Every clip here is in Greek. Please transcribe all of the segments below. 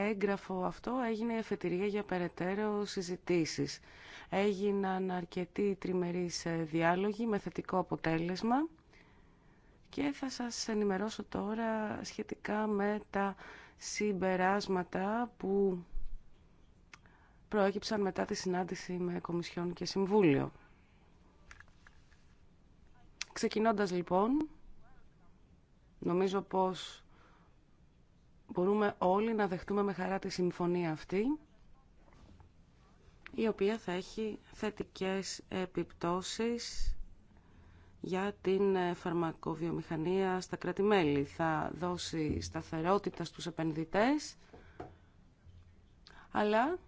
έγγραφο αυτό έγινε εφετηρία για περαιτέρω συζητήσεις. Έγιναν αρκετοί τριμερείς ε, διάλογοι με θετικό αποτέλεσμα και θα σας ενημερώσω τώρα σχετικά με τα συμπεράσματα που προέκυψαν μετά τη συνάντηση με Κομισιόν και Συμβούλιο. Ξεκινώντας λοιπόν, νομίζω πως μπορούμε όλοι να δεχτούμε με χαρά τη συμφωνία αυτή, η οποία θα έχει θετικές επιπτώσεις για την ε, φαρμακοβιομηχανία στα κρατη Θα δώσει σταθερότητα στους επενδυτές, αλλά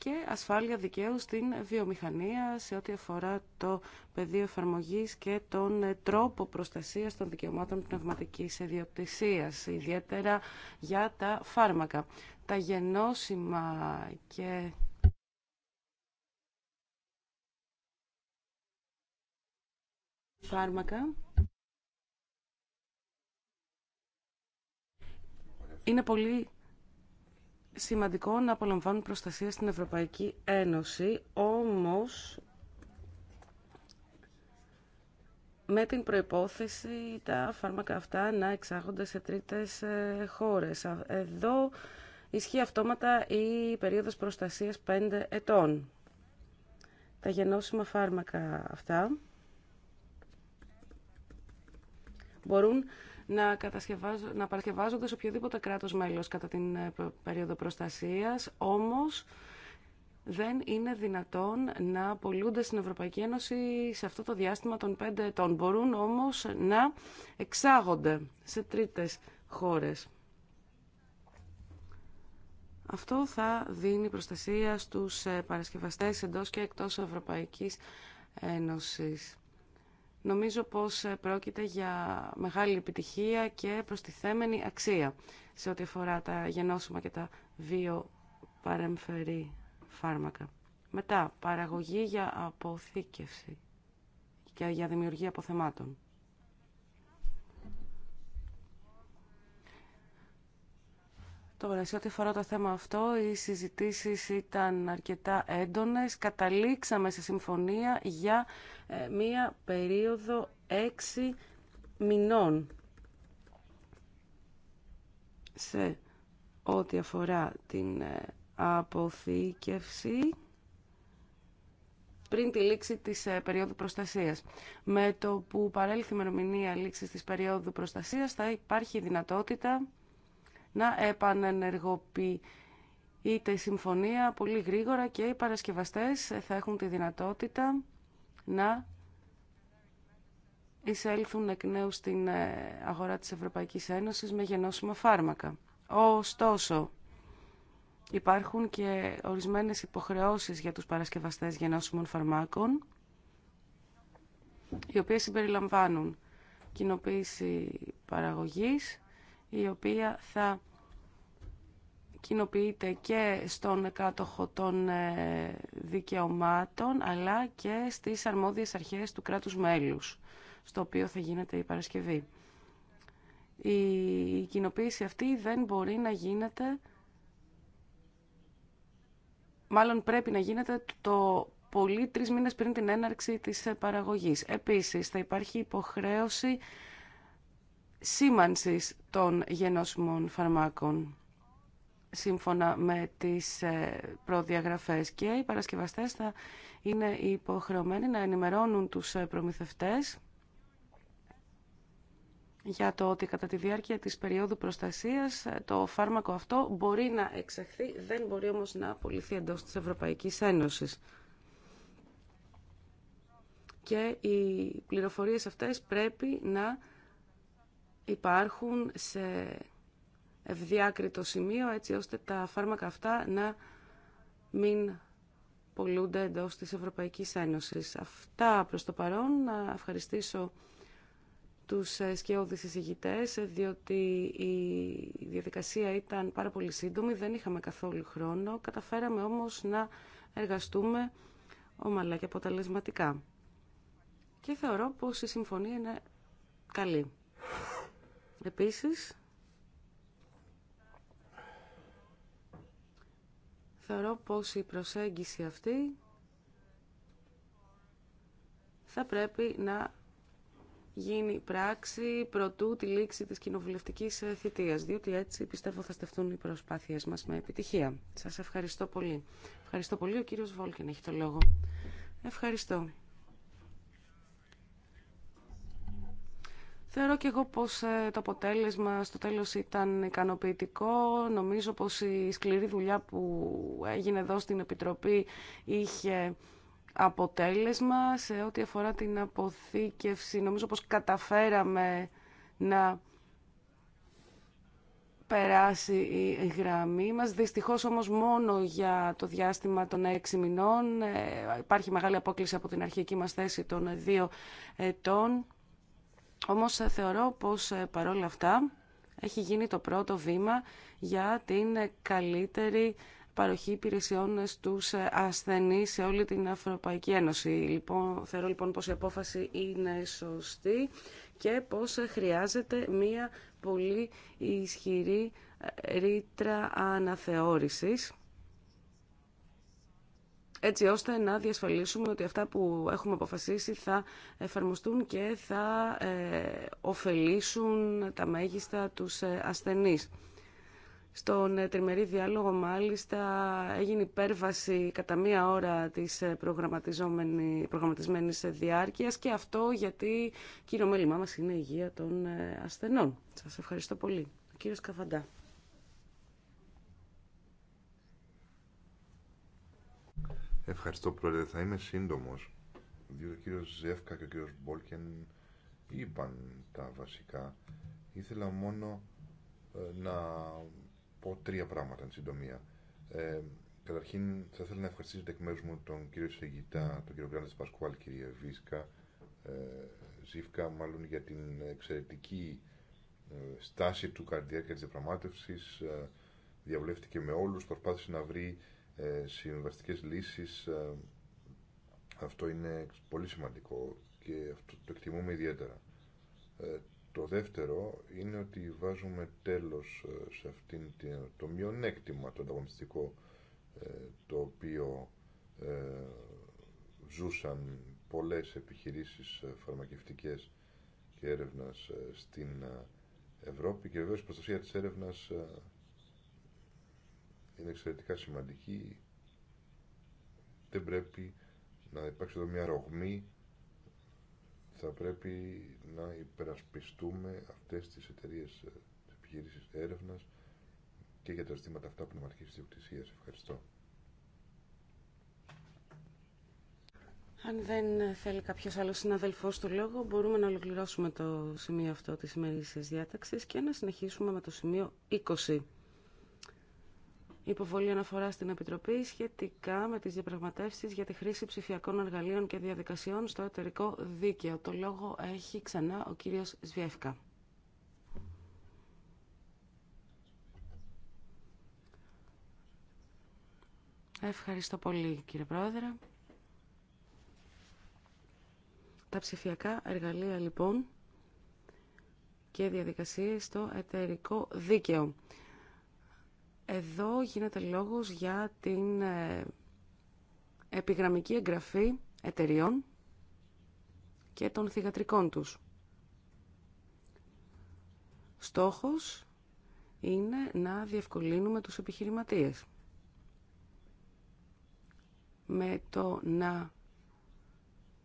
και ασφάλεια δικαίου στην βιομηχανία σε ό,τι αφορά το πεδίο εφαρμογή και τον ε, τρόπο προστασίας των δικαιωμάτων πνευματική ιδιοκτησία. ιδιαίτερα για τα φάρμακα. Τα γενώσιμα και φάρμακα είναι πολύ σημαντικό να απολαμβάνουν προστασία στην Ευρωπαϊκή Ένωση, όμως με την προϋπόθεση τα φάρμακα αυτά να εξάγονται σε τρίτες ε, χώρες. Εδώ ισχύει αυτόματα η περίοδος προστασίας 5 ετών. Τα γεννόσιμα φάρμακα αυτά μπορούν να, να παρασκευάζονται σε οποιοδήποτε κράτος μέλος κατά την ε, περίοδο προστασίας, όμως δεν είναι δυνατόν να πολλούνται στην Ευρωπαϊκή Ένωση σε αυτό το διάστημα των πέντε ετών. Μπορούν όμως να εξάγονται σε τρίτες χώρες. Αυτό θα δίνει προστασία στους ε, παρασκευαστές εντός και εκτός Ευρωπαϊκής Ένωσης. Νομίζω πως ε, πρόκειται για μεγάλη επιτυχία και προστιθέμενη αξία σε ό,τι αφορά τα γενώσιμα και τα βιοπαρεμφερή φάρμακα. Μετά, παραγωγή για αποθήκευση και για δημιουργία αποθεμάτων. Τώρα, σε ό,τι αφορά το θέμα αυτό, οι συζητήσεις ήταν αρκετά έντονες. Καταλήξαμε σε συμφωνία για ε, μία περίοδο έξι μηνών. Σε ό,τι αφορά την ε, αποθήκευση πριν τη λήξη της ε, περίοδου προστασίας. Με το που παρέλθει η ημερομηνία λήξης της περίοδου προστασίας θα υπάρχει δυνατότητα να επανενεργοποιεί είτε η συμφωνία πολύ γρήγορα και οι παρασκευαστές θα έχουν τη δυνατότητα να εισέλθουν εκ νέου στην ε, αγορά της Ευρωπαϊκής Ένωσης με γενώσιμα φάρμακα. Ωστόσο, υπάρχουν και ορισμένες υποχρεώσεις για τους παρασκευαστές γενώσιμων φαρμάκων, οι οποίες συμπεριλαμβάνουν κοινοποίηση παραγωγής, η οποία θα κοινοποιείται και στον κάτοχο των ε, δικαιωμάτων αλλά και στις αρμόδιες αρχές του κράτους μέλους στο οποίο θα γίνεται η Παρασκευή. Η κοινοποίηση αυτή δεν μπορεί να γίνεται μάλλον πρέπει να γίνεται το πολύ τρεις μήνες πριν την έναρξη της παραγωγής. Επίσης θα υπάρχει υποχρέωση σήμανσης των γενώσιμων φαρμάκων σύμφωνα με τις ε, προδιαγραφές και οι παρασκευαστές θα είναι υποχρεωμένοι να ενημερώνουν τους ε, προμηθευτές για το ότι κατά τη διάρκεια της περίοδου προστασίας ε, το φάρμακο αυτό μπορεί να εξαχθεί, δεν μπορεί όμως να απολυθεί εντός της Ευρωπαϊκής Ένωσης. Και οι πληροφορίες αυτές πρέπει να υπάρχουν σε ευδιάκριτο σημείο έτσι ώστε τα φάρμακα αυτά να μην πολλούνται εντό της Ευρωπαϊκής Ένωσης. Αυτά προς το παρόν. Να ευχαριστήσω τους ε, σκιώδεις εισηγητές, ε, διότι η διαδικασία ήταν πάρα πολύ σύντομη, δεν είχαμε καθόλου χρόνο. Καταφέραμε όμως να εργαστούμε ομαλά και αποτελεσματικά. Και θεωρώ πως η συμφωνία είναι καλή. Επίσης, θεωρώ πως η προσέγγιση αυτή θα πρέπει να γίνει πράξη προτού τη λήξη της κοινοβουλευτικής ε, θητείας, διότι έτσι πιστεύω θα στεφτούν οι προσπάθειές μας με επιτυχία. Σας ευχαριστώ πολύ. Ευχαριστώ πολύ. Ο κύριος Βόλκεν έχει το λόγο. Ευχαριστώ. Θεωρώ και εγώ πως ε, το αποτέλεσμα στο τέλος ήταν ικανοποιητικό. Νομίζω πως η σκληρή δουλειά που έγινε εδώ στην Επιτροπή είχε αποτέλεσμα σε ό,τι αφορά την αποθήκευση. Νομίζω πως καταφέραμε να περάσει η γραμμή μας. Δυστυχώς όμως μόνο για το διάστημα των έξι μηνών. Ε, υπάρχει μεγάλη απόκληση από την αρχική μας θέση των δύο ετών. Όμως ε, θεωρώ πως ε, παρόλα αυτά έχει γίνει το πρώτο βήμα για την ε, καλύτερη παροχή υπηρεσιών στους ασθενείς σε όλη την Ευρωπαϊκή Ένωση. Λοιπόν, θεωρώ λοιπόν πως η απόφαση είναι σωστή και πως χρειάζεται μία πολύ ισχυρή ρήτρα αναθεώρησης έτσι ώστε να διασφαλίσουμε ότι αυτά που έχουμε αποφασίσει θα εφαρμοστούν και θα ε, ωφελήσουν τα μέγιστα τους ε, ασθενείς. Στον ε, τριμερή διάλογο μάλιστα έγινε υπέρβαση κατά μία ώρα της προγραμματισμένης διάρκειας και αυτό γιατί κύριο μέλημά μας είναι η υγεία των ασθενών. Σας ευχαριστώ πολύ. κύριος Καφαντά. Ευχαριστώ πρόεδρε. Θα είμαι σύντομος. Διότι ο κύριος Ζεύκα και ο κύριος Μπόλκεν είπαν τα βασικά. Ήθελα μόνο ε, να πω τρία πράγματα εν συντομία. Ε, καταρχήν θα ήθελα να ευχαριστήσω εκ μέρους μου τον κύριο Σεγητά, τον κύριο Γκράντες Πασκουάλ, κύριε Βίσκα, ε, Ζήφκα, μάλλον για την εξαιρετική ε, στάση του καρδιά και της διαπραγμάτευσης. Ε, με όλους, προσπάθησε να βρει ε, συμβαστικές λύσεις ε, αυτό είναι πολύ σημαντικό και αυτό το εκτιμούμε ιδιαίτερα. Ε, το δεύτερο είναι ότι βάζουμε τέλος σε αυτήν το μειονέκτημα το ανταγωνιστικό το οποίο ζούσαν πολλές επιχειρήσεις φαρμακευτικές και έρευνας στην Ευρώπη και βέβαια η προστασία της έρευνας είναι εξαιρετικά σημαντική. Δεν πρέπει να υπάρξει εδώ μια ρογμή. Θα πρέπει να υπερασπιστούμε αυτές τις εταιρείε ε, της επιχείρησης και για τα ζητήματα αυτά πνευματικής διοκτησίας. Ευχαριστώ. Αν δεν θέλει κάποιος άλλος συναδελφός το λόγο, μπορούμε να ολοκληρώσουμε το σημείο αυτό της σημερινής διάταξης και να συνεχίσουμε με το σημείο 20 υποβολή αναφορά στην Επιτροπή σχετικά με τις διαπραγματεύσεις για τη χρήση ψηφιακών εργαλείων και διαδικασιών στο εταιρικό δίκαιο. Το λόγο έχει ξανά ο κύριος Σβιεύκα. Ευχαριστώ πολύ κύριε Πρόεδρε. Τα ψηφιακά εργαλεία λοιπόν και διαδικασίες στο εταιρικό δίκαιο. Εδώ γίνεται λόγος για την ε, επιγραμμική εγγραφή εταιριών και των θηγατρικών τους. Στόχος είναι να διευκολύνουμε τους επιχειρηματίες. Με το να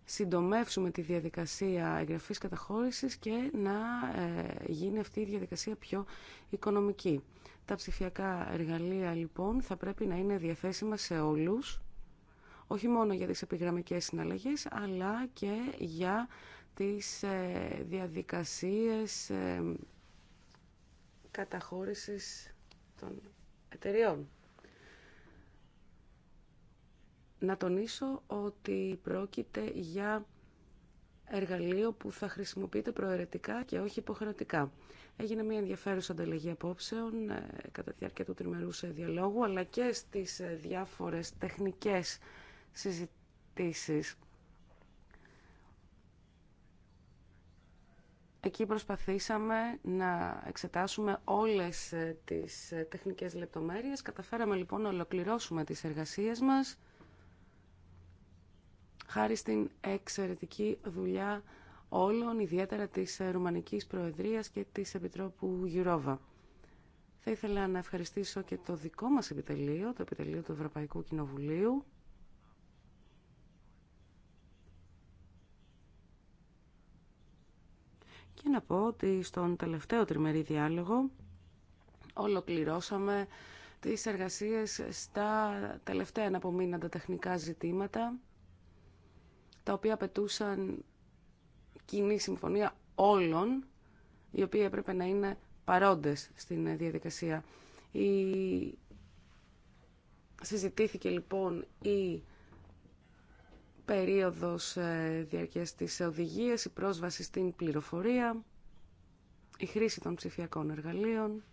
συντομεύσουμε τη διαδικασία εγγραφής καταχώρησης και να ε, γίνει αυτή η διαδικασία πιο οικονομική. Τα ψηφιακά εργαλεία λοιπόν θα πρέπει να είναι διαθέσιμα σε όλους, όχι μόνο για τις επιγραμμικές συναλλαγές, αλλά και για τις ε, διαδικασίες ε, καταχώρησης των εταιριών. Να τονίσω ότι πρόκειται για εργαλείο που θα χρησιμοποιείται προαιρετικά και όχι υποχρεωτικά. Έγινε μια ενδιαφέρουσα ανταλλαγή απόψεων ε, κατά τη διάρκεια του τριμερού ε, διαλόγου, αλλά και στις ε, διάφορες τεχνικές συζητήσεις. Εκεί προσπαθήσαμε να εξετάσουμε όλες τις τεχνικές λεπτομέρειες. Καταφέραμε λοιπόν να ολοκληρώσουμε τις εργασίες μας χάρη στην εξαιρετική δουλειά όλων, ιδιαίτερα της ε, Ρουμανικής Προεδρίας και της Επιτρόπου Γιουρόβα. Θα ήθελα να ευχαριστήσω και το δικό μας επιτελείο, το επιτελείο του Ευρωπαϊκού Κοινοβουλίου, και να πω ότι στον τελευταίο τριμερή διάλογο ολοκληρώσαμε τις εργασίες στα τελευταία αναπομείναντα τεχνικά ζητήματα τα οποία απαιτούσαν κοινή συμφωνία όλων, οι οποίοι έπρεπε να είναι παρόντες στην διαδικασία. Η... Συζητήθηκε λοιπόν η περίοδος ε, διαρκείας της οδηγίας, η πρόσβαση στην πληροφορία, η χρήση των ψηφιακών εργαλείων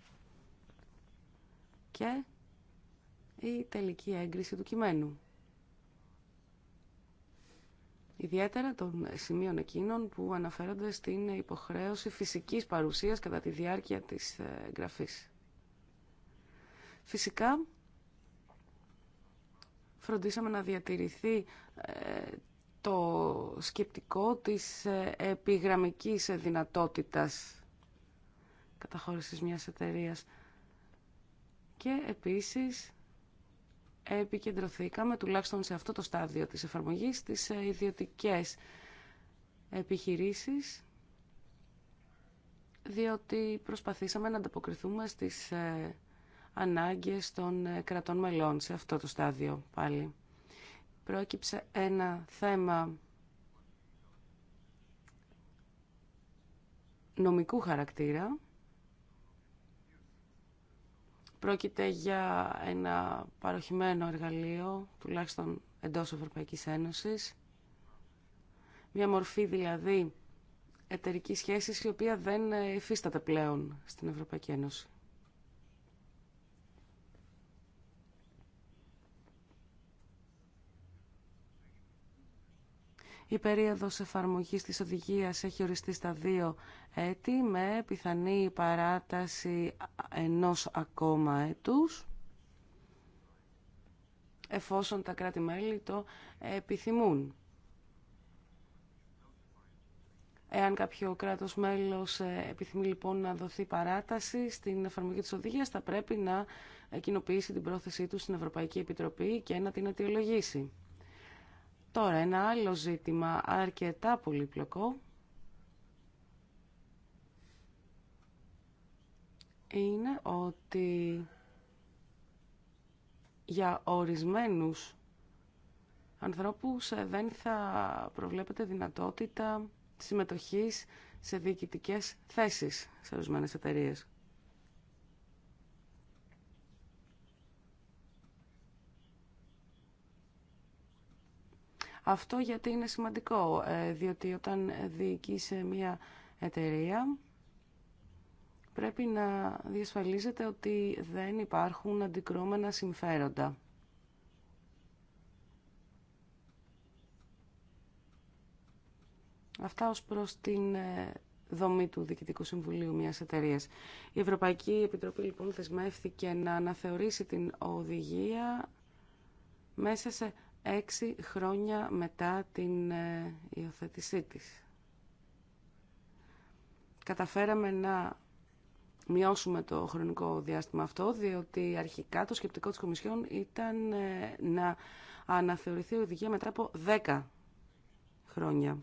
και η τελική έγκριση του κειμένου ιδιαίτερα των σημείων εκείνων που αναφέρονται στην υποχρέωση φυσικής παρουσίας κατά τη διάρκεια της ε, εγγραφής. Φυσικά, φροντίσαμε να διατηρηθεί ε, το σκεπτικό της ε, επιγραμμικής δυνατότητας καταχώρησης μιας εταιρείας. Και επίσης επικεντρωθήκαμε τουλάχιστον σε αυτό το στάδιο της εφαρμογής στις ε, ιδιωτικές επιχειρήσεις διότι προσπαθήσαμε να ανταποκριθούμε στις ε, ανάγκες των ε, κρατών μελών σε αυτό το στάδιο πάλι. Πρόκυψε ένα θέμα νομικού χαρακτήρα Πρόκειται για ένα παροχημένο εργαλείο, τουλάχιστον εντός Ευρωπαϊκής Ένωσης. Μια μορφή δηλαδή εταιρικής σχέσης η οποία δεν ε, υφίσταται πλέον στην Ευρωπαϊκή Ένωση. Η περίοδος εφαρμογής της οδηγίας έχει οριστεί στα δύο έτη με πιθανή παράταση ενός ακόμα έτους εφόσον τα κράτη-μέλη το επιθυμούν. Εάν κάποιο κράτος μέλος ε, επιθυμεί λοιπόν να δοθεί παράταση στην εφαρμογή της οδηγίας, θα πρέπει να κοινοποιήσει την πρόθεσή του στην Ευρωπαϊκή Επιτροπή και να την αιτιολογήσει. Τώρα ένα άλλο ζήτημα αρκετά πολύπλοκο είναι ότι για ορισμένους ανθρώπους ε, δεν θα προβλέπεται δυνατότητα συμμετοχής σε διοικητικές θέσεις σε ορισμένες εταιρείε. Αυτό γιατί είναι σημαντικό, ε, διότι όταν διοικεί σε μια εταιρεία πρέπει να διασφαλίζεται ότι δεν υπάρχουν αντικρούμενα συμφέροντα. Αυτά ως προς την ε, δομή του Διοικητικού Συμβουλίου μιας εταιρείας. Η Ευρωπαϊκή Επιτροπή λοιπόν θεσμεύθηκε να αναθεωρήσει την οδηγία μέσα σε έξι χρόνια μετά την ε, υιοθέτησή της. Καταφέραμε να μειώσουμε το χρονικό διάστημα αυτό, διότι αρχικά το σκεπτικό της Κομισιόν ήταν ε, να αναθεωρηθεί η οδηγία μετά από δέκα χρόνια.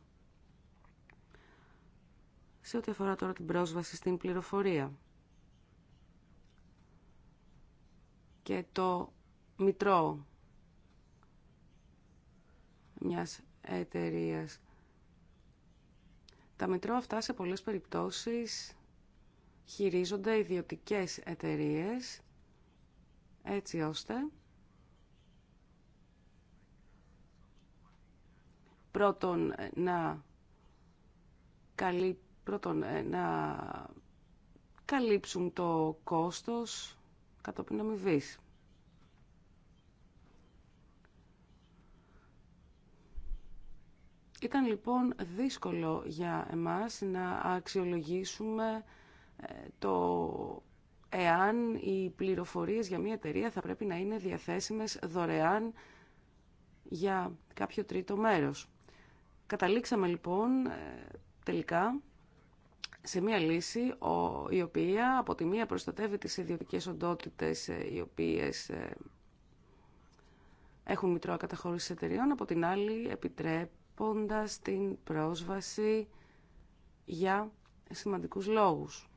Σε ό,τι αφορά τώρα την πρόσβαση στην πληροφορία και το μητρό μιας εταιρείας. Τα μετρό αυτά σε πολλές περιπτώσεις χειρίζονται ιδιωτικές εταιρείες έτσι ώστε πρώτον ε, να, καλύ... πρώτον, ε, να καλύψουν το κόστος κατόπιν αμοιβής. Ήταν λοιπόν δύσκολο για εμάς να αξιολογήσουμε ε, το εάν οι πληροφορίες για μια εταιρεία θα πρέπει να είναι διαθέσιμες δωρεάν για κάποιο τρίτο μέρος. Καταλήξαμε λοιπόν ε, τελικά σε μια λύση η οποία από τη μία προστατεύει τις ιδιωτικές οντότητες ε, οι οποίες έχουν μητρώα καταχώρηση εταιρεών, από την άλλη επιτρέπει διατροπώντας την πρόσβαση για σημαντικούς λόγους.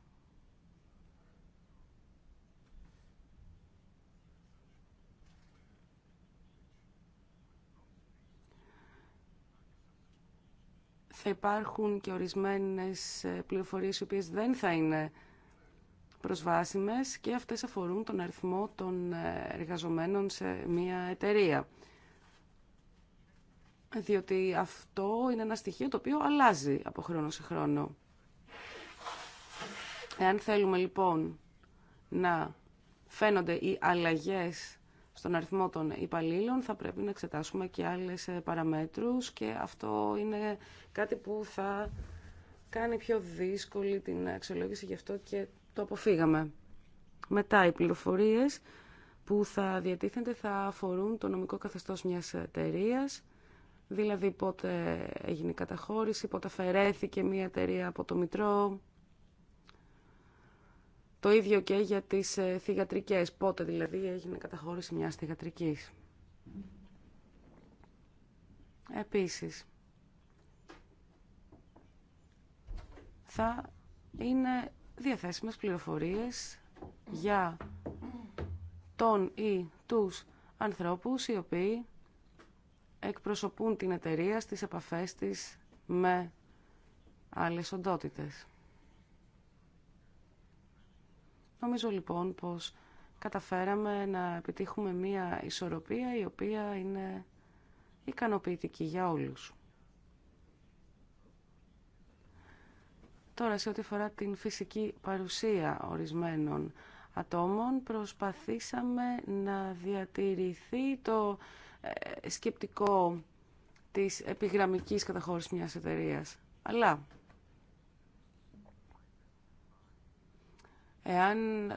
Θα υπάρχουν και ορισμένες πληροφορίες οι οποίες δεν θα είναι προσβάσιμες και αυτές αφορούν τον αριθμό των εργαζομένων σε μια εταιρεία διότι αυτό είναι ένα στοιχείο το οποίο αλλάζει από χρόνο σε χρόνο. Εάν θέλουμε λοιπόν να φαίνονται οι αλλαγές στον αριθμό των υπαλλήλων θα πρέπει να εξετάσουμε και άλλες ε, παραμέτρους και αυτό είναι κάτι που θα κάνει πιο δύσκολη την αξιολόγηση γι' αυτό και το αποφύγαμε. Μετά οι πληροφορίες που θα διατίθενται θα αφορούν το νομικό καθεστώς μιας εταιρεία, Δηλαδή πότε έγινε η καταχώρηση, πότε αφαιρέθηκε μία εταιρεία από το Μητρό. Το ίδιο και για τις ε, θηγατρικές. Πότε δηλαδή έγινε η καταχώρηση μιας θηγατρικής. Επίσης, θα είναι διαθέσιμες πληροφορίες για τον ή τους ανθρώπους οι οποίοι εκπροσωπούν την εταιρεία στις επαφές της με άλλες οντότητες. Νομίζω λοιπόν πως καταφέραμε να επιτύχουμε μία ισορροπία η οποία είναι ικανοποιητική για όλους. Τώρα, σε ό,τι αφορά την φυσική παρουσία ορισμένων ατόμων, προσπαθήσαμε να διατηρηθεί το ε, σκεπτικό της επιγραμμικής καταχώρησης μιας εταιρείας. Αλλά εάν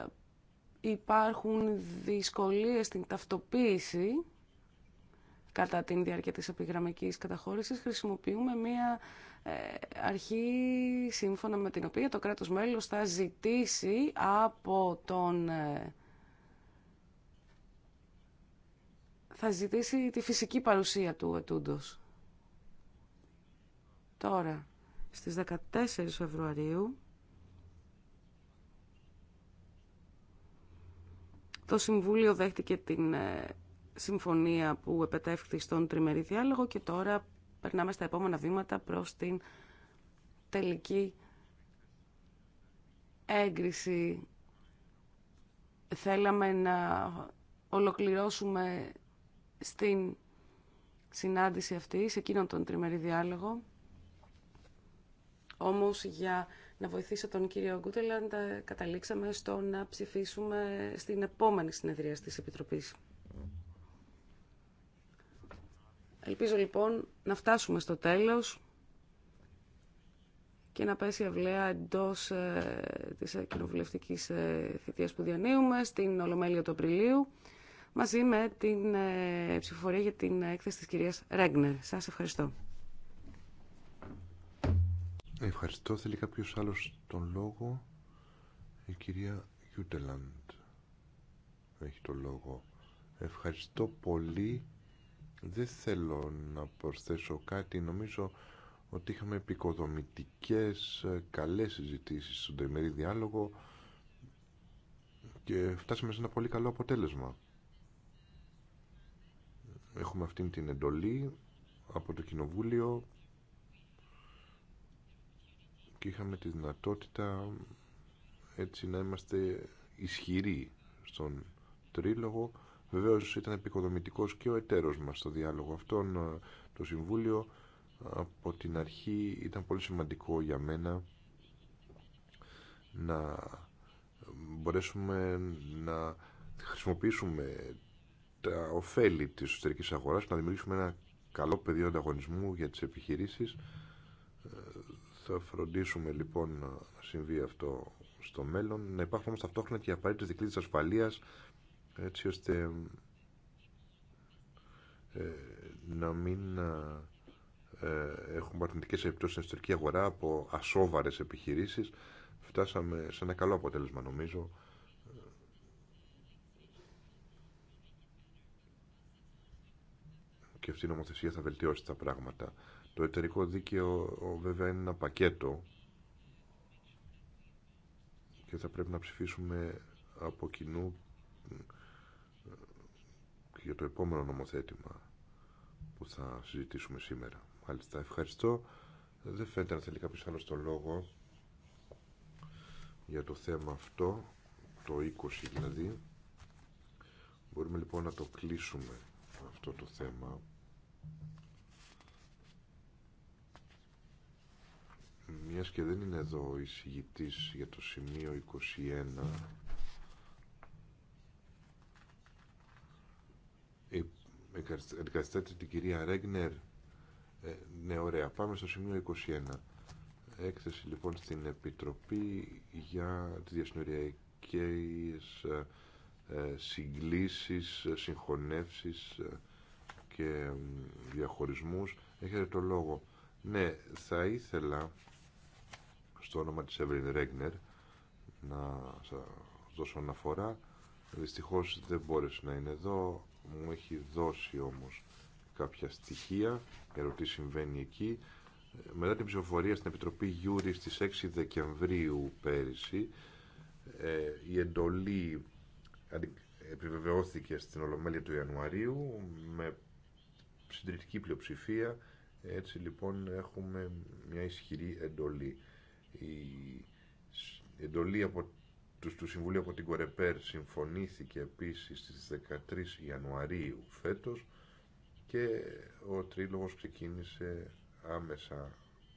υπάρχουν δυσκολίες στην ταυτοποίηση κατά την διάρκεια της επιγραμμικής καταχώρησης, χρησιμοποιούμε μία ε, αρχή σύμφωνα με την οποία το κράτος μέλος θα ζητήσει από τον ε, θα ζητήσει τη φυσική παρουσία του ετούντο. Τώρα, στις 14 Φεβρουαρίου, το Συμβούλιο δέχτηκε την ε, συμφωνία που επετεύχθη στον τριμερή διάλογο και τώρα περνάμε στα επόμενα βήματα προς την τελική έγκριση. Θέλαμε να ολοκληρώσουμε στην συνάντηση αυτή, σε εκείνον τον τριμερή διάλογο. Όμως για να βοηθήσω τον κύριο Γκούτελαντ ε, καταλήξαμε στο να ψηφίσουμε στην επόμενη συνεδρία της Επιτροπής. Ελπίζω λοιπόν να φτάσουμε στο τέλος και να πέσει αυλαία εντό ε, της κοινοβουλευτικής ε, που διανύουμε στην Ολομέλεια του Απριλίου μαζί με την ε, ψηφοφορία για την έκθεση της κυρίας Ρέγνερ. Σας ευχαριστώ. Ευχαριστώ. Θέλει κάποιο άλλο τον λόγο. Η κυρία Γιούτελαντ έχει τον λόγο. Ευχαριστώ πολύ. Δεν θέλω να προσθέσω κάτι. Νομίζω ότι είχαμε επικοδομητικές, ε, καλές συζητήσεις στον τριμερή διάλογο και φτάσαμε σε ένα πολύ καλό αποτέλεσμα. Έχουμε αυτήν την εντολή από το Κοινοβούλιο και είχαμε τη δυνατότητα έτσι να είμαστε ισχυροί στον τρίλογο. Βεβαίως ήταν επικοδομητικός και ο εταίρος μας στο διάλογο αυτόν. Το Συμβούλιο από την αρχή ήταν πολύ σημαντικό για μένα να μπορέσουμε να χρησιμοποιήσουμε τα ωφέλη της εσωτερικής αγοράς, να δημιουργήσουμε ένα καλό πεδίο ανταγωνισμού για τις επιχειρήσεις. Ε, θα φροντίσουμε λοιπόν να συμβεί αυτό στο μέλλον, να υπάρχουν όμω ταυτόχρονα και οι απαραίτητε δικλείδε ασφαλείας, έτσι ώστε ε, να μην ε, έχουμε αρνητικέ επιπτώσει στην εσωτερική αγορά από ασόβαρες επιχειρήσεις. Φτάσαμε σε ένα καλό αποτέλεσμα νομίζω. και αυτή η νομοθεσία θα βελτιώσει τα πράγματα. Το εταιρικό δίκαιο βέβαια είναι ένα πακέτο και θα πρέπει να ψηφίσουμε από κοινού ε, για το επόμενο νομοθέτημα που θα συζητήσουμε σήμερα. Μάλιστα, ευχαριστώ. Δεν φαίνεται να θέλει κάποιος άλλος το λόγο για το θέμα αυτό, το 20 δηλαδή. Μπορούμε λοιπόν να το κλείσουμε αυτό το θέμα. Μιας και δεν είναι εδώ ο εισηγητής για το σημείο 21 Εγκαθιστάτε την κυρία Ρέγνερ ε, Ναι ωραία πάμε στο σημείο 21 Έκθεση λοιπόν στην Επιτροπή για τις διασυνοριακές ε, ε συγκλήσεις, ε, συγχωνεύσεις και διαχωρισμούς Έχετε το λόγο Ναι θα ήθελα στο όνομα της Εύλιν Ρέγνερ να σα δώσω αναφορά. Δυστυχώς δεν μπόρεσε να είναι εδώ, μου έχει δώσει όμως κάποια στοιχεία για το τι συμβαίνει εκεί. Μετά την ψηφοφορία στην Επιτροπή Γιούρη στις 6 Δεκεμβρίου πέρυσι, ε, η εντολή επιβεβαιώθηκε στην Ολομέλεια του Ιανουαρίου με συντηρητική πλειοψηφία. Έτσι λοιπόν έχουμε μια ισχυρή εντολή. Η εντολή από, του, του Συμβουλίου από την Κορεπέρ συμφωνήθηκε επίσης στις 13 Ιανουαρίου φέτος και ο τρίλογος ξεκίνησε άμεσα,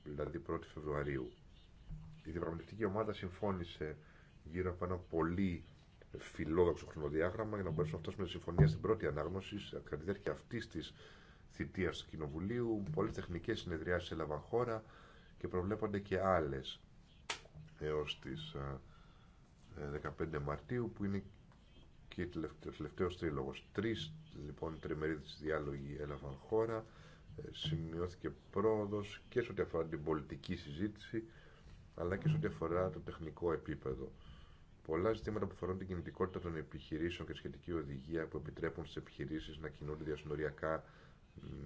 δηλαδή 1η Φεβρουαρίου. διαπραγματευτική ομάδα συμφώνησε γύρω από ένα πολύ φιλόδοξο χρονοδιάγραμμα για να μπορέσουν να φτάσουμε σε συμφωνία στην πρώτη ανάγνωση κατά τη διάρκεια αυτή τη θητεία του Κοινοβουλίου. Πολλέ τεχνικέ συνεδριάσει έλαβαν χώρα και προβλέπονται και άλλες έως τις 15 ε, Μαρτίου που είναι και ο τελευταίος τρίλογος. Τρεις λοιπόν τριμερίδες διάλογοι έλαβαν χώρα, ε, σημειώθηκε πρόοδος και σε ό,τι αφορά την πολιτική συζήτηση αλλά και σε ό,τι αφορά το τεχνικό επίπεδο. Πολλά ζητήματα που αφορούν την κινητικότητα των επιχειρήσεων και σχετική οδηγία που επιτρέπουν στι επιχειρήσει να κινούνται διασυνοριακά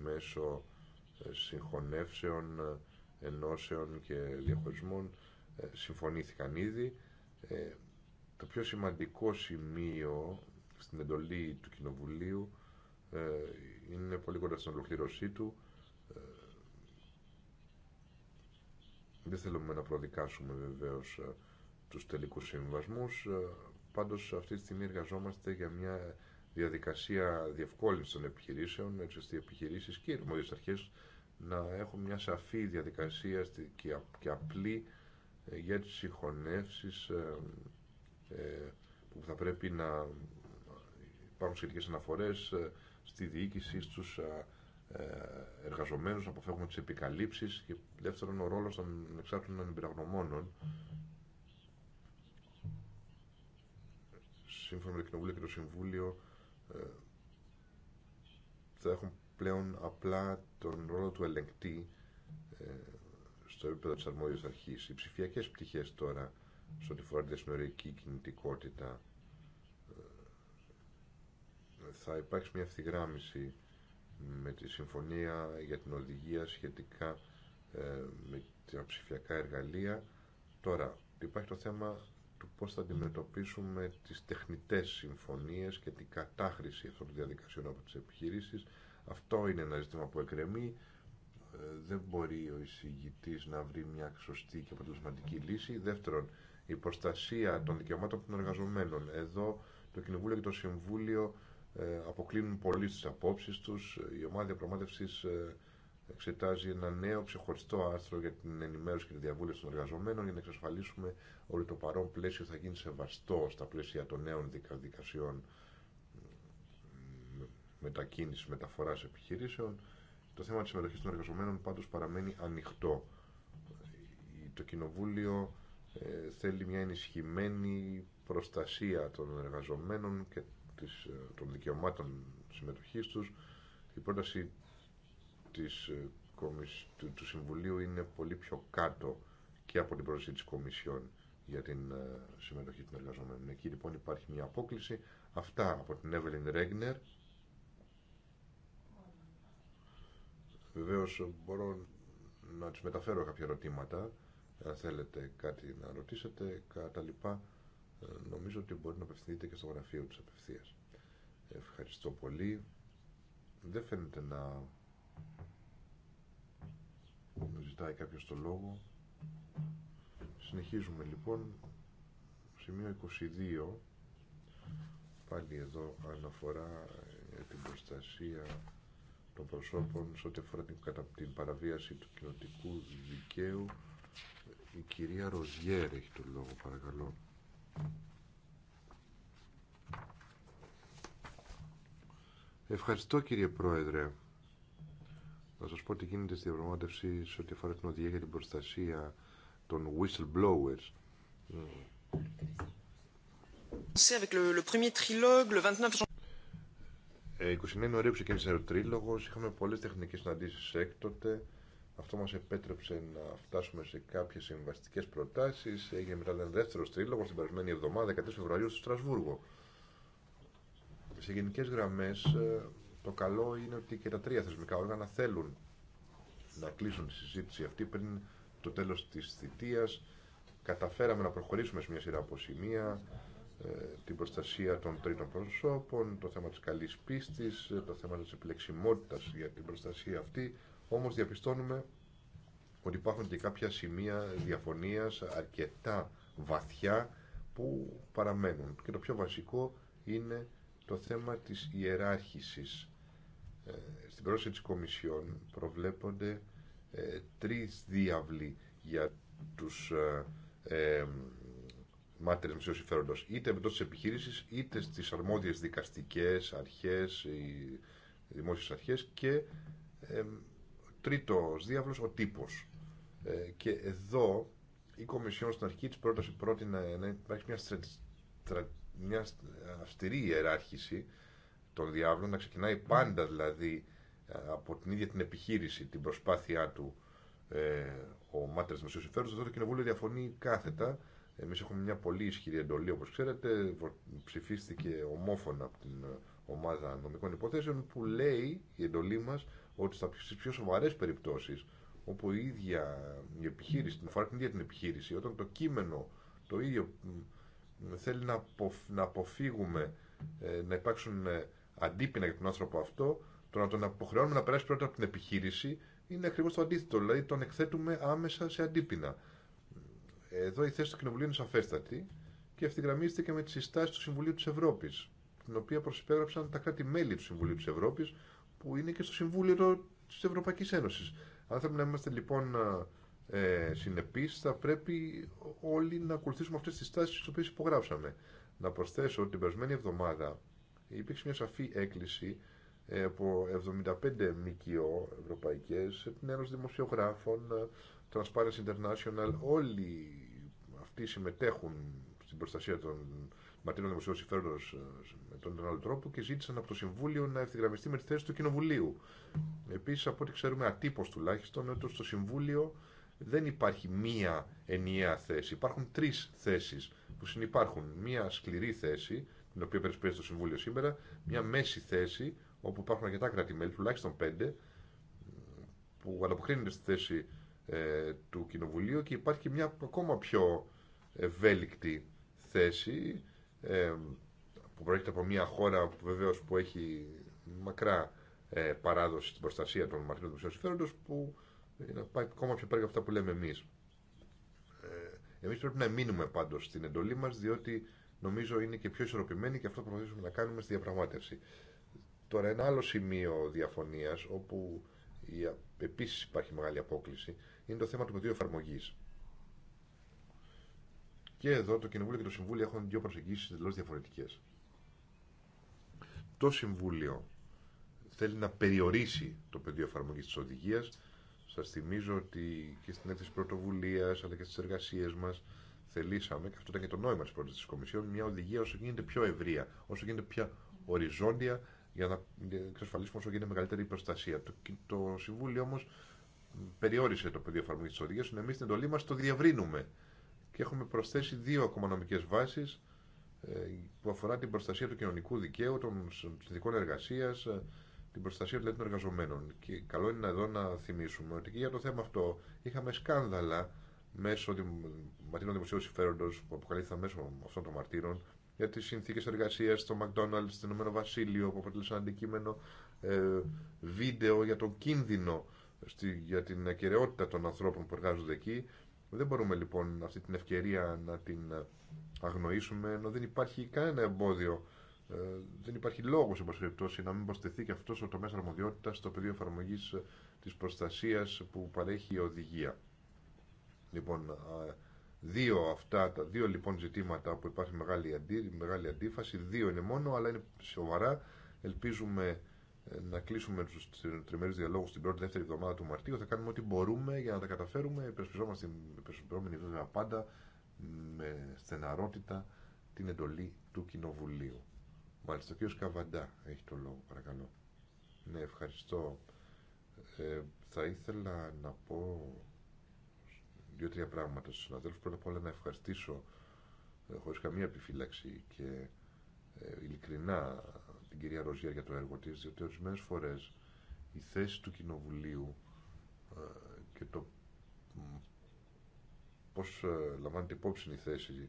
μέσω ε, συγχωνεύσεων ενώσεων και διαχωρισμών ε, συμφωνήθηκαν ήδη. Ε, το πιο σημαντικό σημείο στην εντολή του Κοινοβουλίου ε, είναι πολύ κοντά στην ολοκλήρωσή του. Δεν θέλουμε να προδικάσουμε βεβαίως τους τελικούς συμβασμούς. Πάντως αυτή τη στιγμή εργαζόμαστε για μια διαδικασία διευκόλυνση των επιχειρήσεων, έτσι ώστε οι επιχειρήσεις και οι αρχές να έχουμε μια σαφή διαδικασία και απλή ε, για τις συγχωνεύσεις ε, ε, που θα πρέπει να υπάρχουν σχετικές αναφορές στη διοίκηση, στους εργαζομένους, να αποφεύγουμε τις επικαλύψεις και δεύτερον ο ρόλος των εξάρτητων εμπειραγνωμόνων σύμφωνα με το Κοινοβούλιο και το Συμβούλιο θα έχουν πλέον απλά τον ρόλο του ελεγκτή ε, στο επίπεδο της αρμόδιας αρχής. Οι ψηφιακές πτυχές τώρα, σε ό,τι φορά τη κινητικότητα, ε, θα υπάρξει μια ευθυγράμμιση με τη συμφωνία για την οδηγία σχετικά ε, με τα ψηφιακά εργαλεία. Τώρα, υπάρχει το θέμα του πώς θα αντιμετωπίσουμε τις τεχνητές συμφωνίες και την κατάχρηση αυτών των διαδικασιών από τις επιχειρήσεις αυτό είναι ένα ζήτημα που εκκρεμεί. Ε, δεν μπορεί ο εισηγητή να βρει μια σωστή και αποτελεσματική λύση. Δεύτερον, η προστασία των δικαιωμάτων των εργαζομένων. Εδώ το Κοινοβούλιο και το Συμβούλιο ε, αποκλίνουν πολύ στις απόψει του. Η ομάδα διαπραγματεύση ε, εξετάζει ένα νέο ξεχωριστό άρθρο για την ενημέρωση και τη διαβούλευση των εργαζομένων για να εξασφαλίσουμε ότι το παρόν πλαίσιο θα γίνει σεβαστό στα πλαίσια των νέων δικασιών Μετακίνηση μεταφορά επιχειρήσεων. Το θέμα της συμμετοχή των εργαζομένων πάντως παραμένει ανοιχτό. Το Κοινοβούλιο ε, θέλει μια ενισχυμένη προστασία των εργαζομένων και ε, των δικαιωμάτων συμμετοχή του. Η πρόταση της, ε, του Συμβουλίου είναι πολύ πιο κάτω και από την πρόταση της Κομισιόν για την συμμετοχή των εργαζομένων. Εκεί λοιπόν υπάρχει μια απόκληση. Αυτά από την Evelyn Regner. Βεβαίως μπορώ να τους μεταφέρω κάποια ερωτήματα, αν ε, θέλετε κάτι να ρωτήσετε, κατά λοιπά ε, νομίζω ότι μπορεί να απευθυνθείτε και στο γραφείο τη απευθείας. Ευχαριστώ πολύ. Δεν φαίνεται να ζητάει κάποιο το λόγο. Συνεχίζουμε λοιπόν. Σημείο 22. Πάλι εδώ αναφορά την προστασία των προσώπων σε ό,τι αφορά την, κατά την παραβίαση του κοινοτικού δικαίου. Η κυρία Ροζιέρ έχει τον λόγο, παρακαλώ. Ευχαριστώ κύριε Πρόεδρε. Να σας πω τι γίνεται στη διαπραγμάτευση σε ό,τι αφορά την οδηγία για την προστασία των whistleblowers. Avec le, le premier trilogue, le 29 29 ε, Νοεμβρίου ξεκίνησε ο τρίλογο. Είχαμε πολλέ τεχνικέ συναντήσει έκτοτε. Αυτό μα επέτρεψε να φτάσουμε σε κάποιε συμβαστικέ προτάσει. Έγινε μετά ένα δεύτερο τρίλογο την περασμένη εβδομάδα, 14 Φεβρουαρίου, στο Στρασβούργο. Σε γενικέ γραμμέ, ε, το καλό είναι ότι και τα τρία θεσμικά όργανα θέλουν να κλείσουν τη συζήτηση αυτή πριν το τέλο τη θητεία. Καταφέραμε να προχωρήσουμε σε μια σειρά από σημεία. Ε, την προστασία των τρίτων προσώπων, το θέμα της καλής πίστης, το θέμα της επιλεξιμότητας για την προστασία αυτή. Όμως διαπιστώνουμε ότι υπάρχουν και κάποια σημεία διαφωνίας αρκετά βαθιά που παραμένουν. Και το πιο βασικό είναι το θέμα της ιεράρχησης. Ε, στην πρόσθεση της Κομισιόν προβλέπονται ε, τρεις διάβλοι για τους μάρτυρες μεσαίου συμφέροντος είτε εντό τη επιχείρησης είτε στις αρμόδιες δικαστικές αρχές, οι δημόσιες αρχές και ε, τρίτος διάβλος ο τύπος. Ε, και εδώ η Κομισιόν στην αρχή της πρόταση πρότεινε να υπάρχει μια, αυστηρή ιεράρχηση των διάβλων, να ξεκινάει πάντα δηλαδή ε, από την ίδια την επιχείρηση, την προσπάθειά του ε, ο Μάτρε δημοσίου συμφέροντος, εδώ το Κοινοβούλιο διαφωνεί κάθετα εμείς έχουμε μια πολύ ισχυρή εντολή, όπως ξέρετε, ψηφίστηκε ομόφωνα από την ομάδα νομικών υποθέσεων που λέει η εντολή μας ότι στις πιο σοβαρές περιπτώσεις όπου η ίδια η επιχείρηση, την αφορά την την επιχείρηση, όταν το κείμενο το ίδιο θέλει να, να αποφύγουμε ε, να υπάρξουν ε, αντίπεινα για τον άνθρωπο αυτό, το να τον αποχρεώνουμε να περάσει πρώτα από την επιχείρηση είναι ακριβώ το αντίθετο. Δηλαδή τον εκθέτουμε άμεσα σε αντίπεινα. Εδώ η θέση του Κοινοβουλίου είναι σαφέστατη και ευθυγραμμίζεται και με τι συστάσει του Συμβουλίου τη Ευρώπη, την οποία προσυπέγραψαν τα κράτη-μέλη του Συμβουλίου τη Ευρώπη, που είναι και στο Συμβούλιο τη Ευρωπαϊκή Ένωση. Αν θέλουμε να είμαστε λοιπόν ε, συνεπεί, θα πρέπει όλοι να ακολουθήσουμε αυτέ τι τάσει τι οποίε υπογράψαμε. Να προσθέσω ότι την περασμένη εβδομάδα υπήρξε μια σαφή έκκληση ε, από 75 ΜΚΟ ευρωπαϊκέ, την Ένωση Δημοσιογράφων, Transparency International, όλοι αυτοί συμμετέχουν στην προστασία των ματήρων δημοσίου συμφέροντο με τον ίδιο άλλο τρόπο και ζήτησαν από το Συμβούλιο να ευθυγραμμιστεί με τη θέση του Κοινοβουλίου. Επίση, από ό,τι ξέρουμε, ατύπω τουλάχιστον, ότι στο Συμβούλιο δεν υπάρχει μία ενιαία θέση. Υπάρχουν τρει θέσει που συνεπάρχουν. Μία σκληρή θέση, την οποία περισπέζει το Συμβούλιο σήμερα, μία μέση θέση, όπου υπάρχουν αρκετά κράτη-μέλη, τουλάχιστον πέντε, που ανταποκρίνεται στη θέση ε, του Κοινοβουλίου και υπάρχει μια ακόμα πιο ευέλικτη θέση ε, που προέρχεται από μια χώρα που βεβαίως που έχει μακρά ε, παράδοση στην προστασία των μαρτύρων του που πάει ακόμα πιο πέρα από αυτά που λέμε εμείς. Εμείς πρέπει να μείνουμε πάντως στην εντολή μας διότι νομίζω είναι και πιο ισορροπημένη και αυτό που προσπαθήσουμε να κάνουμε στη διαπραγμάτευση. Τώρα ένα άλλο σημείο διαφωνίας όπου επίσης υπάρχει μεγάλη απόκληση είναι το θέμα του πεδίου εφαρμογή. Και εδώ το Κοινοβούλιο και το Συμβούλιο έχουν δύο προσεγγίσεις εντελώ διαφορετικέ. Το Συμβούλιο θέλει να περιορίσει το πεδίο εφαρμογή τη οδηγία. Σα θυμίζω ότι και στην έκθεση πρωτοβουλία αλλά και στι εργασίε μα θελήσαμε, και αυτό ήταν και το νόημα τη πρόταση τη Κομισιόν, μια οδηγία όσο γίνεται πιο ευρεία, όσο γίνεται πιο οριζόντια για να εξασφαλίσουμε όσο γίνεται μεγαλύτερη προστασία. Το, το Συμβούλιο όμω περιόρισε το πεδίο εφαρμογή τη οδηγία, εμεί την εντολή μα το διαβρύνουμε Και έχουμε προσθέσει δύο ακόμα νομικέ βάσει ε, που αφορά την προστασία του κοινωνικού δικαίου, των συνδικών εργασία, ε, την προστασία δηλαδή, των εργαζομένων. Και καλό είναι εδώ να θυμίσουμε ότι και για το θέμα αυτό είχαμε σκάνδαλα μέσω μαρτύρων δημοσίου συμφέροντο που αποκαλύφθηκαν μέσω αυτών των μαρτύρων για τι συνθήκε εργασία στο McDonald's, στην Ηνωμένο Βασίλειο, που αποτέλεσαν αντικείμενο ε, βίντεο για τον κίνδυνο στη, για την ακαιρεότητα των ανθρώπων που εργάζονται εκεί. Δεν μπορούμε λοιπόν αυτή την ευκαιρία να την ε, αγνοήσουμε, ενώ δεν υπάρχει κανένα εμπόδιο, ε, δεν υπάρχει λόγος σε να μην προσθεθεί και αυτός ο τομέας αρμοδιότητας στο πεδίο εφαρμογή ε, της προστασίας που παρέχει η οδηγία. Λοιπόν, δύο αυτά, τα δύο λοιπόν ζητήματα που υπάρχει μεγάλη, αντί, μεγάλη αντίφαση, δύο είναι μόνο, αλλά είναι σοβαρά. Ελπίζουμε να κλείσουμε του τριμερεί διαλόγου την πρώτη-δεύτερη εβδομάδα του Μαρτίου. Θα κάνουμε ό,τι μπορούμε για να τα καταφέρουμε. Υπερασπιζόμαστε την βέβαια πάντα με στεναρότητα την εντολή του Κοινοβουλίου. Μάλιστα, ο κ. Καβαντά έχει το λόγο, παρακαλώ. Ναι, ευχαριστώ. Ε, θα ήθελα να πω δύο-τρία πράγματα στους συναδέλφους. Πρώτα απ' όλα να ευχαριστήσω ε, χωρίς καμία επιφύλαξη και ε, ειλικρινά την κυρία Ροζιέρ για το έργο της, διότι ορισμένε φορές η θέση του Κοινοβουλίου ε, και το πώς ε, λαμβάνεται υπόψη η θέση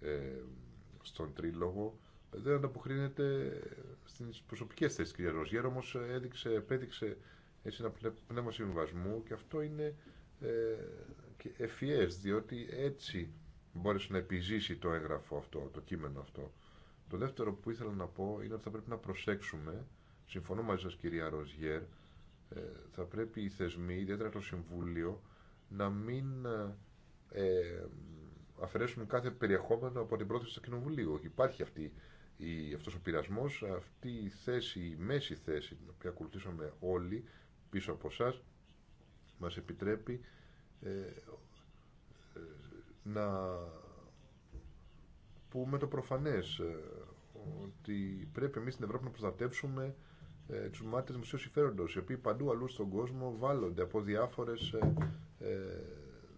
ε, στον τρίλογο δεν ανταποκρίνεται στις προσωπικές θέσεις της κυρία Ροζιέρ, όμως έδειξε, επέδειξε έτσι ένα πνεύμα συμβασμού και αυτό είναι ευφυές, διότι έτσι μπόρεσε να επιζήσει το έγγραφο αυτό, το κείμενο αυτό. Το δεύτερο που ήθελα να πω είναι ότι θα πρέπει να προσέξουμε, συμφωνώ μαζί σας κυρία Ροζιέρ, ε, θα πρέπει οι θεσμοί, ιδιαίτερα το Συμβούλιο, να μην ε, ε αφαιρέσουν κάθε περιεχόμενο από την πρόθεση του Κοινοβουλίου. Υπάρχει αυτή, η, αυτός ο πειρασμός, αυτή η θέση, η μέση θέση την οποία ακολουθήσαμε όλοι πίσω από εσά, μας επιτρέπει ε, ε να που με το προφανές ε, ότι πρέπει εμείς στην Ευρώπη να προστατεύσουμε ε, τους μάρτυρες μουσείου συμφέροντος οι οποίοι παντού αλλού στον κόσμο βάλλονται από διάφορες ε, ε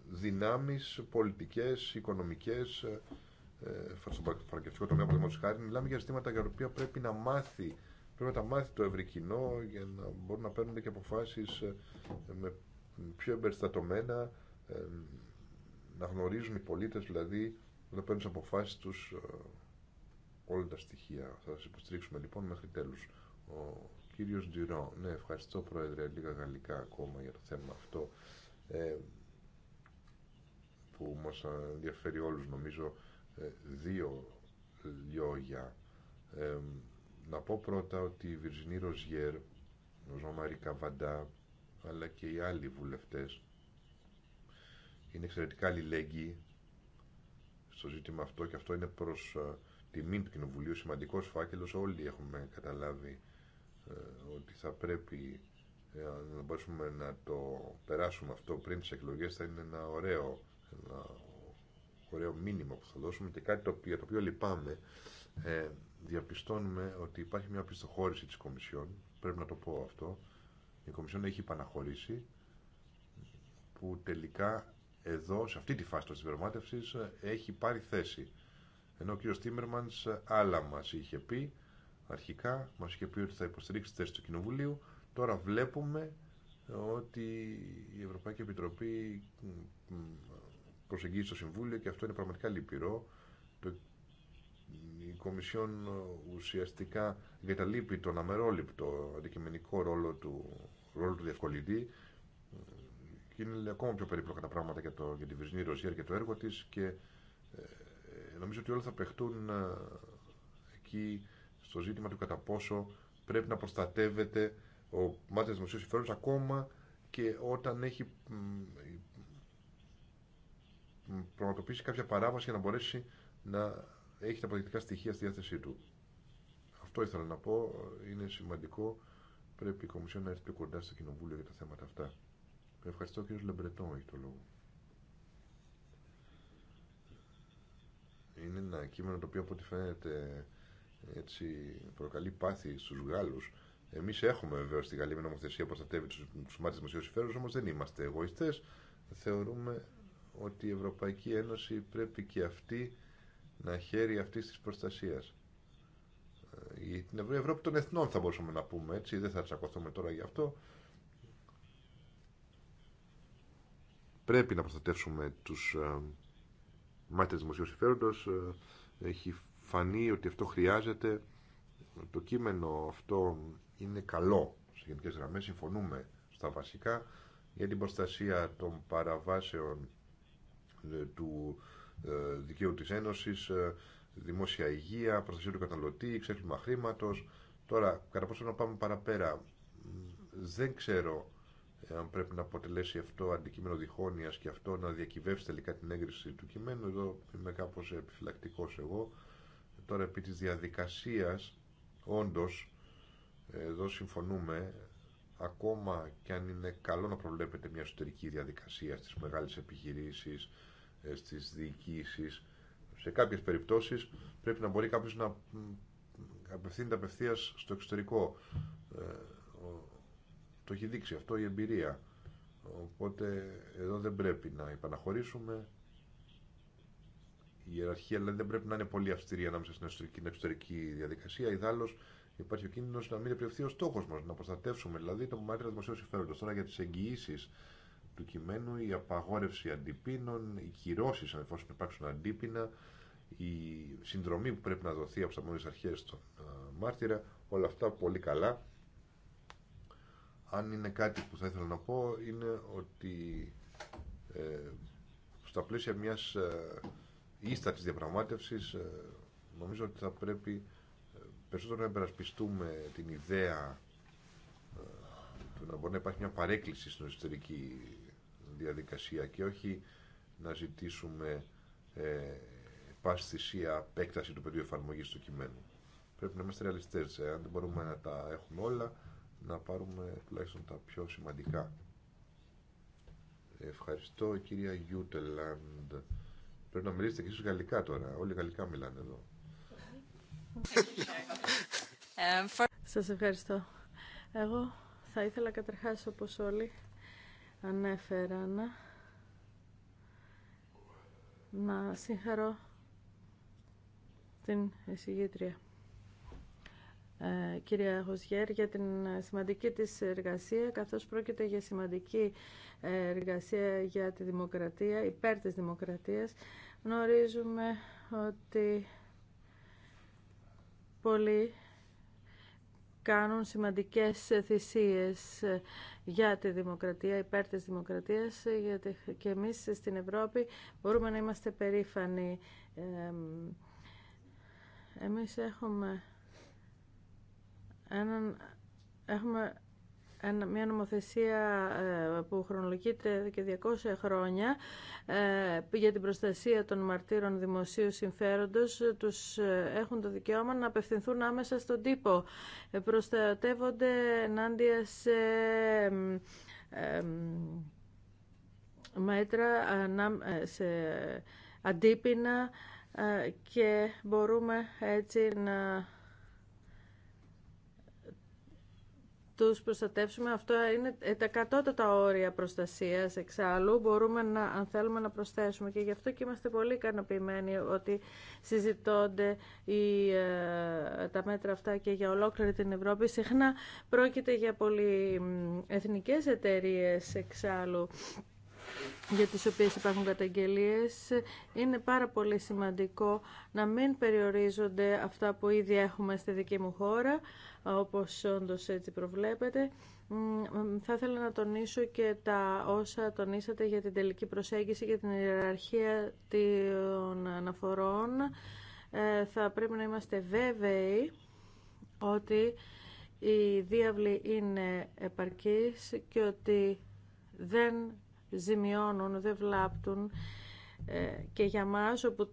δυνάμεις πολιτικές, οικονομικές ε, ε στον παρακευτικό τομέα παραδείγματος χάρη μιλάμε για ζητήματα για τα οποία πρέπει να μάθει πρέπει να τα μάθει το ευρύ κοινό για να μπορούν να παίρνουν και αποφάσεις με πιο εμπεριστατωμένα να γνωρίζουν οι πολίτες δηλαδή να παίρνουν αποφάσει του ε, όλα τα στοιχεία. Θα σα υποστηρίξουμε λοιπόν μέχρι τέλου. Ο κύριο Ντυρό, ναι, ευχαριστώ Πρόεδρε, λίγα γαλλικά ακόμα για το θέμα αυτό ε, που μα ενδιαφέρει όλους νομίζω ε, δύο λόγια. Ε, να πω πρώτα ότι η Βιρζινή Ροζιέρ, ο Ζωμαρή Καβαντά, αλλά και οι άλλοι βουλευτές είναι εξαιρετικά αλληλέγγυοι στο ζήτημα αυτό και αυτό είναι προς τιμή ε, του Κοινοβουλίου σημαντικός φάκελος. Όλοι έχουμε καταλάβει ε, ότι θα πρέπει ε, να μπορέσουμε να το περάσουμε αυτό πριν τις εκλογές θα είναι ένα ωραίο, ένα ωραίο μήνυμα που θα δώσουμε και κάτι το οποίο, το οποίο λυπάμαι ε, διαπιστώνουμε ότι υπάρχει μια πιστοχώρηση της Κομισιόν πρέπει να το πω αυτό η Κομισιόν έχει επαναχωρήσει που τελικά εδώ, σε αυτή τη φάση των έχει πάρει θέση. Ενώ ο κ. Τίμερμανς άλλα μας είχε πει, αρχικά μας είχε πει ότι θα υποστηρίξει τη θέση του Κοινοβουλίου, τώρα βλέπουμε ότι η Ευρωπαϊκή Επιτροπή προσεγγίζει το Συμβούλιο και αυτό είναι πραγματικά λυπηρό. Το, η Κομισιόν ουσιαστικά εγκαταλείπει τον αμερόληπτο αντικειμενικό ρόλο του, ρόλο του διευκολυντή είναι ακόμα πιο περίπλοκα τα πράγματα για, το, για τη Βυζνή Ρωσία και το έργο της και ε, νομίζω ότι όλα θα παιχτούν ε, εκεί στο ζήτημα του κατά πόσο πρέπει να προστατεύεται ο μάτια δημοσίου συμφέροντος ακόμα και όταν έχει πραγματοποιήσει κάποια παράβαση για να μπορέσει να έχει τα αποδεικτικά στοιχεία στη διάθεσή του. Αυτό ήθελα να πω. Είναι σημαντικό. Πρέπει η Κομισιόν να έρθει πιο κοντά στο Κοινοβούλιο για τα θέματα αυτά. Ευχαριστώ κύριε Λεμπρετό, έχει το λόγο. Είναι ένα κείμενο το οποίο από ό,τι φαίνεται έτσι προκαλεί πάθη στους Γάλλους. Εμεί έχουμε βεβαίω στη Γαλλία με νομοθεσία που προστατεύει του μάτι μας όμω δεν είμαστε εγωιστέ. Θεωρούμε ότι η Ευρωπαϊκή Ένωση πρέπει και αυτή να χαίρει αυτή τη προστασία. Ε, την Ευρώπη των Εθνών θα μπορούσαμε να πούμε έτσι, δεν θα τσακωθούμε τώρα γι' αυτό. πρέπει να προστατεύσουμε τους ε, μάρτυρες δημοσίου συμφέροντος. Ε, έχει φανεί ότι αυτό χρειάζεται. Το κείμενο αυτό είναι καλό σε γενικές γραμμές, συμφωνούμε στα βασικά για την προστασία των παραβάσεων ε, του δικαίου της Ένωσης, δημόσια υγεία, προστασία του καταναλωτή, ξέχλυμα χρήματος. Τώρα, κατά πόσο να πάμε παραπέρα, δεν ξέρω αν πρέπει να αποτελέσει αυτό αντικείμενο διχόνοιας και αυτό να διακυβεύσει τελικά την έγκριση του κειμένου, εδώ είμαι κάπως επιφυλακτικός εγώ. Ε, τώρα επί της διαδικασίας, όντως, εδώ συμφωνούμε, ακόμα και αν είναι καλό να προβλέπετε μια εσωτερική διαδικασία στις μεγάλες επιχειρήσεις, ε, στις διοικήσεις, σε κάποιες περιπτώσεις πρέπει να μπορεί κάποιος να απευθύνεται απευθείας στο εξωτερικό. Ε, το έχει δείξει αυτό η εμπειρία. Οπότε εδώ δεν πρέπει να υπαναχωρήσουμε. Η ιεραρχία δηλαδή, δεν πρέπει να είναι πολύ αυστηρή ανάμεσα στην εσωτερική, εξωτερική διαδικασία. Ιδάλω υπάρχει ο κίνδυνο να μην επιβεβαιωθεί ο στόχο μα, να προστατεύσουμε δηλαδή το μάρτυρα δημοσίου συμφέροντο. Τώρα για τι εγγυήσει του κειμένου, η απαγόρευση αντιπίνων, οι κυρώσει αν εφόσον υπάρξουν αντίπεινα, η συνδρομή που πρέπει να δοθεί από τι αρχέ στον ε, μάρτυρα, όλα αυτά πολύ καλά αν είναι κάτι που θα ήθελα να πω είναι ότι ε, στα πλαίσια μιας ε, ίστατης διαπραγμάτευσης ε, νομίζω ότι θα πρέπει ε, περισσότερο να εμπερασπιστούμε την ιδέα ε, του να μπορεί να υπάρχει μια παρέκκληση στην εσωτερική διαδικασία και όχι να ζητήσουμε ε, πάση θυσία επέκταση του πεδίου εφαρμογή του κειμένου. Πρέπει να είμαστε ρεαλιστέ. Αν δεν μπορούμε να τα έχουμε όλα, να πάρουμε τουλάχιστον τα πιο σημαντικά. Ευχαριστώ κυρία Γιούτελαντ. Πρέπει να μιλήσετε και εσείς γαλλικά τώρα. Όλοι γαλλικά μιλάνε εδώ. Σας ευχαριστώ. Εγώ θα ήθελα καταρχάς όπως όλοι ανέφεραν να συγχαρώ την εισηγήτρια ε, κυρία Χωσιέρ για την σημαντική της εργασία καθώς πρόκειται για σημαντική ε, εργασία για τη δημοκρατία, υπέρ της δημοκρατίας. Γνωρίζουμε ότι πολλοί κάνουν σημαντικές θυσίες για τη δημοκρατία, υπέρ της δημοκρατίας γιατί και εμείς στην Ευρώπη μπορούμε να είμαστε περήφανοι. Εμείς έχουμε έναν, έχουμε ένα, μια νομοθεσία ε, που χρονολογείται και 200 χρόνια ε, για την προστασία των μαρτύρων δημοσίου συμφέροντος τους ε, έχουν το δικαίωμα να απευθυνθούν άμεσα στον τύπο προστατεύονται ενάντια σε μέτρα σε αντίπεινα και μπορούμε έτσι να τους προστατεύσουμε. Αυτό είναι ε, τα κατώτατα όρια προστασίας εξάλλου. Μπορούμε, να, αν θέλουμε, να προσθέσουμε. Και γι' αυτό και είμαστε πολύ ικανοποιημένοι ότι συζητώνται οι, ε, τα μέτρα αυτά και για ολόκληρη την Ευρώπη. Συχνά πρόκειται για πολύ εθνικές εταιρείε εξάλλου για τις οποίες υπάρχουν καταγγελίες, είναι πάρα πολύ σημαντικό να μην περιορίζονται αυτά που ήδη έχουμε στη δική μου χώρα, όπως όντως έτσι προβλέπετε. Θα ήθελα να τονίσω και τα όσα τονίσατε για την τελική προσέγγιση και την ιεραρχία των αναφορών. Ε, θα πρέπει να είμαστε βέβαιοι ότι η διάβλη είναι επαρκής και ότι δεν ζημιώνουν, δεν βλάπτουν ε, και για μας όπου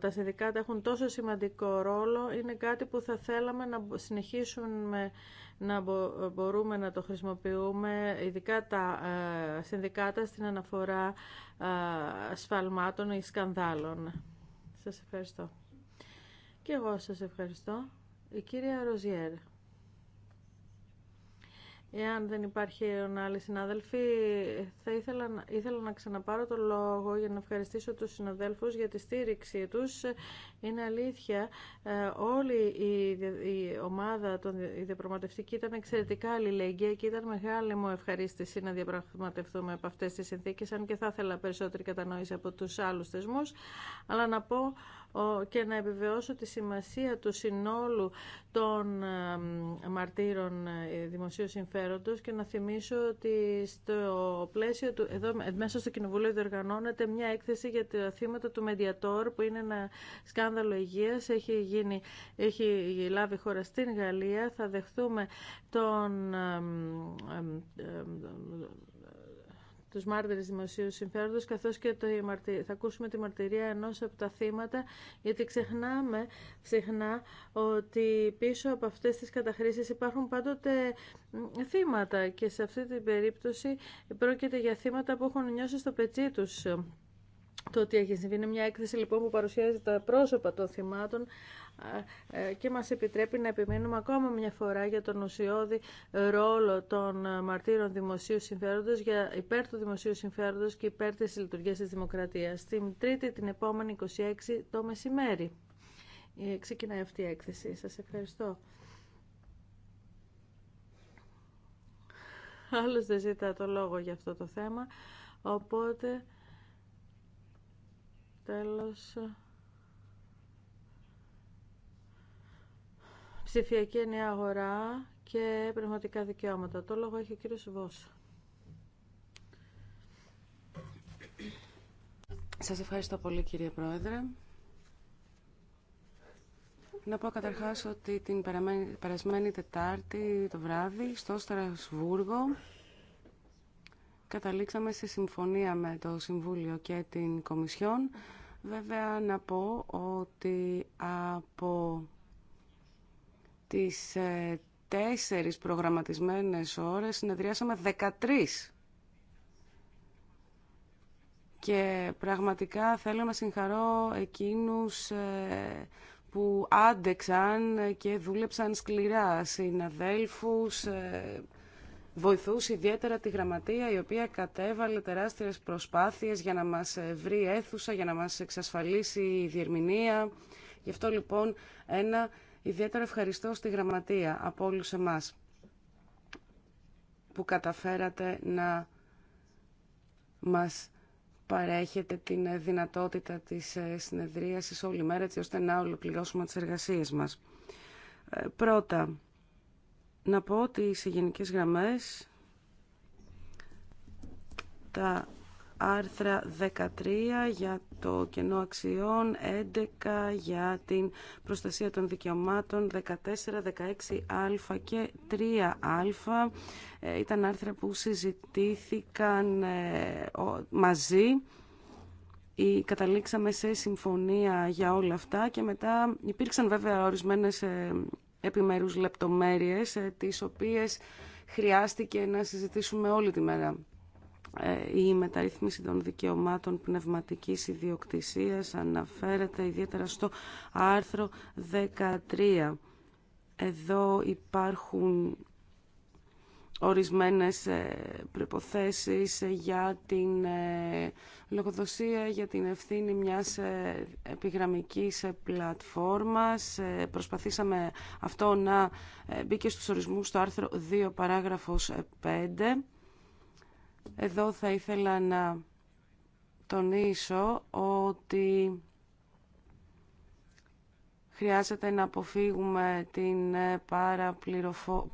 τα συνδικάτα έχουν τόσο σημαντικό ρόλο είναι κάτι που θα θέλαμε να συνεχίσουμε να μπορούμε να το χρησιμοποιούμε ειδικά τα ε, συνδικάτα στην αναφορά ε, σφαλμάτων ή σκανδάλων. Σας ευχαριστώ. Και εγώ σας ευχαριστώ. Η κυρία Ροζιέρ. Εάν δεν υπάρχει άλλοι συνάδελφοι, θα ήθελα, ήθελα να ξαναπάρω το λόγο για να ευχαριστήσω τους συναδέλφους για τη στήριξή τους. Είναι αλήθεια, ε, όλη η, η ομάδα, των η διαπραγματευτική ήταν εξαιρετικά αλληλεγγύα και ήταν μεγάλη μου ευχαρίστηση να διαπραγματευτούμε από αυτές τις συνθήκες, αν και θα ήθελα περισσότερη κατανόηση από τους άλλους θεσμούς. Αλλά να πω και να επιβεβαιώσω τη σημασία του συνόλου των ε, μαρτύρων ε, δημοσίου συμφέροντος και να θυμίσω ότι στο πλαίσιο του, εδώ ε, μέσα στο Κοινοβούλιο διοργανώνεται μια έκθεση για τα θύματα του μεδιατόρ που είναι ένα σκάνδαλο υγείας, έχει, γίνει, έχει λάβει χώρα στην Γαλλία, θα δεχθούμε τον του μάρτυρε δημοσίου συμφέροντος, καθώ και το, θα ακούσουμε τη μαρτυρία ενός από τα θύματα, γιατί ξεχνάμε συχνά ότι πίσω από αυτές τις καταχρήσει υπάρχουν πάντοτε θύματα και σε αυτή την περίπτωση πρόκειται για θύματα που έχουν νιώσει στο πετσί τους το ότι έχει συμβεί. Είναι μια έκθεση λοιπόν που παρουσιάζει τα πρόσωπα των θυμάτων, ε, και μας επιτρέπει να επιμένουμε ακόμα μια φορά για τον ουσιώδη ρόλο των ε, μαρτύρων δημοσίου συμφέροντος για υπέρ του δημοσίου συμφέροντος και υπέρ της λειτουργίας της δημοκρατίας. Την τρίτη την επόμενη 26 το μεσημέρι. Ε, ξεκινάει αυτή η έκθεση. Σας ευχαριστώ. Άλλος δεν ζητά το λόγο για αυτό το θέμα, οπότε τέλος... ψηφιακή νέα αγορά και πνευματικά δικαιώματα. Το λόγο έχει ο κύριος Βόσα. Σας ευχαριστώ πολύ κύριε Πρόεδρε. Να πω καταρχάς ότι την περασμένη Τετάρτη το βράδυ στο Στρασβούργο καταλήξαμε στη συμφωνία με το Συμβούλιο και την Κομισιόν. Βέβαια να πω ότι από τις ε, τέσσερις προγραμματισμένες ώρες συνεδριάσαμε 13. Και πραγματικά θέλω να συγχαρώ εκείνους ε, που άντεξαν και δούλεψαν σκληρά, συναδέλφους, ε, βοηθούς, ιδιαίτερα τη γραμματεία η οποία κατέβαλε τεράστιες προσπάθειες για να μας βρει αίθουσα, για να μας εξασφαλίσει η διερμηνία. Γι' αυτό λοιπόν ένα Ιδιαίτερα ευχαριστώ στη Γραμματεία από όλους εμάς που καταφέρατε να μας παρέχετε την δυνατότητα της ε, συνεδρίασης όλη μέρα έτσι ώστε να ολοκληρώσουμε τις εργασίες μας. Ε, πρώτα, να πω ότι σε γενικές γραμμές τα άρθρα 13 για το κενό αξιών, 11 για την προστασία των δικαιωμάτων, 14, 16α και 3α. Ε, ήταν άρθρα που συζητήθηκαν ε, μαζί. Η, καταλήξαμε σε συμφωνία για όλα αυτά και μετά υπήρξαν βέβαια ορισμένες ε, επιμέρους λεπτομέρειες τις οποίες χρειάστηκε να συζητήσουμε όλη τη μέρα. Ε, η μεταρρύθμιση των δικαιωμάτων πνευματικής ιδιοκτησίας αναφέρεται ιδιαίτερα στο άρθρο 13. Εδώ υπάρχουν ορισμένες ε, προϋποθέσεις για την ε, λογοδοσία, για την ευθύνη μιας επιγραμμικής πλατφόρμας. Προσπαθήσαμε αυτό να μπει και στους ορισμούς στο άρθρο 2 παράγραφος 5. Εδώ θα ήθελα να τονίσω ότι χρειάζεται να αποφύγουμε την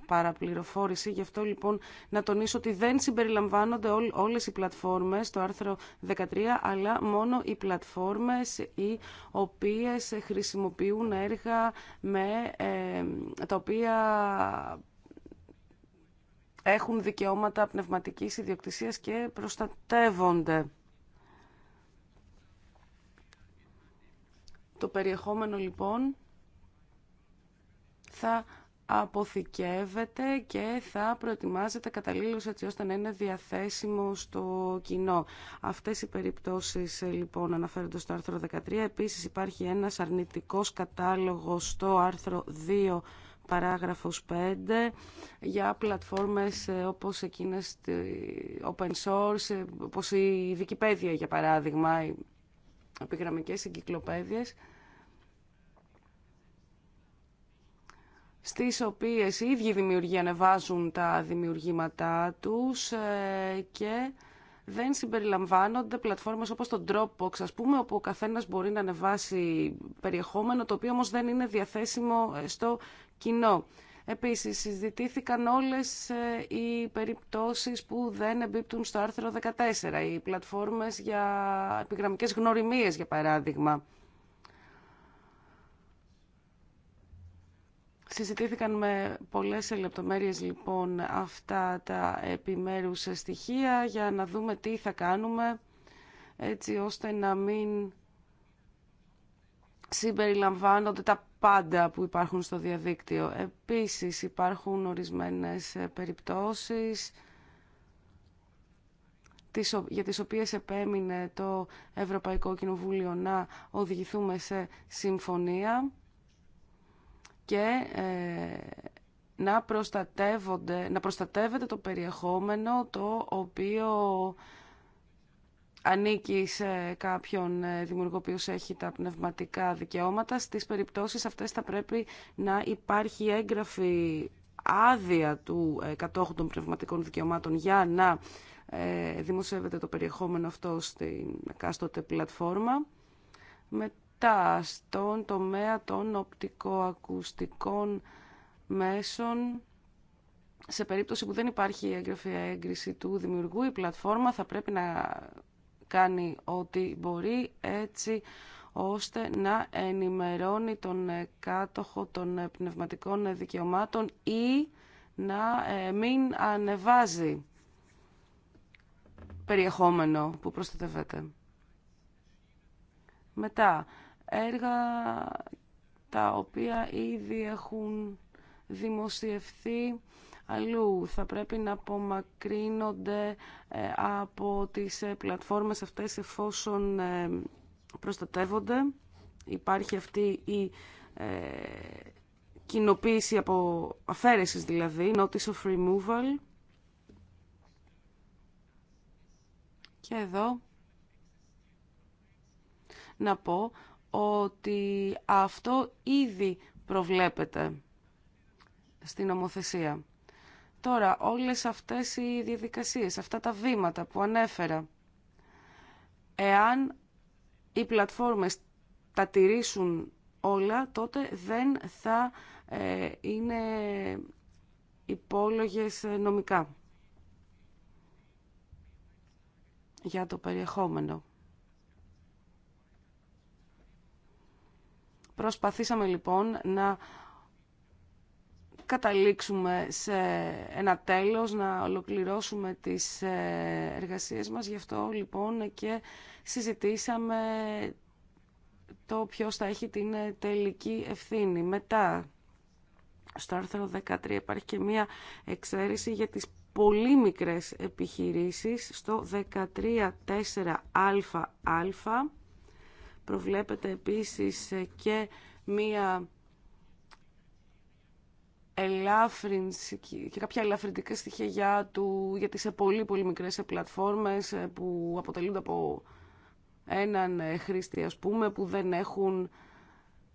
παραπληροφόρηση. Γι' αυτό λοιπόν να τονίσω ότι δεν συμπεριλαμβάνονται όλες οι πλατφόρμες το άρθρο 13, αλλά μόνο οι πλατφόρμες οι οποίες χρησιμοποιούν έργα με, ε, τα οποία έχουν δικαιώματα πνευματικής ιδιοκτησίας και προστατεύονται. Το περιεχόμενο λοιπόν θα αποθηκεύεται και θα προετοιμάζεται καταλήλως έτσι ώστε να είναι διαθέσιμο στο κοινό. Αυτές οι περιπτώσεις ε, λοιπόν αναφέρονται στο άρθρο 13. Επίσης υπάρχει ένας αρνητικός κατάλογος στο άρθρο 2 παράγραφος 5 για πλατφόρμες ε, όπως εκείνες ε, open source, ε, όπως η Wikipedia για παράδειγμα, οι επιγραμμικές εγκυκλοπαίδειες, στις οποίες οι ίδιοι δημιουργοί ανεβάζουν τα δημιουργήματά τους και δεν συμπεριλαμβάνονται πλατφόρμες όπως το Dropbox, ας πούμε, όπου ο καθένας μπορεί να ανεβάσει περιεχόμενο, το οποίο όμως δεν είναι διαθέσιμο στο κοινό. Επίσης, συζητήθηκαν όλες ε, οι περιπτώσεις που δεν εμπίπτουν στο άρθρο 14, οι πλατφόρμες για επιγραμμικές γνωριμίες, για παράδειγμα. Συζητήθηκαν με πολλές λεπτομέρειες λοιπόν αυτά τα επιμέρους στοιχεία για να δούμε τι θα κάνουμε έτσι ώστε να μην συμπεριλαμβάνονται τα πάντα που υπάρχουν στο διαδίκτυο. Επίσης υπάρχουν ορισμένες ε, περιπτώσεις για τις οποίες επέμεινε το Ευρωπαϊκό Κοινοβούλιο να οδηγηθούμε σε συμφωνία και ε, να, προστατεύονται, να προστατεύεται το περιεχόμενο το οποίο ανήκει σε κάποιον ε, δημιουργό που έχει τα πνευματικά δικαιώματα. Στις περιπτώσεις αυτές θα πρέπει να υπάρχει έγγραφη άδεια του ε, κατόχου των πνευματικών δικαιωμάτων για να ε, δημοσιεύεται το περιεχόμενο αυτό στην εκάστοτε πλατφόρμα. Μετά, στον τομέα των οπτικοακουστικών μέσων, σε περίπτωση που δεν υπάρχει έγγραφη έγκριση του δημιουργού, η πλατφόρμα θα πρέπει να κάνει ό,τι μπορεί έτσι ώστε να ενημερώνει τον ε, κάτοχο των ε, πνευματικών ε, δικαιωμάτων ή να μην ανεβάζει περιεχόμενο που προστατεύεται. Μετά, έργα τα οποία ήδη έχουν δημοσιευθεί αλλού. Θα πρέπει να απομακρύνονται ε, από τις ε, πλατφόρμες αυτές εφόσον ε, προστατεύονται. Υπάρχει αυτή η κοινοποίηση από αφαίρεσης δηλαδή, notice of removal. Και εδώ να πω ότι αυτό ήδη προβλέπεται στην νομοθεσία. Τώρα, όλες αυτές οι διαδικασίες, αυτά τα βήματα που ανέφερα, εάν οι πλατφόρμες τα τηρήσουν όλα, τότε δεν θα ε, είναι υπόλογες ε, νομικά για το περιεχόμενο. Προσπαθήσαμε λοιπόν να καταλήξουμε σε ένα τέλος, να ολοκληρώσουμε τις ε, εργασίες μας. Γι' αυτό λοιπόν και συζητήσαμε το ποιος θα έχει την ε, τελική ευθύνη. Μετά, στο άρθρο 13 υπάρχει και μία εξαίρεση για τις πολύ μικρές επιχειρήσεις. Στο 13.4α προβλέπεται επίσης και μία ελάφρυνση και κάποια ελαφρυντικά στοιχεία για, του, για τις πολύ πολύ μικρές πλατφόρμες ε, που αποτελούνται από έναν ε, χρήστη ας πούμε που δεν έχουν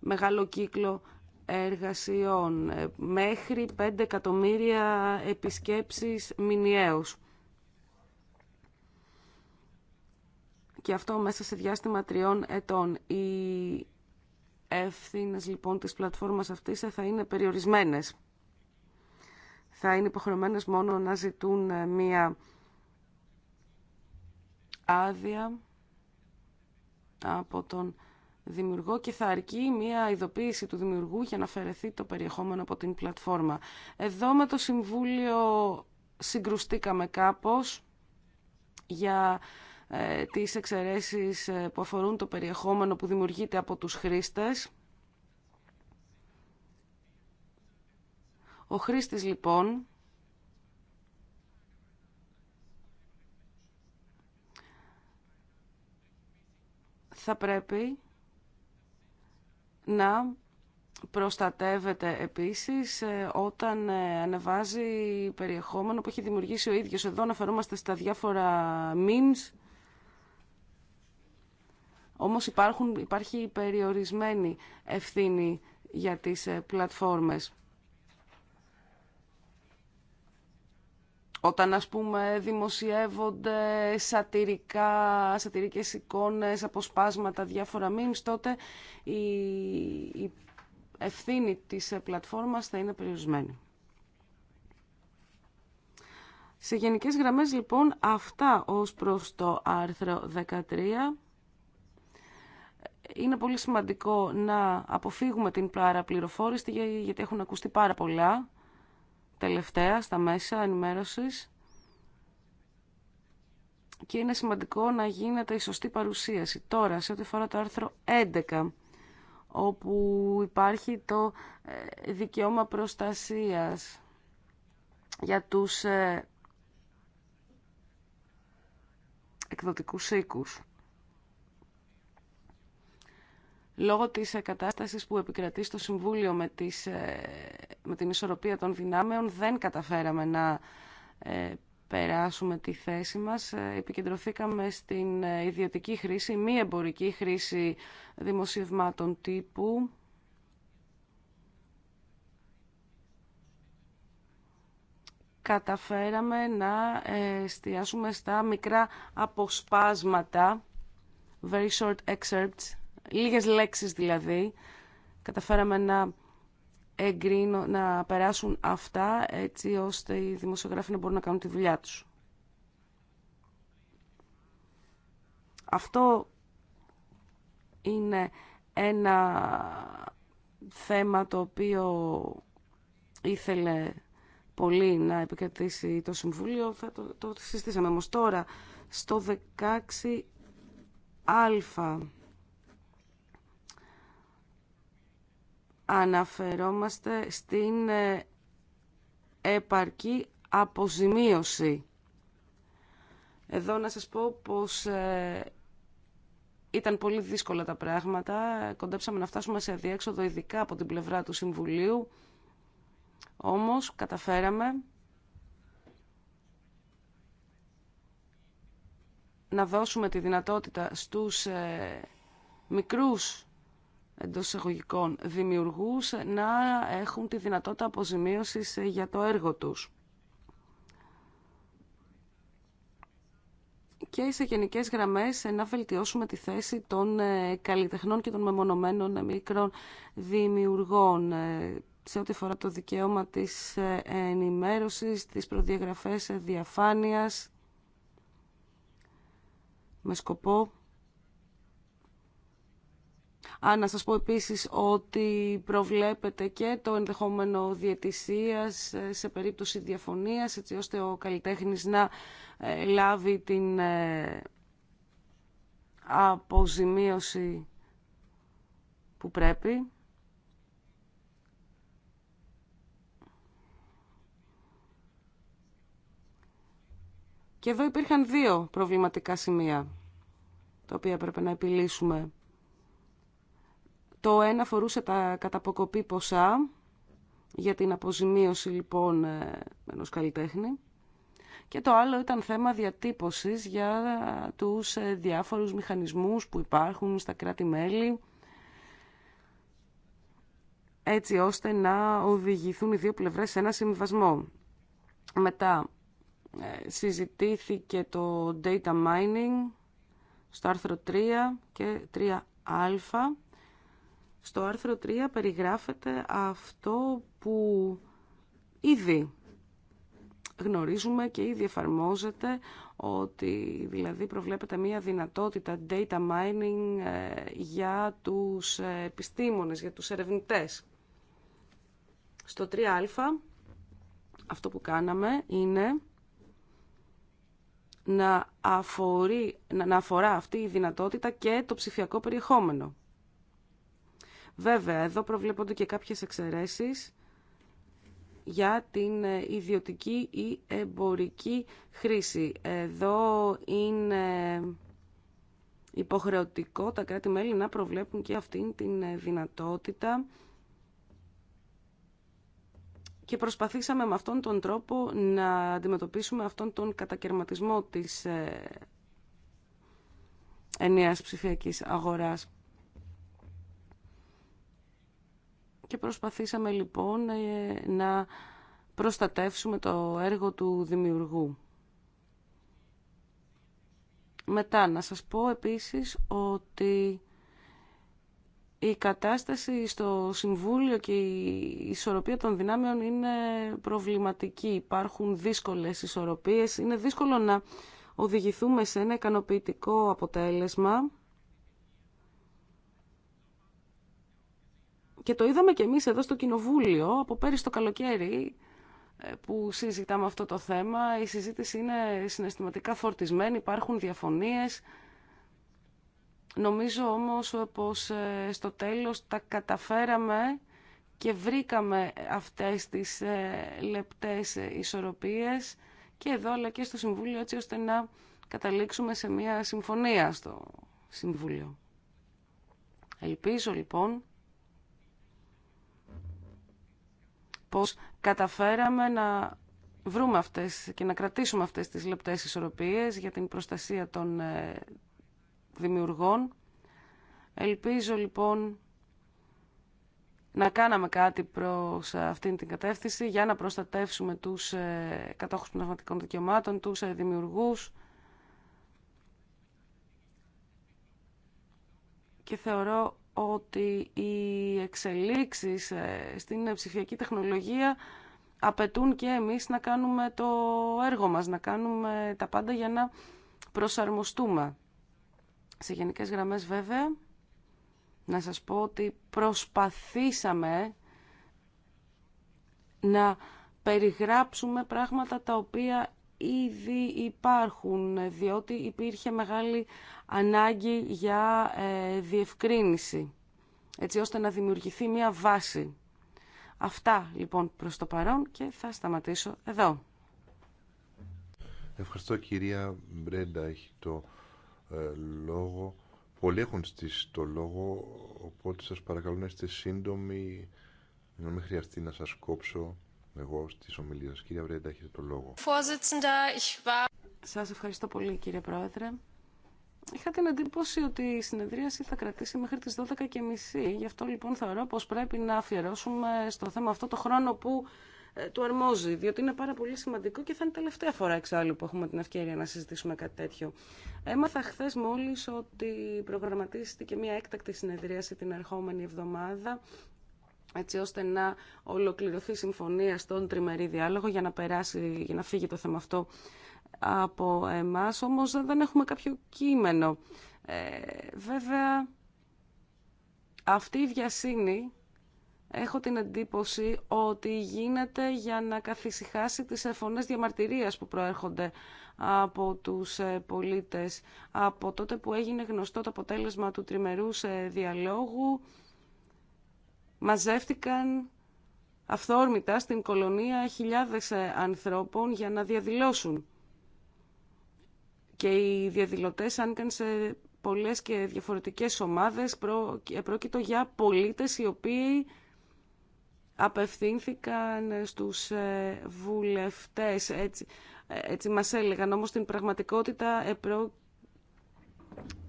μεγάλο κύκλο εργασιών ε, μέχρι 5 εκατομμύρια επισκέψεις μηνιαίως. Και αυτό μέσα σε διάστημα τριών ετών. Οι ευθύνες λοιπόν της πλατφόρμας αυτής θα είναι περιορισμένες θα είναι υποχρεωμένες μόνο να ζητούν ε, μία άδεια από τον δημιουργό και θα αρκεί μία ειδοποίηση του δημιουργού για να αφαιρεθεί το περιεχόμενο από την πλατφόρμα. Εδώ με το Συμβούλιο συγκρουστήκαμε κάπως για ε, τις εξαιρέσεις ε, που αφορούν το περιεχόμενο που δημιουργείται από τους χρήστες Ο χρήστης λοιπόν θα πρέπει να προστατεύεται επίσης ε, όταν ε, ανεβάζει περιεχόμενο που έχει δημιουργήσει ο ίδιος. Εδώ αναφερόμαστε στα διάφορα memes, όμως υπάρχουν, υπάρχει περιορισμένη ευθύνη για τις ε, πλατφόρμες. Όταν ας πούμε δημοσιεύονται σατυρικά, σατυρικές εικόνες, αποσπάσματα, διάφορα memes, τότε η, η ευθύνη της ε, πλατφόρμας θα είναι περιορισμένη. Σε γενικές γραμμές λοιπόν αυτά ως προς το άρθρο 13 είναι πολύ σημαντικό να αποφύγουμε την παραπληροφόρηση γιατί έχουν ακουστεί πάρα πολλά τελευταία στα μέσα ενημέρωσης και είναι σημαντικό να γίνεται η σωστή παρουσίαση. Τώρα, σε ό,τι αφορά το άρθρο 11, όπου υπάρχει το ε, δικαίωμα προστασίας για τους ε, εκδοτικούς οίκους. λόγω της κατάστασης που επικρατεί στο Συμβούλιο με, τις, ε, την ισορροπία των δυνάμεων δεν καταφέραμε να ε, περάσουμε τη θέση μας. Ε, επικεντρωθήκαμε στην ιδιωτική χρήση, μη εμπορική χρήση δημοσιευμάτων τύπου. Καταφέραμε να εστιάσουμε στα μικρά αποσπάσματα, very short excerpts, λίγες λέξεις δηλαδή, καταφέραμε να να περάσουν αυτά έτσι ώστε οι δημοσιογράφοι να μπορούν να κάνουν τη δουλειά τους. Αυτό είναι ένα θέμα το οποίο ήθελε πολύ να επικρατήσει το Συμβούλιο. Θα το, το συστήσαμε όμως τώρα στο 16α. αναφερόμαστε στην ε, επαρκή αποζημίωση. Εδώ να σας πω πως ε, ήταν πολύ δύσκολα τα πράγματα. Κοντέψαμε να φτάσουμε σε αδιέξοδο ειδικά από την πλευρά του Συμβουλίου. Όμως καταφέραμε να δώσουμε τη δυνατότητα στους ε, μικρούς εντό εισαγωγικών δημιουργούς να έχουν τη δυνατότητα αποζημίωσης ε, για το έργο τους. Και σε γενικέ γραμμές ε, να βελτιώσουμε τη θέση των ε, καλλιτεχνών και των μεμονωμένων μικρών δημιουργών σε ό,τι αφορά το δικαίωμα της ενημέρωσης, τις της διαφάνειας με σκοπό Α, να σας πω επίσης ότι προβλέπεται και το ενδεχόμενο διαιτησίας ε, σε περίπτωση διαφωνίας, έτσι ώστε ο καλλιτέχνης να ε, λάβει την ε, αποζημίωση που πρέπει. Και εδώ υπήρχαν δύο προβληματικά σημεία, τα οποία έπρεπε να επιλύσουμε. Το ένα αφορούσε τα καταποκοπή ποσά για την αποζημίωση λοιπόν ε, ενός καλλιτέχνη και το άλλο ήταν θέμα διατύπωσης για τους ε, διάφορους μηχανισμούς που υπάρχουν στα κράτη-μέλη έτσι ώστε να οδηγηθούν οι δύο πλευρές σε ένα συμβασμό. Μετά ε, συζητήθηκε το data mining στο άρθρο 3 και 3α στο άρθρο 3 περιγράφεται αυτό που ήδη γνωρίζουμε και ήδη εφαρμόζεται ότι δηλαδή προβλέπεται μια δυνατότητα data mining ε, για τους ε, επιστήμονες, για τους ερευνητές. Στο 3α αυτό που κάναμε είναι να, αφορεί, να αφορά αυτή η δυνατότητα και το ψηφιακό περιεχόμενο. Βέβαια, εδώ προβλέπονται και κάποιες εξαιρέσεις για την ε, ιδιωτική ή εμπορική χρήση. Εδώ είναι υποχρεωτικό τα κράτη-μέλη να προβλέπουν και αυτήν την ε, δυνατότητα και προσπαθήσαμε με αυτόν τον τρόπο να αντιμετωπίσουμε αυτόν τον κατακαιρματισμό της ε, ενιαίας ψηφιακής αγοράς. Και προσπαθήσαμε λοιπόν ε, να προστατεύσουμε το έργο του δημιουργού. Μετά να σας πω επίσης ότι η κατάσταση στο Συμβούλιο και η ισορροπία των δυνάμεων είναι προβληματική. Υπάρχουν δύσκολες ισορροπίες. Είναι δύσκολο να οδηγηθούμε σε ένα ικανοποιητικό αποτέλεσμα Και το είδαμε και εμείς εδώ στο Κοινοβούλιο από πέρυσι το καλοκαίρι ε, που συζητάμε αυτό το θέμα. Η συζήτηση είναι συναισθηματικά φορτισμένη, υπάρχουν διαφωνίες. Νομίζω όμως πως ε, στο τέλος τα καταφέραμε και βρήκαμε αυτές τις ε, λεπτές ισορροπίες και εδώ αλλά και στο Συμβούλιο έτσι ώστε να καταλήξουμε σε μια συμφωνία στο Συμβούλιο. Ελπίζω λοιπόν πώς καταφέραμε να βρούμε αυτές και να κρατήσουμε αυτές τις λεπτές ισορροπίες για την προστασία των ε, δημιουργών. Ελπίζω λοιπόν να κάναμε κάτι προς αυτήν την κατεύθυνση για να προστατεύσουμε τους ε, κατόχους πνευματικών δικαιωμάτων, τους ε, δημιουργούς και θεωρώ ότι οι εξελίξεις ε, στην ψηφιακή τεχνολογία απαιτούν και εμείς να κάνουμε το έργο μας, να κάνουμε τα πάντα για να προσαρμοστούμε. Σε γενικές γραμμές βέβαια, να σας πω ότι προσπαθήσαμε να περιγράψουμε πράγματα τα οποία ήδη υπάρχουν, διότι υπήρχε μεγάλη ανάγκη για ε, διευκρίνηση, έτσι ώστε να δημιουργηθεί μία βάση. Αυτά λοιπόν προς το παρόν και θα σταματήσω εδώ. Ευχαριστώ κυρία Μπρέντα, έχει το ε, λόγο. Πολλοί έχουν στήσει το λόγο, οπότε σας παρακαλώ να είστε σύντομοι, να μην χρειαστεί να σας κόψω εγώ στις ομιλίες Κυρία Μπρέντα, έχετε το λόγο. Σας ευχαριστώ πολύ κύριε Πρόεδρε. Είχα την εντύπωση ότι η συνεδρίαση θα κρατήσει μέχρι τις 12.30. Γι' αυτό λοιπόν θεωρώ πως πρέπει να αφιερώσουμε στο θέμα αυτό το χρόνο που ε, του αρμόζει, διότι είναι πάρα πολύ σημαντικό και θα είναι τελευταία φορά εξάλλου που έχουμε την ευκαιρία να συζητήσουμε κάτι τέτοιο. Έμαθα χθε μόλι ότι προγραμματίστηκε μια έκτακτη συνεδρίαση την ερχόμενη εβδομάδα έτσι ώστε να ολοκληρωθεί συμφωνία στον τριμερή διάλογο για να, περάσει, για να φύγει το θέμα αυτό από εμάς, όμως δεν έχουμε κάποιο κείμενο. Ε, βέβαια, αυτή η βιασύνη έχω την εντύπωση ότι γίνεται για να καθησυχάσει τις φωνές διαμαρτυρίας που προέρχονται από τους ε, πολίτες. Από τότε που έγινε γνωστό το αποτέλεσμα του τριμερούς ε, διαλόγου, μαζεύτηκαν αυθόρμητα στην κολονία χιλιάδες ε, ανθρώπων για να διαδηλώσουν και οι διαδηλωτέ άνοιγαν σε πολλές και διαφορετικές ομάδες. Πρόκειτο για πολίτες οι οποίοι απευθύνθηκαν στους ε, βουλευτές. Έτσι, ε, έτσι μας έλεγαν. Όμως στην πραγματικότητα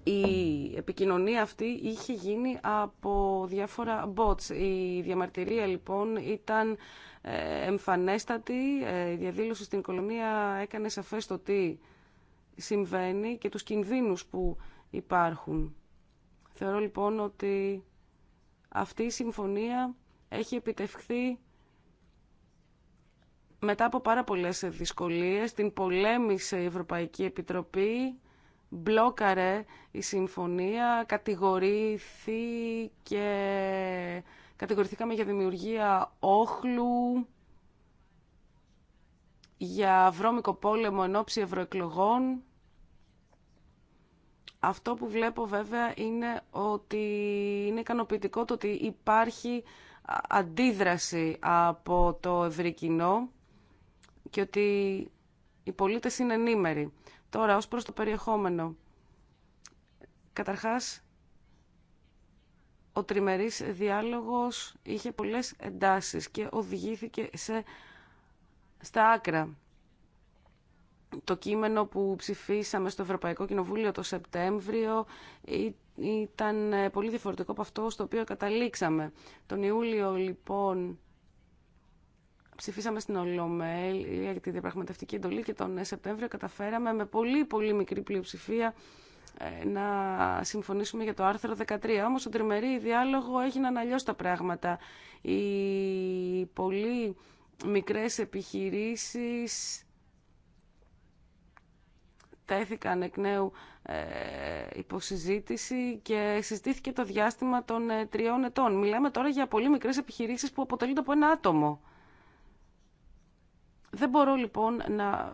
η επικοινωνία αυτή είχε γίνει από διάφορα bots. Η διαμαρτυρία λοιπόν ήταν ε, εμφανέστατη. Η διαδήλωση στην Κολομία έκανε σαφές το τι συμβαίνει και τους κινδύνους που υπάρχουν. Θεωρώ λοιπόν ότι αυτή η συμφωνία έχει επιτευχθεί μετά από πάρα πολλές δυσκολίες. Την πολέμησε η Ευρωπαϊκή Επιτροπή, μπλόκαρε η συμφωνία, κατηγορήθηκε, κατηγορηθήκαμε για δημιουργία όχλου για βρώμικο πόλεμο εν ώψη ευρωεκλογών. Αυτό που βλέπω βέβαια είναι ότι είναι ικανοποιητικό το ότι υπάρχει αντίδραση από το ευρύ κοινό και ότι οι πολίτες είναι ενήμεροι. Τώρα, ως προς το περιεχόμενο. Καταρχάς, ο τριμερής διάλογος είχε πολλές εντάσεις και οδηγήθηκε σε στα άκρα. Το κείμενο που ψηφίσαμε στο Ευρωπαϊκό Κοινοβούλιο το Σεπτέμβριο ήταν ε, πολύ διαφορετικό από αυτό στο οποίο καταλήξαμε. Τον Ιούλιο, λοιπόν, ψηφίσαμε στην Ολομέλεια για τη διαπραγματευτική εντολή και τον ε, Σεπτέμβριο καταφέραμε με πολύ πολύ μικρή πλειοψηφία ε, να συμφωνήσουμε για το άρθρο 13. Όμως στον τριμερή διάλογο έγιναν αλλιώ τα πράγματα. Οι πολλοί μικρές επιχειρήσεις τέθηκαν εκ νέου ε, υποσυζήτηση και συζητήθηκε το διάστημα των ε, τριών ετών. Μιλάμε τώρα για πολύ μικρές επιχειρήσεις που αποτελούνται από ένα άτομο. Δεν μπορώ λοιπόν να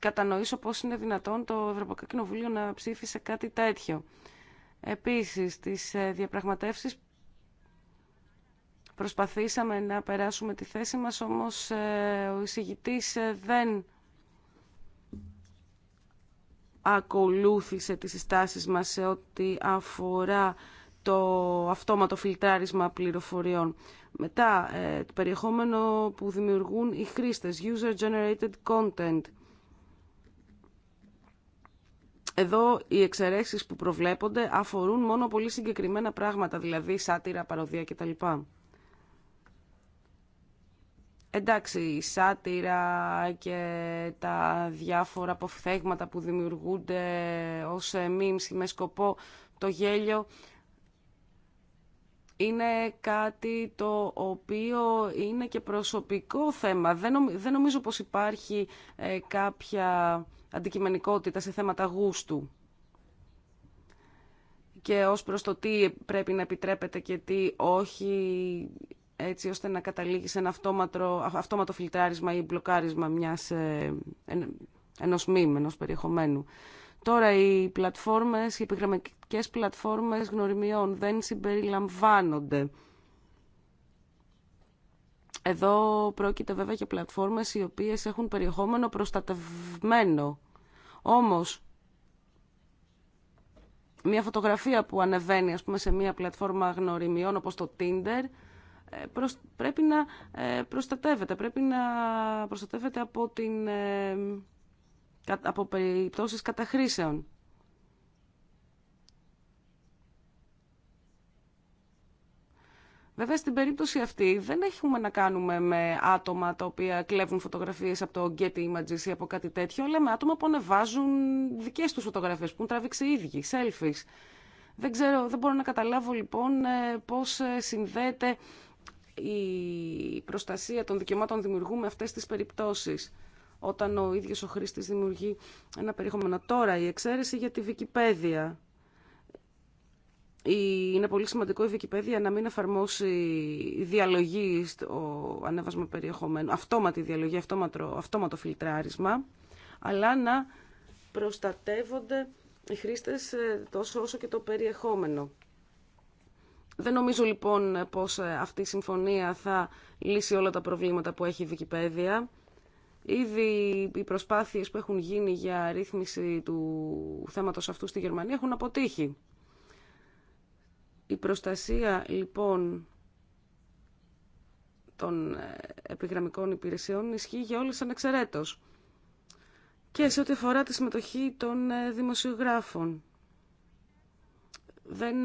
κατανοήσω πώς είναι δυνατόν το Ευρωπαϊκό Κοινοβούλιο να ψήφισε κάτι τέτοιο. Επίσης, τις ε, διαπραγματεύσεις Προσπαθήσαμε να περάσουμε τη θέση μας, όμως ε, ο εισηγητής ε, δεν ακολούθησε τις συστάσεις μας σε ό,τι αφορά το αυτόματο φιλτράρισμα πληροφοριών. Μετά, ε, το περιεχόμενο που δημιουργούν οι χρήστες, user-generated content. Εδώ οι εξαιρέσεις που προβλέπονται αφορούν μόνο πολύ συγκεκριμένα πράγματα, δηλαδή σάτυρα, παροδία κτλ. Εντάξει, η σάτυρα και τα διάφορα αποφθέγματα που δημιουργούνται ως ε, memes με σκοπό το γέλιο είναι κάτι το οποίο είναι και προσωπικό θέμα. Δεν, νομίζω πως υπάρχει ε, κάποια αντικειμενικότητα σε θέματα γούστου και ως προς το τι πρέπει να επιτρέπεται και τι όχι έτσι ώστε να καταλήγει σε ένα αυτόματο, αυτόματο φιλτράρισμα ή μπλοκάρισμα μιας, ε, ενός μήμ, ενός περιεχομένου. Τώρα οι πλατφόρμες, οι επιγραμματικές πλατφόρμες γνωριμιών δεν συμπεριλαμβάνονται. Εδώ πρόκειται βέβαια για πλατφόρμες οι οποίες έχουν περιεχόμενο προστατευμένο. Όμως, μια φωτογραφία που ανεβαίνει ας πούμε, σε μια πλατφόρμα γνωριμιών όπως το Tinder ε, πρέπει να ε, προστατεύεται. Πρέπει να προστατεύεται από, την, ε, από περιπτώσεις καταχρήσεων. Βέβαια στην περίπτωση αυτή δεν έχουμε να κάνουμε με άτομα τα οποία κλέβουν φωτογραφίες από το Getty Images ή από κάτι τέτοιο, αλλά με άτομα που ανεβάζουν δικές τους φωτογραφίες, που έχουν τραβήξει οι ίδιοι, selfies. Δεν ξέρω, δεν μπορώ να καταλάβω λοιπόν πώς συνδέεται η προστασία των δικαιωμάτων δημιουργού με αυτές τις περιπτώσεις όταν ο ίδιος ο χρήστης δημιουργεί ένα περιεχόμενο. Τώρα, η εξαίρεση για τη Wikipedia. Είναι πολύ σημαντικό η Wikipedia να μην εφαρμόσει διαλογή στο ανέβασμα περιεχομένου, αυτόματη διαλογή, αυτόματο, αυτόματο φιλτράρισμα, αλλά να προστατεύονται οι χρήστες ε, τόσο όσο και το περιεχόμενο. Δεν νομίζω λοιπόν πως ε, αυτή η συμφωνία θα λύσει όλα τα προβλήματα που έχει η Wikipedia. Ήδη οι προσπάθειες που έχουν γίνει για ρύθμιση του θέματος αυτού στη Γερμανία έχουν αποτύχει. Η προστασία λοιπόν των ε, επιγραμμικών υπηρεσιών ισχύει για όλες ανεξαιρέτως. Και σε ό,τι αφορά τη συμμετοχή των ε, δημοσιογράφων. Δεν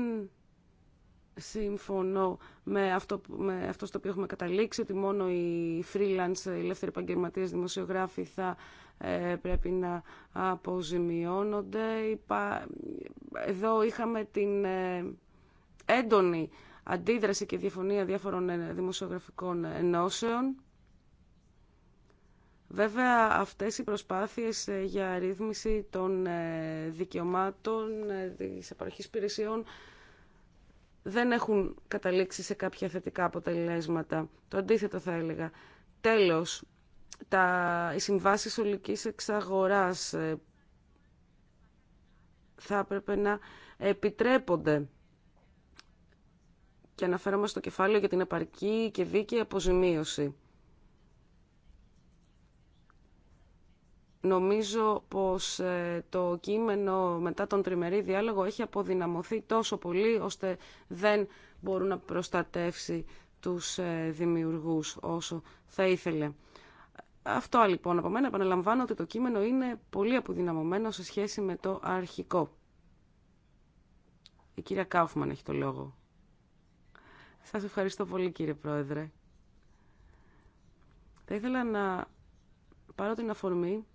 σύμφωνο με αυτό, με αυτό στο οποίο έχουμε καταλήξει, ότι μόνο οι freelance, οι ελεύθεροι επαγγελματίε δημοσιογράφοι θα ε, πρέπει να αποζημιώνονται. Εδώ είχαμε την ε, έντονη αντίδραση και διαφωνία διάφορων ε, δημοσιογραφικών ενώσεων. Βέβαια, αυτές οι προσπάθειες για ρύθμιση των δικαιωμάτων της επαρχής υπηρεσιών δεν έχουν καταλήξει σε κάποια θετικά αποτελέσματα. Το αντίθετο θα έλεγα. Τέλος, τα, οι συμβάσεις ολικής εξαγοράς ε, θα έπρεπε να επιτρέπονται. Και αναφέρομαι στο κεφάλαιο για την επαρκή και δίκαιη αποζημίωση. Νομίζω πως ε, το κείμενο μετά τον τριμερή διάλογο έχει αποδυναμωθεί τόσο πολύ ώστε δεν μπορούν να προστατεύσει τους ε, δημιουργούς όσο θα ήθελε. Αυτό λοιπόν από μένα επαναλαμβάνω ότι το κείμενο είναι πολύ αποδυναμωμένο σε σχέση με το αρχικό. Η κυρία Κάουφμαν έχει το λόγο. Σας ευχαριστώ πολύ κύριε Πρόεδρε. Θα ήθελα να πάρω την αφορμή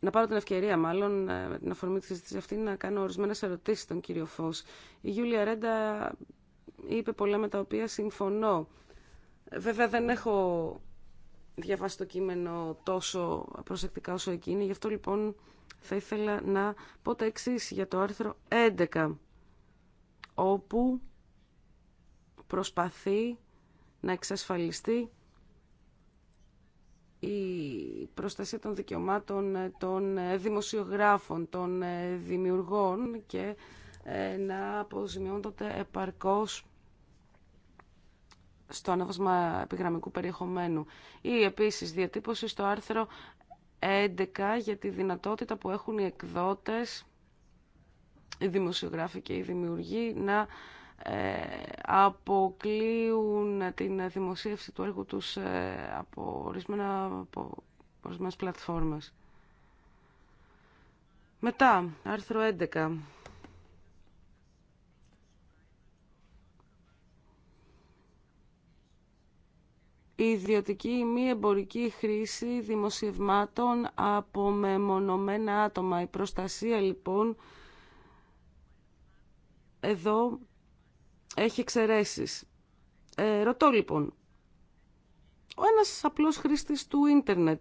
να πάρω την ευκαιρία μάλλον ε, με την αφορμή της συζήτηση αυτή να κάνω ορισμένε ερωτήσει στον κύριο Φως. Η Γιούλια Ρέντα είπε πολλά με τα οποία συμφωνώ. Βέβαια δεν έχω διαβάσει το κείμενο τόσο προσεκτικά όσο εκείνη, γι' αυτό λοιπόν θα ήθελα να πω τα εξή για το άρθρο 11, όπου προσπαθεί να εξασφαλιστεί η προστασία των δικαιωμάτων των ε, δημοσιογράφων, των ε, δημιουργών και ε, να αποζημιώνονται επαρκώς στο ανέβασμα επιγραμμικού περιεχομένου. Ή επίσης διατύπωση στο άρθρο 11 για τη δυνατότητα που έχουν οι εκδότες, οι δημοσιογράφοι και οι δημιουργοί να ε, αποκλείουν την δημοσίευση του έργου τους ε, από ορισμένα από ορισμένες πλατφόρμες. Μετά, άρθρο 11. η ιδιωτική ή μη εμπορική χρήση δημοσιευμάτων από μεμονωμένα άτομα. Η προστασία λοιπόν εδώ έχει εξαιρέσει. Ε, ρωτώ λοιπόν, ο ένας απλός χρήστης του ίντερνετ,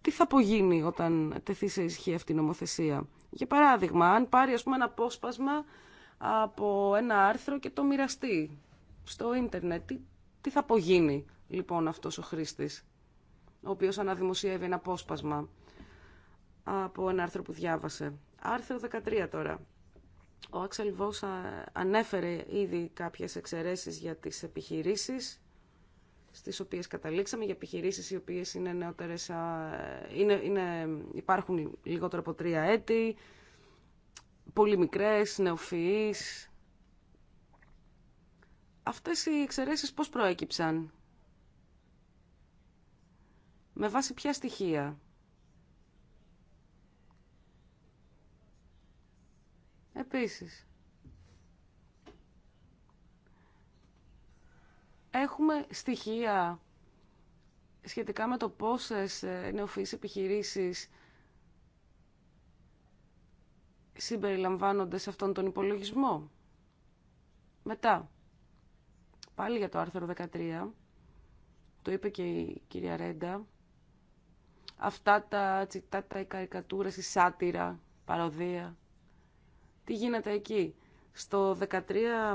τι θα απογίνει όταν τεθεί σε ισχύ αυτή η νομοθεσία. Για παράδειγμα, αν πάρει ας πούμε, ένα απόσπασμα από ένα άρθρο και το μοιραστεί στο ίντερνετ, τι, τι θα απογίνει λοιπόν αυτός ο χρήστης, ο οποίος αναδημοσιεύει ένα απόσπασμα από ένα άρθρο που διάβασε. Άρθρο 13 τώρα. Ο Άξελ βό ανέφερε ήδη κάποιες εξαιρέσεις για τις επιχειρήσεις, στις οποίες καταλήξαμε, για επιχειρήσεις οι οποίες είναι νεότερες, είναι, είναι, υπάρχουν λιγότερο από τρία έτη, πολύ μικρές, νεοφυείς. Αυτές οι εξαιρέσεις πώς προέκυψαν. Με βάση ποια στοιχεία. Επίσης, έχουμε στοιχεία σχετικά με το πόσες ε, νεοφυείς επιχειρήσεις συμπεριλαμβάνονται σε αυτόν τον υπολογισμό. Μετά, πάλι για το άρθρο 13, το είπε και η κυρία Ρέντα, αυτά τα τσιτάτα, οι καρικατούρες, η σάτυρα, παροδία, τι γίνεται εκεί. Στο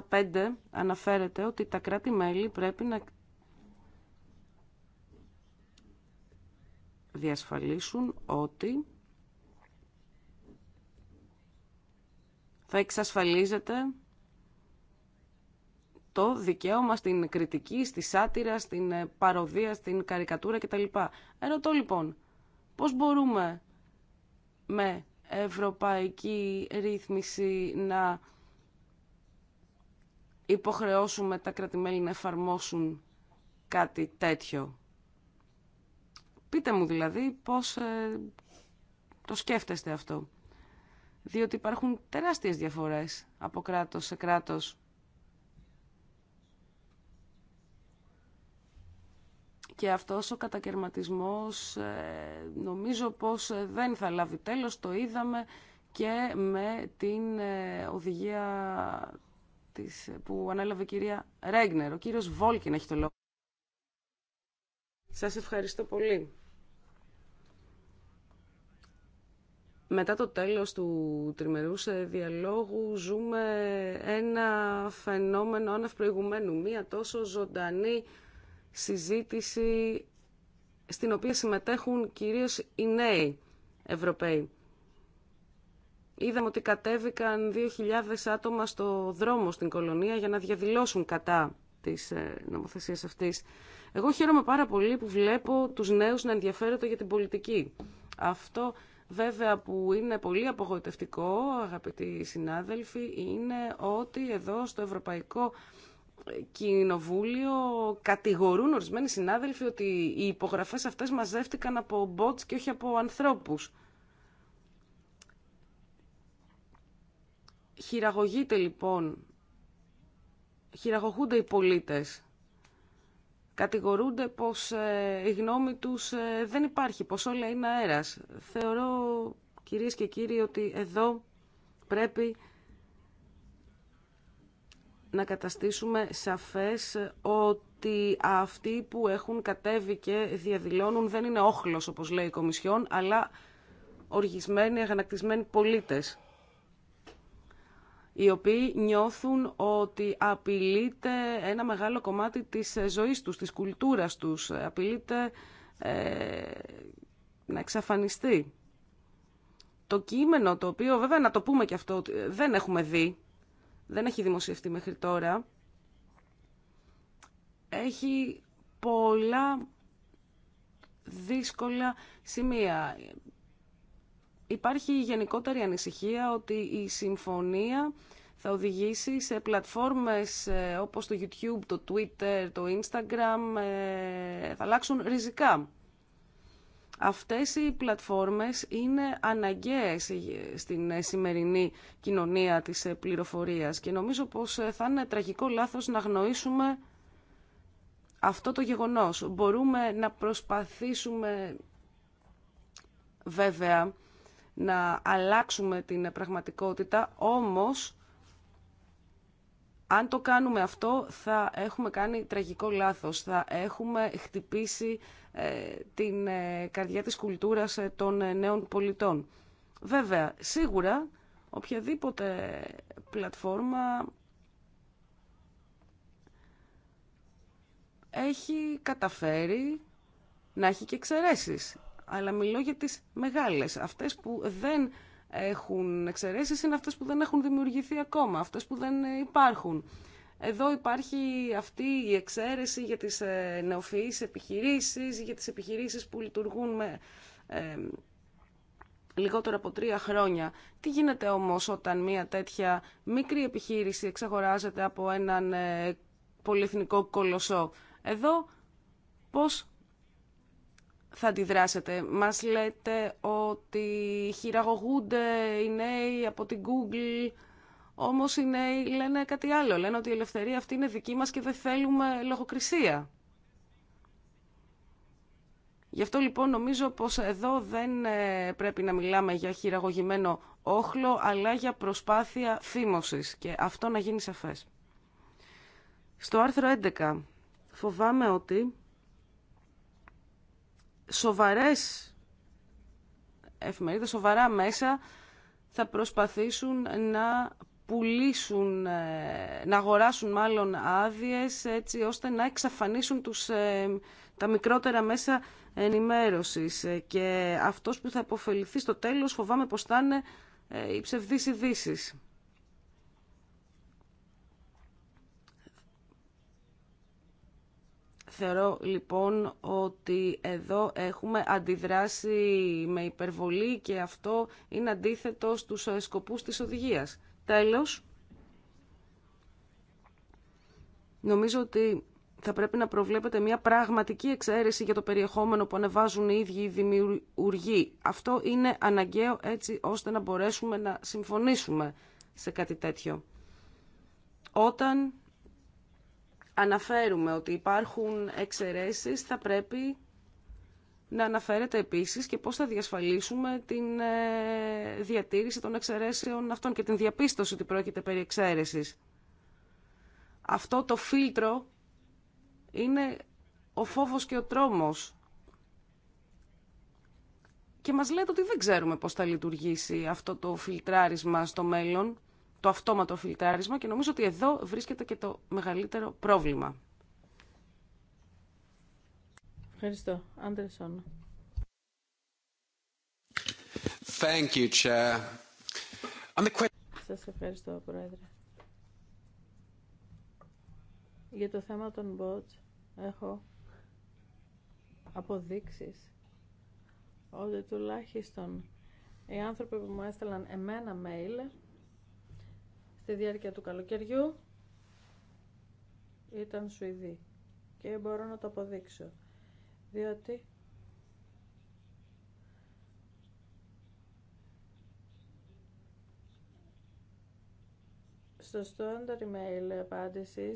13.5 αναφέρεται ότι τα κράτη-μέλη πρέπει να διασφαλίσουν ότι θα εξασφαλίζεται το δικαίωμα στην κριτική, στη σάτυρα, στην ε, παροδία, στην καρικατούρα κτλ. Ερωτώ λοιπόν, πώς μπορούμε με ευρωπαϊκή ρύθμιση να υποχρεώσουμε τα κρατημέλη να εφαρμόσουν κάτι τέτοιο. Πείτε μου δηλαδή πώς ε, το σκέφτεστε αυτό. Διότι υπάρχουν τεράστιες διαφορές από κράτος σε κράτος Και αυτός ο κατακαιρματισμός ε, νομίζω πως ε, δεν θα λάβει τέλος, το είδαμε και με την ε, οδηγία της, που ανέλαβε η κυρία Ρέγνερ. Ο κύριος Βόλκιν έχει το λόγο. Σας ευχαριστώ πολύ. Μετά το τέλος του σε διαλόγου ζούμε ένα φαινόμενο άνευ μία τόσο ζωντανή συζήτηση στην οποία συμμετέχουν κυρίως οι νέοι Ευρωπαίοι. Είδαμε ότι κατέβηκαν 2.000 άτομα στο δρόμο στην κολονία για να διαδηλώσουν κατά της ε, νομοθεσίας αυτής. Εγώ χαίρομαι πάρα πολύ που βλέπω τους νέους να ενδιαφέρονται για την πολιτική. Αυτό βέβαια που είναι πολύ απογοητευτικό, αγαπητοί συνάδελφοι, είναι ότι εδώ στο Ευρωπαϊκό κοινοβούλιο κατηγορούν ορισμένοι συνάδελφοι ότι οι υπογραφές αυτές μαζεύτηκαν από bots και όχι από ανθρώπους. Χειραγωγείται λοιπόν, χειραγωγούνται οι πολίτες. Κατηγορούνται πως ε, η γνώμη τους ε, δεν υπάρχει, πως όλα είναι αέρας. Θεωρώ κυρίες και κύριοι ότι εδώ πρέπει να καταστήσουμε σαφές ότι αυτοί που έχουν κατέβει και διαδηλώνουν δεν είναι όχλος, όπως λέει η Κομισιόν, αλλά οργισμένοι, αγανακτισμένοι πολίτες, οι οποίοι νιώθουν ότι απειλείται ένα μεγάλο κομμάτι της ζωής τους, της κουλτούρας τους, απειλείται ε, να εξαφανιστεί. Το κείμενο, το οποίο βέβαια να το πούμε και αυτό, δεν έχουμε δει, δεν έχει δημοσιευτεί μέχρι τώρα, έχει πολλά δύσκολα σημεία. Υπάρχει η γενικότερη ανησυχία ότι η συμφωνία θα οδηγήσει σε πλατφόρμες ε, όπως το YouTube, το Twitter, το Instagram, ε, θα αλλάξουν ριζικά. Αυτές οι πλατφόρμες είναι αναγκαίες στην σημερινή κοινωνία της πληροφορίας και νομίζω πως θα είναι τραγικό λάθος να γνωρίσουμε αυτό το γεγονός. Μπορούμε να προσπαθήσουμε βέβαια να αλλάξουμε την πραγματικότητα, όμως αν το κάνουμε αυτό θα έχουμε κάνει τραγικό λάθος, θα έχουμε χτυπήσει ε, την ε, καρδιά της κουλτούρας ε, των νέων πολιτών. Βέβαια, σίγουρα οποιαδήποτε πλατφόρμα έχει καταφέρει να έχει και εξαιρέσει. Αλλά μιλώ για τις μεγάλες. Αυτές που δεν έχουν εξαιρέσει είναι αυτές που δεν έχουν δημιουργηθεί ακόμα, αυτές που δεν υπάρχουν. Εδώ υπάρχει αυτή η εξαίρεση για τις ε, νεοφυείς επιχειρήσεις, για τις επιχειρήσεις που λειτουργούν με λιγότερο από τρία χρόνια. Τι γίνεται όμως όταν μια τέτοια μικρή επιχείρηση εξαγοράζεται από έναν ε, πολυεθνικό κολοσσό. Εδώ πώς θα αντιδράσετε. Μας λέτε ότι χειραγωγούνται οι νέοι από την Google όμως οι νέοι λένε κάτι άλλο. Λένε ότι η ελευθερία αυτή είναι δική μας και δεν θέλουμε λογοκρισία. Γι' αυτό λοιπόν νομίζω πως εδώ δεν ε, πρέπει να μιλάμε για χειραγωγημένο όχλο, αλλά για προσπάθεια θύμωσης. και αυτό να γίνει σαφές. Στο άρθρο 11 φοβάμαι ότι σοβαρές εφημερίδες, σοβαρά μέσα θα προσπαθήσουν να πουλήσουν, ε, να αγοράσουν μάλλον άδειες έτσι ώστε να εξαφανίσουν τους, ε, τα μικρότερα μέσα ενημέρωσης ε, και αυτός που θα αποφεληθεί στο τέλος φοβάμαι πως θα είναι οι ψευδείς ειδήσει. Θεωρώ λοιπόν ότι εδώ έχουμε αντιδράσει με υπερβολή και αυτό είναι αντίθετο στους σκοπούς της οδηγίας. Τέλος, νομίζω ότι θα πρέπει να προβλέπετε μια πραγματική εξαίρεση για το περιεχόμενο που ανεβάζουν οι ίδιοι οι δημιουργοί. Αυτό είναι αναγκαίο έτσι ώστε να μπορέσουμε να συμφωνήσουμε σε κάτι τέτοιο. Όταν αναφέρουμε ότι υπάρχουν εξαιρέσεις θα πρέπει να αναφέρεται επίσης και πώς θα διασφαλίσουμε την ε, διατήρηση των εξαιρέσεων αυτών και την διαπίστωση ότι πρόκειται περί εξαίρεσης. Αυτό το φίλτρο είναι ο φόβος και ο τρόμος. Και μας λέτε ότι δεν ξέρουμε πώς θα λειτουργήσει αυτό το φιλτράρισμα στο μέλλον, το αυτόματο φιλτράρισμα και νομίζω ότι εδώ βρίσκεται και το μεγαλύτερο πρόβλημα. Ευχαριστώ. Σόνα. Thank you, Chair. On the... Σας ευχαριστώ, Πρόεδρε. Για το θέμα των bots έχω αποδείξεις ότι τουλάχιστον οι άνθρωποι που μου έστελαν εμένα mail στη διάρκεια του καλοκαιριού ήταν Σουηδοί και μπορώ να το αποδείξω διότι στο standard email απάντηση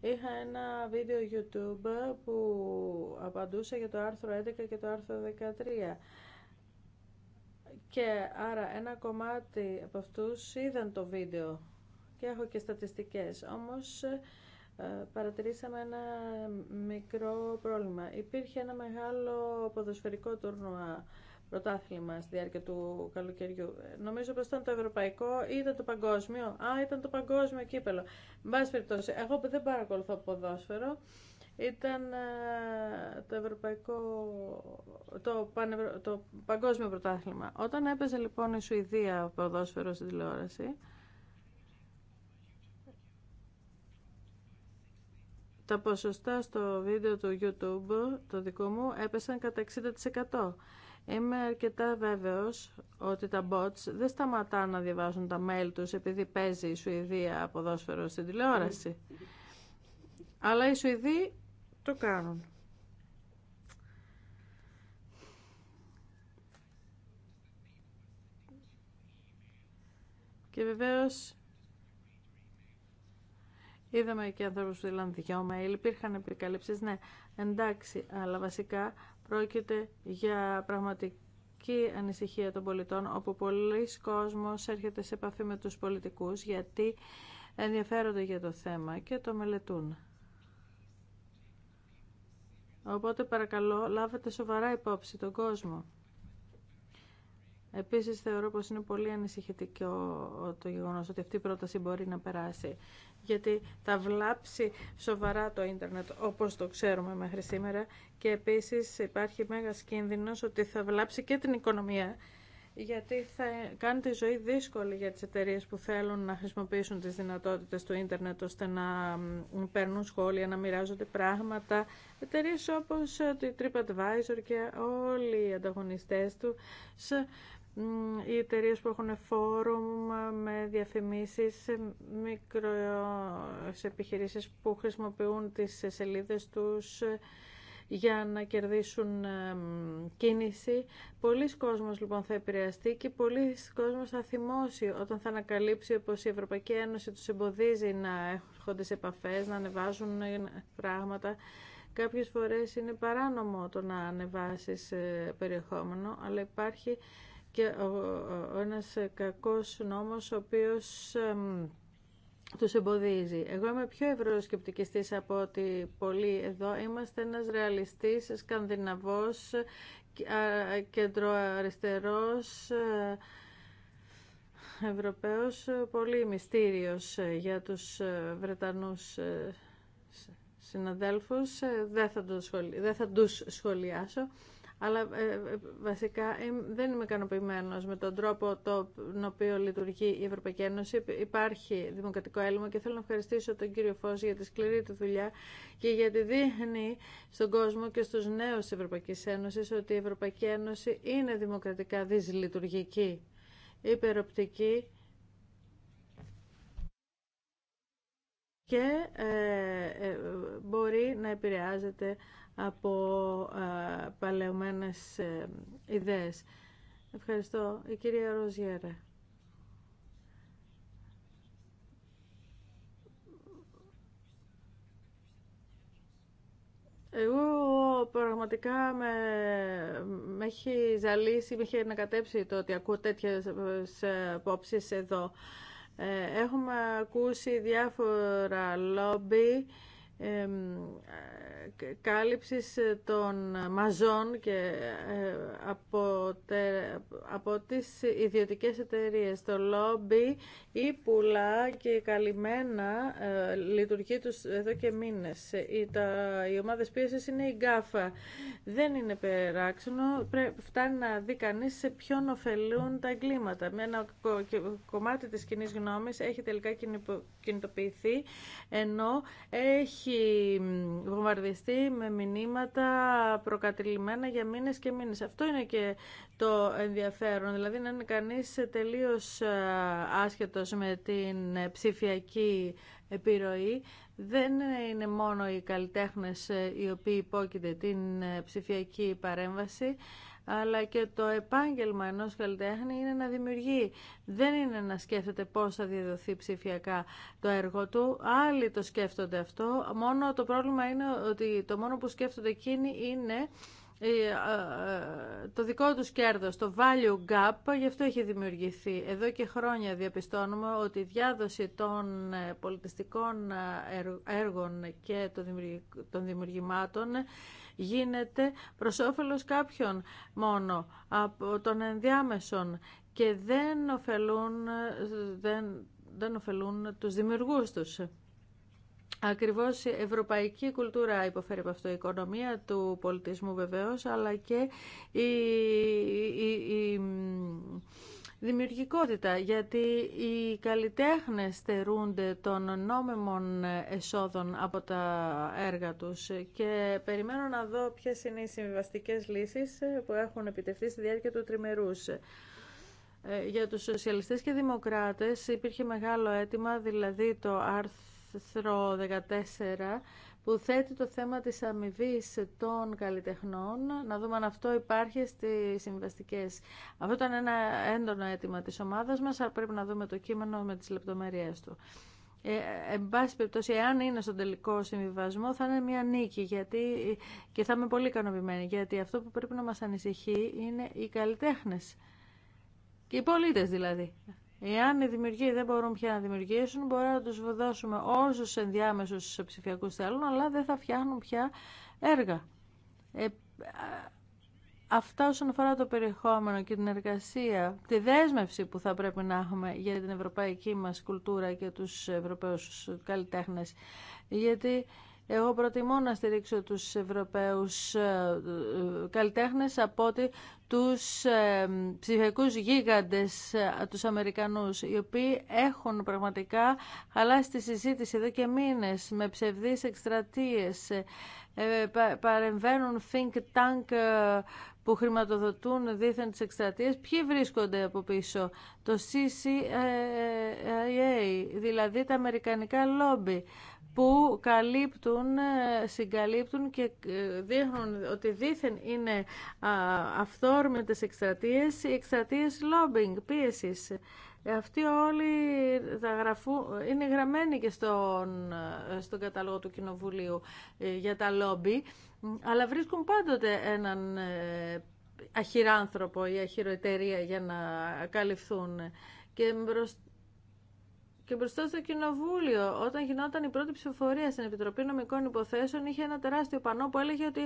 είχα ένα βίντεο YouTube που απαντούσε για το άρθρο 11 και το άρθρο 13. Και άρα ένα κομμάτι από αυτούς είδαν το βίντεο και έχω και στατιστικές. Όμως ε, παρατηρήσαμε ένα μικρό πρόβλημα. Υπήρχε ένα μεγάλο ποδοσφαιρικό τουρνουά πρωτάθλημα στη διάρκεια του καλοκαιριού. Νομίζω πως ήταν το ευρωπαϊκό ή ήταν το παγκόσμιο. Α, ήταν το παγκόσμιο κύπελο. Μπάς περιπτώσει, εγώ που δεν παρακολουθώ ποδόσφαιρο, ήταν ε, το ευρωπαϊκό, το, το παγκόσμιο πρωτάθλημα. Όταν έπαιζε λοιπόν η Σουηδία ποδόσφαιρο στην τηλεόραση, Τα ποσοστά στο βίντεο του YouTube, το δικό μου, έπεσαν κατά 60%. Είμαι αρκετά βέβαιος ότι τα bots δεν σταματά να διαβάζουν τα mail τους επειδή παίζει η Σουηδία ποδόσφαιρο στην τηλεόραση. Αλλά οι Σουηδοί το κάνουν. Και βεβαίως Είδαμε και ανθρώπου που δηλώνουν δυο mail, υπήρχαν επικαλύψει, ναι, εντάξει, αλλά βασικά πρόκειται για πραγματική ανησυχία των πολιτών, όπου πολλοί κόσμος έρχεται σε επαφή με τους πολιτικούς, γιατί ενδιαφέρονται για το θέμα και το μελετούν. Οπότε παρακαλώ λάβετε σοβαρά υπόψη τον κόσμο. Επίση, θεωρώ πω είναι πολύ ανησυχητικό το γεγονό ότι αυτή η πρόταση μπορεί να περάσει γιατί θα βλάψει σοβαρά το ίντερνετ όπω το ξέρουμε μέχρι σήμερα και επίση υπάρχει μέγα κίνδυνο ότι θα βλάψει και την οικονομία γιατί θα κάνει τη ζωή δύσκολη για τις εταιρείες που θέλουν να χρησιμοποιήσουν τις δυνατότητες του ίντερνετ ώστε να παίρνουν σχόλια, να μοιράζονται πράγματα. Εταιρείες όπως το ε, TripAdvisor και όλοι οι ανταγωνιστές του οι εταιρείε που έχουν φόρουμ ε, με διαφημίσεις, ε, σε επιχειρήσεις που χρησιμοποιούν τις ε, σελίδες τους για να κερδίσουν κίνηση. Πολλοί κόσμος λοιπόν θα επηρεαστεί και πολλοί κόσμος θα θυμώσει όταν θα ανακαλύψει πως η Ευρωπαϊκή Ένωση τους εμποδίζει να έχουν τι επαφές, να ανεβάζουν πράγματα. Κάποιες φορές είναι παράνομο το να ανεβάσεις περιεχόμενο, αλλά υπάρχει και ο, ένας κακός νόμος ο οποίος τους εμποδίζει. Εγώ είμαι πιο ευρωσκεπτικιστής από ότι πολλοί εδώ. Είμαστε ένας ρεαλιστής, σκανδιναβός, κεντροαριστερός, ε, ευρωπαίος, πολύ μυστήριος για τους ε, Βρετανούς ε, συναδέλφους. Δεν θα τους σχολιάσω αλλά ε, ε, βασικά δεν είμαι ικανοποιημένο με τον τρόπο τον οποίο λειτουργεί η Ευρωπαϊκή Ένωση. Υπάρχει δημοκρατικό έλλειμμα και θέλω να ευχαριστήσω τον κύριο Φω για τη σκληρή του δουλειά και γιατί δείχνει στον κόσμο και στους νέους τη Ευρωπαϊκή Ένωση ότι η Ευρωπαϊκή Ένωση είναι δημοκρατικά δυσλειτουργική, υπεροπτική και ε, μπορεί να επηρεάζεται από ε, παλαιωμένες ε, ιδέες. Ευχαριστώ. Η κυρία Ροζιέρα. Εγώ πραγματικά με, με έχει ζαλίσει, με έχει ανακατέψει το ότι ακούω τέτοιες ε, απόψεις εδώ. Έχουμε ακούσει διάφορα λόμπι κάλυψης ε, των μαζών και ε, από, τε, από τις ιδιωτικές εταιρείες. Το λόμπι ή πουλά και καλυμμένα ε, λειτουργεί τους εδώ και μήνες. Οι, τα, οι ομάδες πίεσης είναι η γκάφα. Δεν είναι περάξενο. Φτάνει να δει κανείς σε ποιον ωφελούν τα εγκλήματα. Με ένα κομμάτι της κοινή γνώμης έχει τελικά κινητοποιηθεί ενώ έχει έχει βομβαρδιστεί με μηνύματα προκατηλημένα για μήνες και μήνες. Αυτό είναι και το ενδιαφέρον, δηλαδή να είναι κανείς τελείως ε, άσχετος με την ε, ψηφιακή επιρροή. Δεν είναι μόνο οι καλλιτέχνες ε, οι οποίοι υπόκειται την ψηφιακή παρέμβαση, αλλά και το επάγγελμα ενός καλλιτέχνη είναι να δημιουργεί. Δεν είναι να σκέφτεται πώς θα διαδοθεί ψηφιακά το έργο του. Άλλοι το σκέφτονται αυτό. Μόνο το πρόβλημα είναι ότι το μόνο που σκέφτονται εκείνοι είναι ε, ε, το δικό του κέρδος, το value gap, γι' αυτό έχει δημιουργηθεί. Εδώ και χρόνια διαπιστώνουμε ότι η διάδοση των ε, πολιτιστικών έργων και των δημιουργημάτων γίνεται προς όφελος κάποιων μόνο από τον ενδιάμεσον και δεν ωφελούν, δεν, δεν ωφελούν τους δημιουργούς τους. Ακριβώς η ευρωπαϊκή κουλτούρα υποφέρει από αυτό, η οικονομία του πολιτισμού βεβαίως, αλλά και η, η δημιουργικότητα, γιατί οι καλλιτέχνες στερούνται των νόμιμων εσόδων από τα έργα τους και περιμένω να δω ποιες είναι οι συμβιβαστικέ λύσεις που έχουν επιτευχθεί στη διάρκεια του τριμερούς. Ε, για τους σοσιαλιστές και δημοκράτες υπήρχε μεγάλο αίτημα, δηλαδή το άρθρο 14 που θέτει το θέμα της αμοιβή των καλλιτεχνών, να δούμε αν αυτό υπάρχει στις συμβαστικές. Αυτό ήταν ένα έντονο αίτημα της ομάδας μας, αλλά πρέπει να δούμε το κείμενο με τις λεπτομέρειές του. Ε, εν πάση περιπτώσει, εάν είναι στον τελικό συμβιβασμό, θα είναι μια νίκη γιατί, και θα είμαι πολύ ικανοποιημένη, γιατί αυτό που πρέπει να μας ανησυχεί είναι οι καλλιτέχνες και οι πολίτες δηλαδή. Εάν οι δημιουργοί δεν μπορούν πια να δημιουργήσουν, μπορεί να τους δώσουμε όσου ενδιάμεσου ψηφιακού θέλουν, αλλά δεν θα φτιάχνουν πια έργα. Ε, αυτά όσον αφορά το περιεχόμενο και την εργασία, τη δέσμευση που θα πρέπει να έχουμε για την ευρωπαϊκή μας κουλτούρα και τους ευρωπαίους καλλιτέχνες. Γιατί εγώ προτιμώ να στηρίξω τους Ευρωπαίους ε, ε, καλλιτέχνες από ότι τους ε, ψηφιακούς γίγαντες, τους Αμερικανούς, οι οποίοι έχουν πραγματικά χαλάσει τη συζήτηση εδώ και μήνες με ψευδείς εκστρατείες, παρεμβαίνουν think tank που χρηματοδοτούν δίθεν τις εκστρατείες, ποιοι βρίσκονται από πίσω, το CCIA, δηλαδή τα αμερικανικά λόμπι που καλύπτουν, ε, συγκαλύπτουν και ε, δείχνουν ότι δήθεν είναι αυθόρμητες εκστρατείες, οι εκστρατείες lobbying, πίεσης. Αυτοί όλοι είναι γραμμένοι και στον, ε, στον κατάλογο του Κοινοβουλίου για τα λόμπι, αλλά βρίσκουν πάντοτε έναν αχυράνθρωπο ή αχυροεταιρεία για να καλυφθούν. Και μπροστά και μπροστά στο Κοινοβούλιο, όταν γινόταν η πρώτη ψηφοφορία στην Επιτροπή Νομικών Υποθέσεων, είχε ένα τεράστιο πανό που έλεγε ότι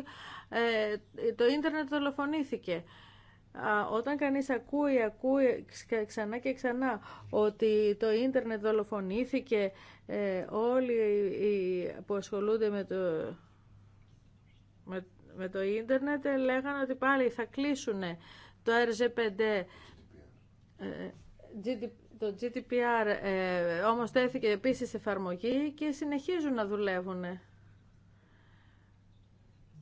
ε, το ίντερνετ δολοφονήθηκε. Όταν κανείς ακούει, ακούει ξανά και ξανά ότι το ίντερνετ δολοφονήθηκε, ε, όλοι οι που ασχολούνται με το, με, το ίντερνετ λέγανε ότι πάλι θα κλείσουν το RG5 GDP, το GDPR ε, όμως τέθηκε επίσης εφαρμογή και συνεχίζουν να δουλεύουν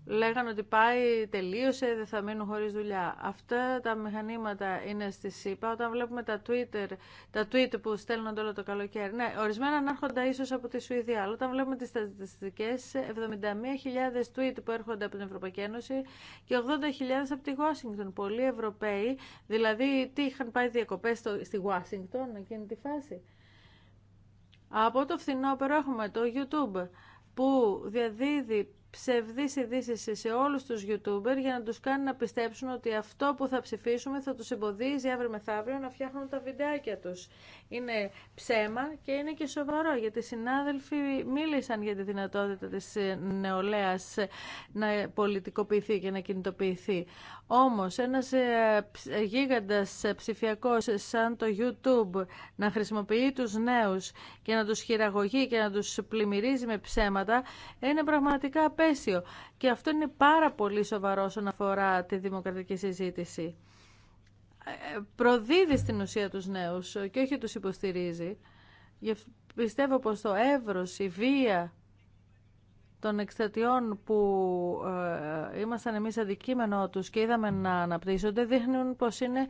λέγανε ότι πάει, τελείωσε, δεν θα μείνουν χωρίς δουλειά. Αυτά τα μηχανήματα είναι στη ΣΥΠΑ. Όταν βλέπουμε τα, Twitter, τα tweet που στέλνονται όλο το καλοκαίρι. Ναι, ορισμένα έρχονται ίσως από τη Σουηδία. Αλλά όταν βλέπουμε τις στατιστικές, 71.000 tweet που έρχονται από την Ευρωπαϊκή Ένωση και 80.000 από τη Washington. Πολλοί Ευρωπαίοι, δηλαδή τι είχαν πάει διακοπές στη Washington εκείνη τη φάση. Από το φθινόπερο έχουμε το YouTube που διαδίδει ψευδείς ειδήσει σε όλους τους YouTuber για να τους κάνει να πιστέψουν ότι αυτό που θα ψηφίσουμε θα τους εμποδίζει αύριο μεθαύριο να φτιάχνουν τα βιντεάκια τους. Είναι ψέμα και είναι και σοβαρό γιατί οι συνάδελφοι μίλησαν για τη δυνατότητα της νεολαίας να πολιτικοποιηθεί και να κινητοποιηθεί. Όμως ένας ε, ε, γίγαντας ε, ψηφιακός σαν το YouTube να χρησιμοποιεί τους νέους και να τους χειραγωγεί και να τους πλημμυρίζει με ψέματα είναι πραγματικά απέσιο. Και αυτό είναι πάρα πολύ σοβαρό όσον αφορά τη δημοκρατική συζήτηση. Προδίδει στην ουσία τους νέους και όχι τους υποστηρίζει. Πιστεύω πως το εύρος, η βία των εξτατιών που ε, ήμασταν εμείς αντικείμενο τους και είδαμε να αναπτύσσονται δείχνουν πως είναι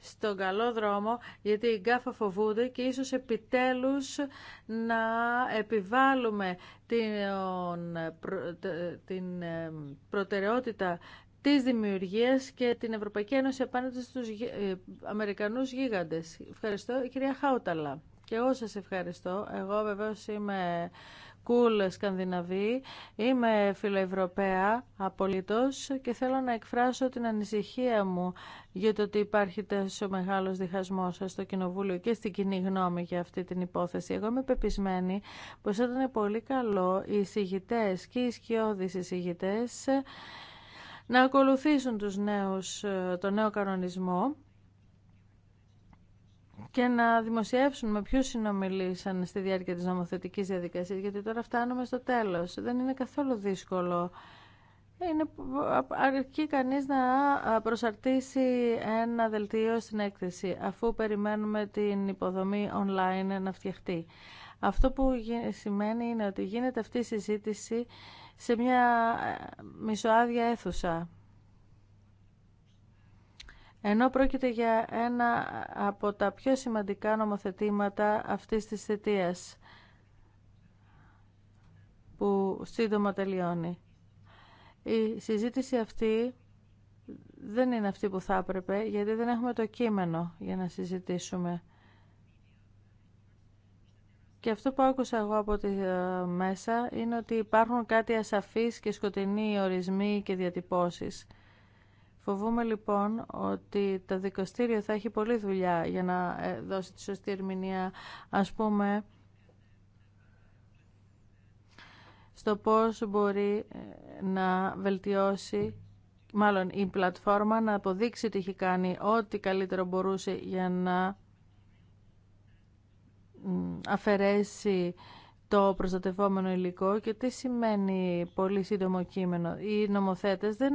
στον καλό δρόμο γιατί η γκάφα φοβούνται και ίσως επιτέλους να επιβάλλουμε την ε, προτεραιότητα της δημιουργίας και την Ευρωπαϊκή Ένωση απέναντι στους ε, Αμερικανούς γίγαντες. Ευχαριστώ, κυρία Χάουταλα. Και εγώ σας ευχαριστώ. Εγώ βεβαίως είμαι cool Σκανδιναβή. Είμαι φιλοευρωπαία απολύτως και θέλω να εκφράσω την ανησυχία μου για το ότι υπάρχει τόσο μεγάλος διχασμός στο Κοινοβούλιο και στην κοινή γνώμη για αυτή την υπόθεση. Εγώ είμαι πεπισμένη πως θα ήταν πολύ καλό οι συγητέ και οι σκιώδεις συγητέ να ακολουθήσουν τους νέους, το νέο κανονισμό και να δημοσιεύσουν με ποιους συνομιλήσαν στη διάρκεια της νομοθετικής διαδικασίας, γιατί τώρα φτάνουμε στο τέλος. Δεν είναι καθόλου δύσκολο. Είναι, αρκεί κανείς να προσαρτήσει ένα δελτίο στην έκθεση, αφού περιμένουμε την υποδομή online να φτιαχτεί. Αυτό που σημαίνει είναι ότι γίνεται αυτή η συζήτηση σε μια ε, μισοάδια αίθουσα ενώ πρόκειται για ένα από τα πιο σημαντικά νομοθετήματα αυτής της θετίας που σύντομα τελειώνει. Η συζήτηση αυτή δεν είναι αυτή που θα έπρεπε, γιατί δεν έχουμε το κείμενο για να συζητήσουμε. Και αυτό που άκουσα εγώ από τη ε, μέσα είναι ότι υπάρχουν κάτι ασαφείς και σκοτεινοί ορισμοί και διατυπώσεις. Φοβούμε λοιπόν ότι το δικοστήριο θα έχει πολλή δουλειά για να ε, δώσει τη σωστή ερμηνεία, ας πούμε, στο πώς μπορεί ε, να βελτιώσει μάλλον η πλατφόρμα να αποδείξει ότι έχει κάνει ό,τι καλύτερο μπορούσε για να αφαιρέσει το προστατευόμενο υλικό και τι σημαίνει πολύ σύντομο κείμενο. Οι νομοθέτες δεν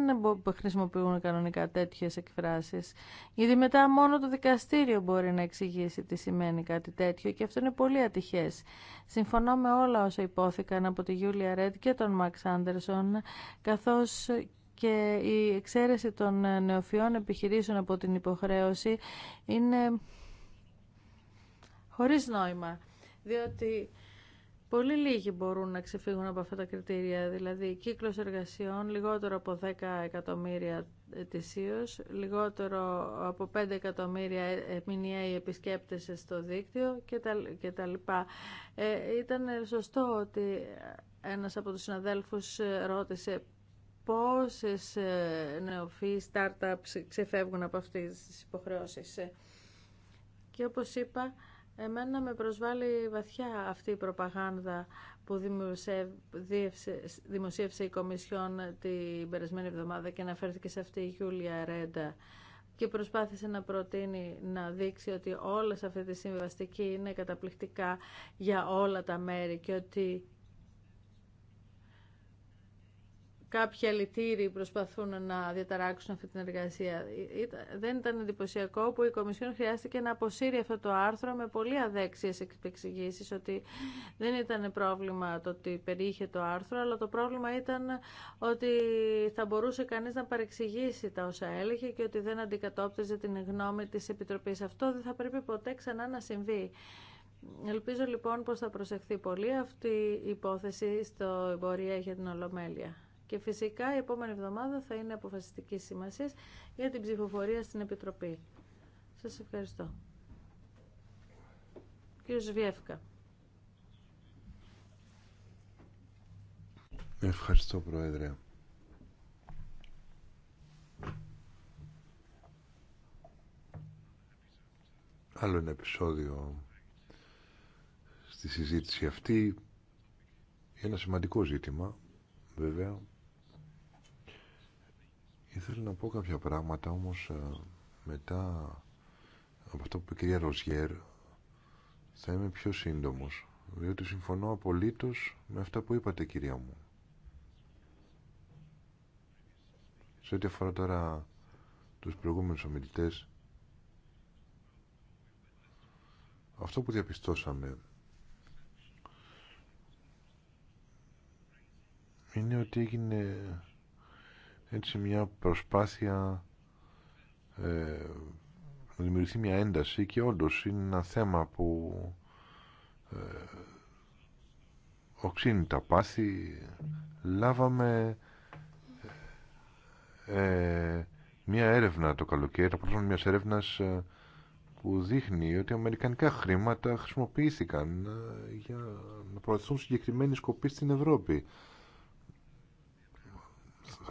χρησιμοποιούν κανονικά τέτοιες εκφράσεις, γιατί μετά μόνο το δικαστήριο μπορεί να εξηγήσει τι σημαίνει κάτι τέτοιο και αυτό είναι πολύ ατυχές. Συμφωνώ με όλα όσα υπόθηκαν από τη Γιούλια Ρέντ και τον Μαξ Άντερσον, καθώς και η εξαίρεση των νεοφιών επιχειρήσεων από την υποχρέωση είναι χωρίς νόημα, διότι Πολύ λίγοι μπορούν να ξεφύγουν από αυτά τα κριτήρια, δηλαδή κύκλος εργασιών λιγότερο από 10 εκατομμύρια ετησίω, λιγότερο από 5 εκατομμύρια μηνιαίοι επισκέπτες στο δίκτυο και ε, ήταν σωστό ότι ένας από τους συναδέλφους ρώτησε πόσες ε, νεοφύης startups ξεφεύγουν από αυτές τις υποχρεώσεις. Ε, και όπως είπα, Εμένα με προσβάλλει βαθιά αυτή η προπαγάνδα που δημοσίευσε η Κομισιόν την περασμένη εβδομάδα και αναφέρθηκε σε αυτή η Γιούλια Ρέντα και προσπάθησε να προτείνει να δείξει ότι όλες αυτές οι τη είναι καταπληκτικά για όλα τα μέρη και ότι κάποιοι αλητήριοι προσπαθούν να διαταράξουν αυτή την εργασία. Ε, δεν ήταν εντυπωσιακό που η Κομισιόν χρειάστηκε να αποσύρει αυτό το άρθρο με πολύ αδέξιες εξηγήσεις ότι δεν ήταν πρόβλημα το ότι περιείχε το άρθρο, αλλά το πρόβλημα ήταν ότι θα μπορούσε κανείς να παρεξηγήσει τα όσα έλεγε και ότι δεν αντικατόπτυζε την γνώμη της Επιτροπής. Αυτό δεν θα πρέπει ποτέ ξανά να συμβεί. Ελπίζω λοιπόν πως θα προσεχθεί πολύ αυτή η υπόθεση στο εμπορία για την Ολομέλεια. Και φυσικά η επόμενη εβδομάδα θα είναι αποφασιστική σημασία για την ψηφοφορία στην Επιτροπή. Σας ευχαριστώ. Κύριο Ζβιεύκα. Ευχαριστώ, Πρόεδρε. Άλλο ένα επεισόδιο στη συζήτηση αυτή. Ένα σημαντικό ζήτημα, βέβαια, Ήθελα να πω κάποια πράγματα όμως ε, μετά από αυτό που είπε η κυρία Ροζιέρ θα είμαι πιο σύντομος διότι συμφωνώ απολύτως με αυτά που είπατε κυρία μου. Σε ό,τι αφορά τώρα τους προηγούμενους ομιλητές αυτό που διαπιστώσαμε είναι ότι έγινε έτσι μια προσπάθεια ε, να δημιουργηθεί μια ένταση και όντως είναι ένα θέμα που ε, οξύνει τα πάθη λάβαμε ε, ε, μια έρευνα το καλοκαίρι τα πρόσφατα μιας έρευνας ε, που δείχνει ότι αμερικανικά χρήματα χρησιμοποιήθηκαν για να προωθηθούν συγκεκριμένοι σκοποί στην Ευρώπη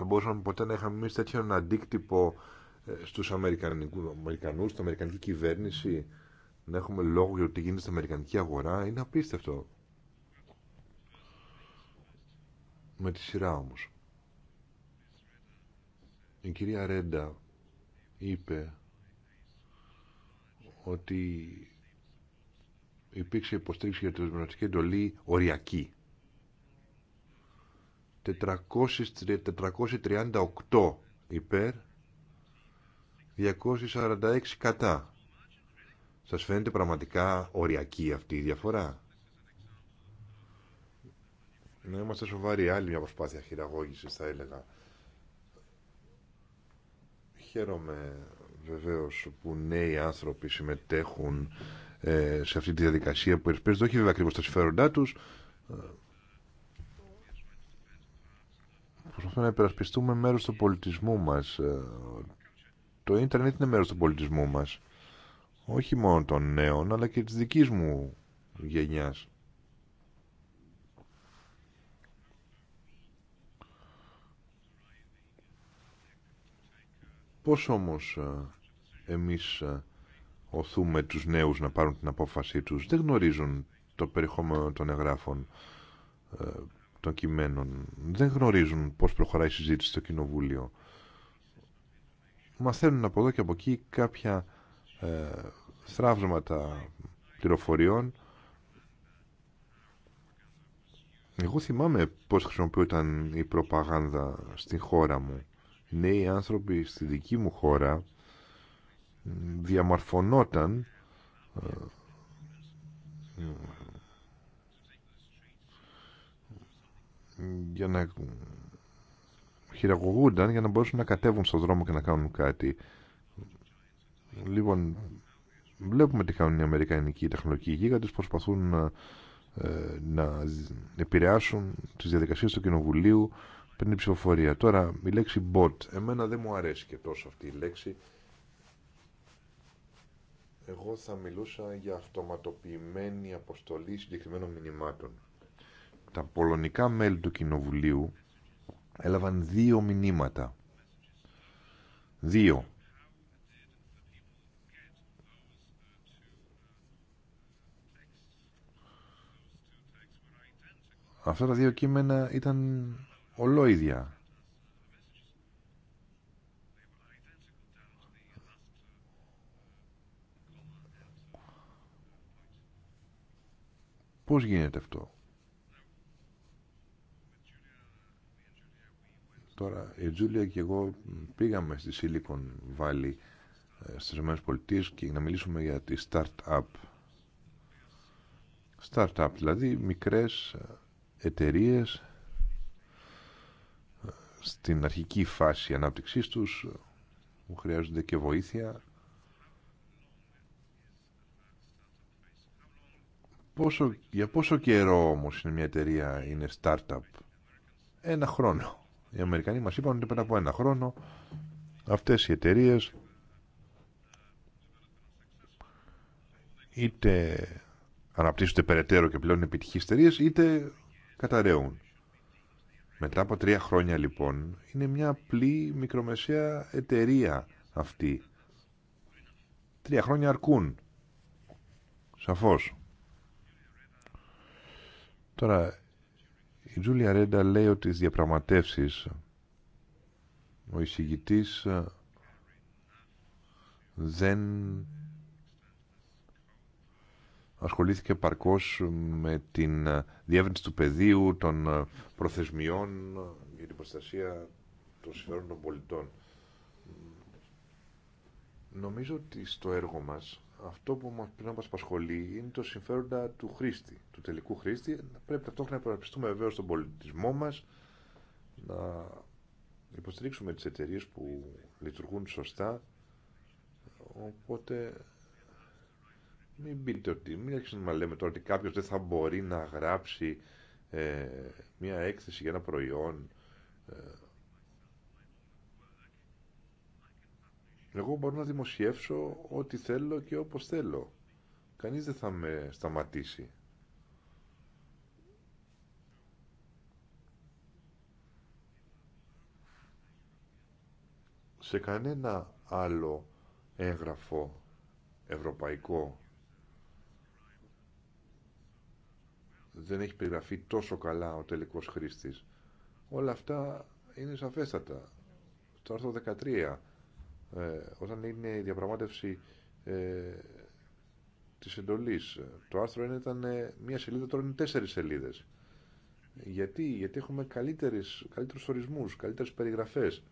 θα μπορούσαμε ποτέ να είχαμε εμεί τέτοιον αντίκτυπο ε, στους Αμερικανούς, στην Αμερικανική κυβέρνηση, να έχουμε λόγο για το τι γίνεται στην Αμερικανική αγορά, είναι απίστευτο. Με τη σειρά όμω. Η κυρία Ρέντα είπε ότι υπήρξε υποστήριξη για τη δεσμευτική εντολή οριακή. 438 υπέρ 246 κατά. Σας φαίνεται πραγματικά οριακή αυτή η διαφορά. Να είμαστε σοβαροί. Άλλη μια προσπάθεια χειραγώγησης θα έλεγα. Χαίρομαι βεβαίως που νέοι άνθρωποι συμμετέχουν ε, σε αυτή τη διαδικασία που ερισπέζεται όχι βέβαια ακριβώς τα συμφέροντά τους προσπαθούμε να υπερασπιστούμε μέρος του πολιτισμού μας. Ε, το ίντερνετ είναι μέρος του πολιτισμού μας. Όχι μόνο των νέων, αλλά και της δικής μου γενιάς. Πώς όμως ε, εμείς ε, οθούμε τους νέους να πάρουν την απόφασή τους. Δεν γνωρίζουν το περιεχόμενο των εγγράφων των κειμένων. Δεν γνωρίζουν πώς προχωράει η συζήτηση στο Κοινοβούλιο. Μαθαίνουν από εδώ και από εκεί κάποια ε, πληροφοριών. Εγώ θυμάμαι πώς χρησιμοποιούταν η προπαγάνδα στη χώρα μου. Οι νέοι άνθρωποι στη δική μου χώρα διαμορφωνόταν ε, για να χειραγωγούνταν για να μπορούσαν να κατέβουν στον δρόμο και να κάνουν κάτι. Λοιπόν, βλέπουμε τι κάνουν οι Αμερικανικοί τεχνολογικοί γίγαντες, προσπαθούν να, ε, να επηρεάσουν τις διαδικασίες του Κοινοβουλίου πριν την ψηφοφορία. Τώρα, η λέξη bot, εμένα δεν μου αρέσει και τόσο αυτή η λέξη. Εγώ θα μιλούσα για αυτοματοποιημένη αποστολή συγκεκριμένων μηνυμάτων τα πολωνικά μέλη του Κοινοβουλίου έλαβαν δύο μηνύματα. Δύο. Αυτά τα δύο κείμενα ήταν ολόιδια. Πώς γίνεται αυτό. Τώρα η Τζούλια και εγώ πήγαμε στη Silicon Valley ε, στις ΗΠΑ και να μιλήσουμε για τη start-up. Start-up, δηλαδή μικρές ε, εταιρείες ε, στην αρχική φάση ανάπτυξής τους που χρειάζονται και βοήθεια. Πόσο, για πόσο καιρό όμως είναι μια εταιρεία είναι startup. Ένα χρόνο. Οι Αμερικανοί μας είπαν ότι πέρα από ένα χρόνο αυτές οι εταιρείε είτε αναπτύσσονται περαιτέρω και πλέον επιτυχείς εταιρείε, είτε καταραίουν. Μετά από τρία χρόνια λοιπόν είναι μια απλή μικρομεσαία εταιρεία αυτή. Τρία χρόνια αρκούν. Σαφώς. Τώρα η Τζούλια Ρέντα λέει ότι στις διαπραγματεύσεις ο εισηγητής ε, δεν ασχολήθηκε παρκώς με την ε, διεύρυνση του πεδίου των ε, προθεσμιών για την προστασία των συμφερόντων των πολιτών. Νομίζω ότι στο έργο μας αυτό που μας, πρέπει να μας απασχολεί είναι το συμφέροντα του χρήστη, του τελικού χρήστη. Πρέπει ταυτόχρονα να υπερασπιστούμε βέβαια στον πολιτισμό μας, να υποστηρίξουμε τις εταιρείε που λειτουργούν σωστά. Οπότε μην πείτε ότι, μην αρχίσουμε να λέμε τώρα ότι κάποιο δεν θα μπορεί να γράψει ε, μια έκθεση για ένα προϊόν ε, Εγώ μπορώ να δημοσιεύσω ό,τι θέλω και όπως θέλω. Κανείς δεν θα με σταματήσει. Σε κανένα άλλο έγγραφο ευρωπαϊκό δεν έχει περιγραφεί τόσο καλά ο τελικός χρήστης. Όλα αυτά είναι σαφέστατα. Στο άρθρο 13 ε, όταν είναι η διαπραγμάτευση ε, της εντολής. Το άρθρο ήταν ε, μία σελίδα, τώρα είναι τέσσερις σελίδες. Γιατί, γιατί έχουμε καλύτερες, καλύτερους ορισμούς, καλύτερες περιγραφές.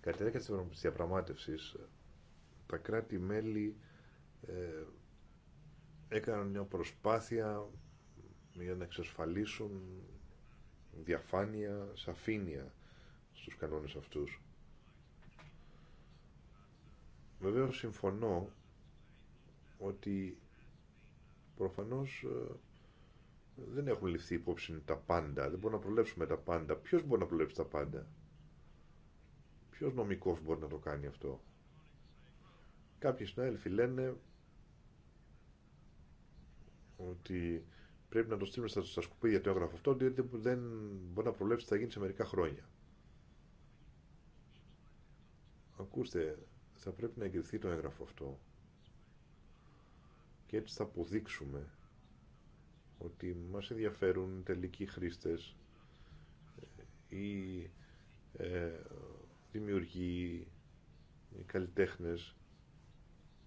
Κατά τη διάρκεια της διαπραγμάτευσης, τα κράτη-μέλη ε, έκαναν μια σελιδα τωρα ειναι τεσσερις σελιδες γιατι γιατι εχουμε καλύτερου ορισμού, καλύτερε περιγραφέ. περιγραφες κατα τη διαρκεια της τα κρατη μελη εκαναν μια προσπαθεια για να εξασφαλίσουν διαφάνεια, σαφήνεια στους κανόνες αυτούς. Βεβαίως συμφωνώ ότι προφανώς ε, δεν έχουν ληφθεί υπόψη τα πάντα. Δεν μπορούμε να προλέψουμε τα πάντα. Ποιος μπορεί να προλέψει τα πάντα. Ποιος νομικός μπορεί να το κάνει αυτό. Κάποιοι συνάδελφοι λένε ότι πρέπει να το στείλουμε στα, στα σκουπίδια το έγγραφο αυτό, διότι δεν μπορεί να προλέψει, τι θα γίνει σε μερικά χρόνια. Ακούστε, θα πρέπει να εγκριθεί το έγγραφο αυτό και έτσι θα αποδείξουμε ότι μας ενδιαφέρουν τελικοί χρήστες ε, ή ε, δημιουργοί, οι καλλιτέχνες,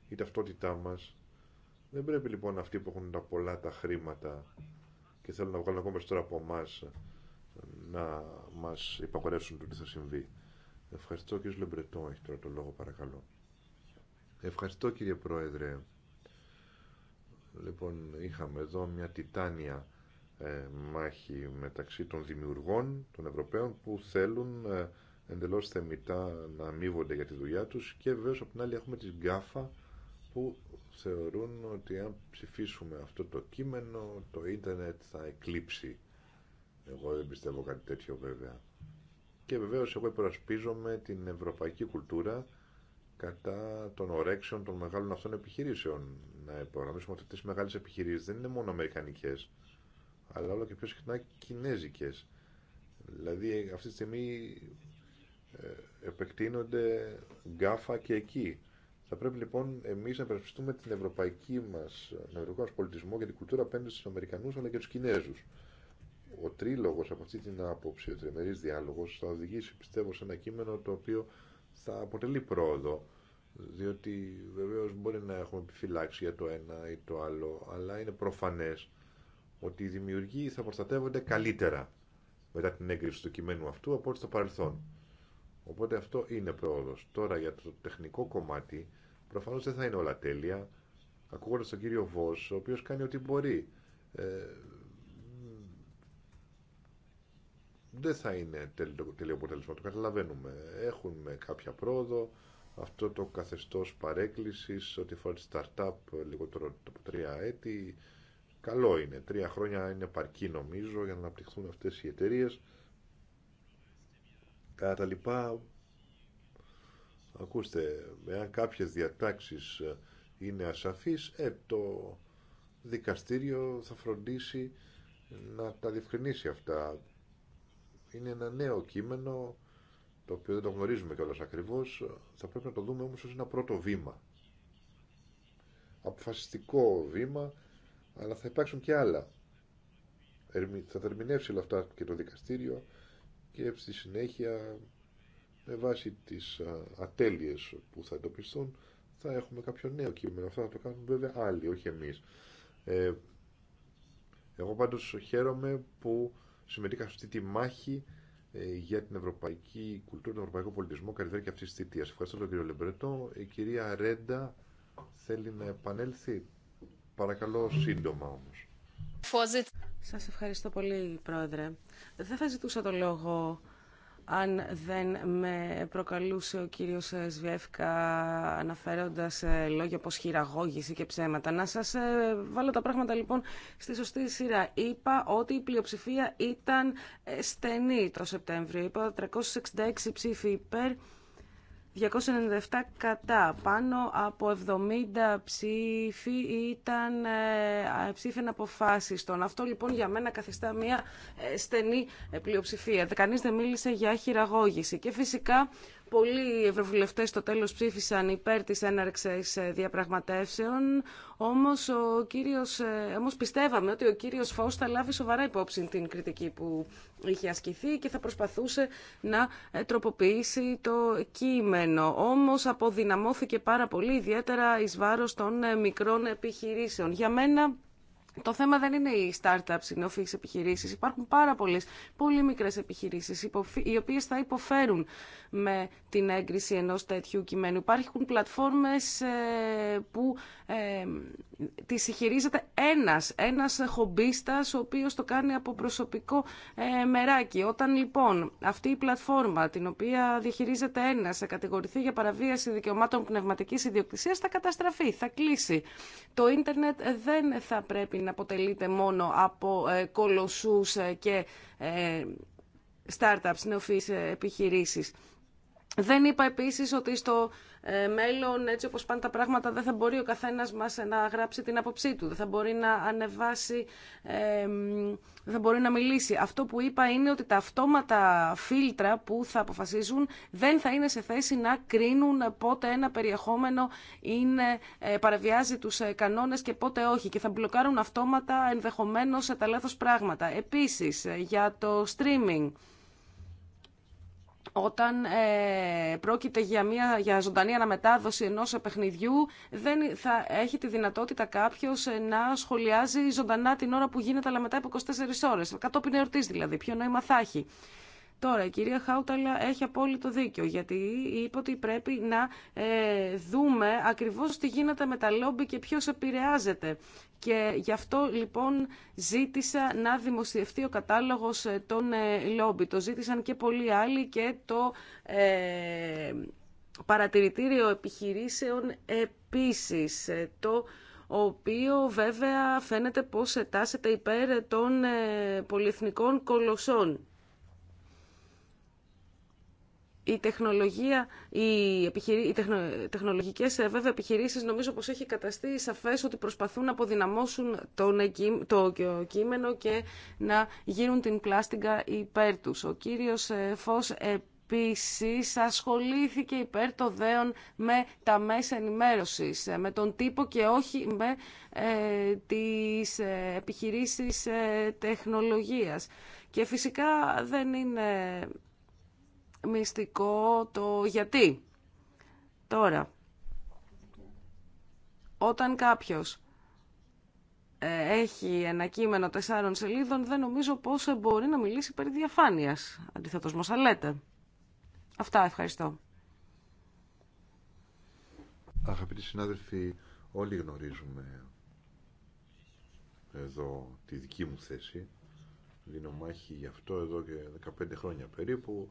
η ταυτότητά μας. Δεν πρέπει λοιπόν αυτοί που έχουν τα πολλά τα χρήματα και θέλουν να βγάλουν ακόμα περισσότερα από εμά να μας υπαγορεύσουν το τι θα συμβεί. Ευχαριστώ κύριε Λεμπρετό, έχει τώρα το λόγο παρακαλώ. Ευχαριστώ κύριε Πρόεδρε. Λοιπόν, είχαμε εδώ μια τιτάνια ε, μάχη μεταξύ των δημιουργών των Ευρωπαίων που θέλουν ε, εντελώς θεμητά να αμείβονται για τη δουλειά τους και βέβαια από την άλλη έχουμε τις γκάφα που θεωρούν ότι αν ψηφίσουμε αυτό το κείμενο το ίντερνετ θα εκλείψει. Εγώ δεν πιστεύω κάτι τέτοιο βέβαια. Και βεβαίω εγώ υπερασπίζομαι την ευρωπαϊκή κουλτούρα κατά των ορέξεων των μεγάλων αυτών επιχειρήσεων. Να υπογραμμίσουμε ότι αυτέ οι μεγάλες επιχειρήσεις δεν είναι μόνο αμερικανικέ, αλλά όλο και πιο συχνά κινέζικέ. Δηλαδή αυτή τη στιγμή ε, επεκτείνονται γκάφα και εκεί. Θα πρέπει λοιπόν εμεί να υπερασπιστούμε την ευρωπαϊκή μα, τον ευρωπαϊκό μας πολιτισμό και την κουλτούρα απέναντι στου Αμερικανού αλλά και του Κινέζου ο τρίλογος από αυτή την άποψη, ο τριμερής διάλογος θα οδηγήσει πιστεύω σε ένα κείμενο το οποίο θα αποτελεί πρόοδο διότι βεβαίως μπορεί να έχουμε επιφυλάξει για το ένα ή το άλλο αλλά είναι προφανές ότι οι δημιουργοί θα προστατεύονται καλύτερα μετά την έγκριση του κειμένου αυτού από ό,τι στο παρελθόν. Οπότε αυτό είναι πρόοδος. Τώρα για το τεχνικό κομμάτι προφανώς δεν θα είναι όλα τέλεια ακούγοντας τον κύριο Βος ο οποίος κάνει ό,τι μπορεί. Ε, δεν θα είναι τελείο αποτέλεσμα. Το καταλαβαίνουμε. Έχουμε κάποια πρόοδο. Αυτό το καθεστώ παρέκκληση ότι αφορά τη startup λιγότερο από τρία έτη καλό είναι. Τρία χρόνια είναι παρκή νομίζω για να αναπτυχθούν αυτέ οι εταιρείε. Κατά τα λοιπά, ακούστε, εάν κάποιε διατάξει είναι ασαφείς, ε, το δικαστήριο θα φροντίσει να τα διευκρινίσει αυτά είναι ένα νέο κείμενο το οποίο δεν το γνωρίζουμε κιόλα ακριβώ. θα πρέπει να το δούμε όμως ως ένα πρώτο βήμα αποφασιστικό βήμα αλλά θα υπάρξουν και άλλα θα ερμηνεύσει όλα αυτά και το δικαστήριο και στη συνέχεια με βάση τις ατέλειες που θα εντοπιστούν θα έχουμε κάποιο νέο κείμενο αυτό θα το κάνουν βέβαια άλλοι όχι εμείς ε, εγώ πάντως χαίρομαι που συμμετείχα σε αυτή τη μάχη ε, για την ευρωπαϊκή κουλτούρα, τον ευρωπαϊκό πολιτισμό κατά και αυτή τη θητεία. Ευχαριστώ τον κύριο Λεμπρετό. Η κυρία Ρέντα θέλει να επανέλθει. Παρακαλώ, σύντομα όμω. Σας ευχαριστώ πολύ, Πρόεδρε. Δεν θα ζητούσα το λόγο αν δεν με προκαλούσε ο κύριος Σβιέφκα αναφέροντας ε, λόγια όπως χειραγώγηση και ψέματα. Να σας ε, βάλω τα πράγματα λοιπόν στη σωστή σειρά. Είπα ότι η πλειοψηφία ήταν ε, στενή το Σεπτέμβριο. Είπα 366 ψήφοι υπέρ, 297 κατά. Πάνω από 70 ψήφοι ήταν ε, αποφάσιστον των. Αυτό λοιπόν για μένα καθιστά μια ε, στενή ε, πλειοψηφία. Κανείς δεν μίλησε για χειραγώγηση. Και φυσικά Πολλοί ευρωβουλευτέ στο τέλο ψήφισαν υπέρ τη έναρξη ε, διαπραγματεύσεων, όμω κύριος... Ε, όμως πιστεύαμε ότι ο κύριο Φω θα λάβει σοβαρά υπόψη την κριτική που είχε ασκηθεί και θα προσπαθούσε να ε, τροποποιήσει το κείμενο. Όμω αποδυναμώθηκε πάρα πολύ, ιδιαίτερα ει βάρο των μικρών επιχειρήσεων. Για μένα το θέμα δεν είναι οι startups, οι νεοφύης επιχειρήσεις. Υπάρχουν πάρα πολλέ πολύ μικρέ επιχειρήσει, οι οποίε θα υποφέρουν με την έγκριση ενό τέτοιου κειμένου. Υπάρχουν πλατφόρμες ε, που ε, τις χειρίζεται ένα ένας χομπίστας ο οποίο το κάνει από προσωπικό ε, μεράκι. Όταν λοιπόν αυτή η πλατφόρμα την οποία διαχειρίζεται ένα, θα κατηγορηθεί για παραβίαση δικαιωμάτων πνευματική ιδιοκτησία, θα καταστραφεί, θα κλείσει. Το ίντερνετ δεν θα πρέπει να αποτελείται μόνο από ε, κολοσσούς ε, και ε, startups, ε, επιχειρήσεις. Δεν είπα επίσης ότι στο ε, μέλλον, έτσι όπως πάνε τα πράγματα, δεν θα μπορεί ο καθένας μας να γράψει την άποψή του, δεν θα μπορεί να ανεβάσει, δεν θα να μιλήσει. Αυτό που είπα είναι ότι τα αυτόματα φίλτρα που θα αποφασίζουν δεν θα είναι σε θέση να κρίνουν πότε ένα περιεχόμενο είναι, ε, παραβιάζει τους ε, κανόνε και πότε όχι και θα μπλοκάρουν αυτόματα ενδεχομένως τα λάθο πράγματα. Επίση, για το streaming όταν ε, πρόκειται για, μια, για ζωντανή αναμετάδοση ενός παιχνιδιού, δεν θα έχει τη δυνατότητα κάποιος ε, να σχολιάζει ζωντανά την ώρα που γίνεται, αλλά μετά από 24 ώρες. Κατόπιν εορτής δηλαδή, ποιο νόημα θα έχει. Τώρα, η κυρία Χάουταλα έχει απόλυτο δίκιο, γιατί είπε ότι πρέπει να ε, δούμε ακριβώς τι γίνεται με τα λόμπι και ποιος επηρεάζεται. Και γι' αυτό λοιπόν ζήτησα να δημοσιευτεί ο κατάλογος ε, των ε, λόμπι. Το ζήτησαν και πολλοί άλλοι και το ε, παρατηρητήριο επιχειρήσεων επίσης, το οποίο βέβαια φαίνεται πως ετάσσεται υπέρ των πολυεθνικών κολοσσών η τεχνολογία, οι, επιχειρη... οι τεχνολογικές ε, βέβαια επιχειρήσεις νομίζω πως έχει καταστεί σαφές ότι προσπαθούν να αποδυναμώσουν τον... το κείμενο και να γίνουν την πλάστιγκα υπέρ τους. Ο κύριος ε, Φως επίσης ασχολήθηκε υπέρ το δέον με τα μέσα ενημέρωσης, ε, με τον τύπο και όχι με ε, τις επιχειρήσεις τεχνολογίας. Και φυσικά δεν είναι μυστικό το γιατί. Τώρα, όταν κάποιος ε, έχει ένα κείμενο τεσσάρων σελίδων, δεν νομίζω πώς μπορεί να μιλήσει περί διαφάνειας. Αντιθέτως, μας λέτε. Αυτά, ευχαριστώ. Αγαπητοί συνάδελφοι, όλοι γνωρίζουμε εδώ τη δική μου θέση. Δίνω μάχη γι' αυτό εδώ και 15 χρόνια περίπου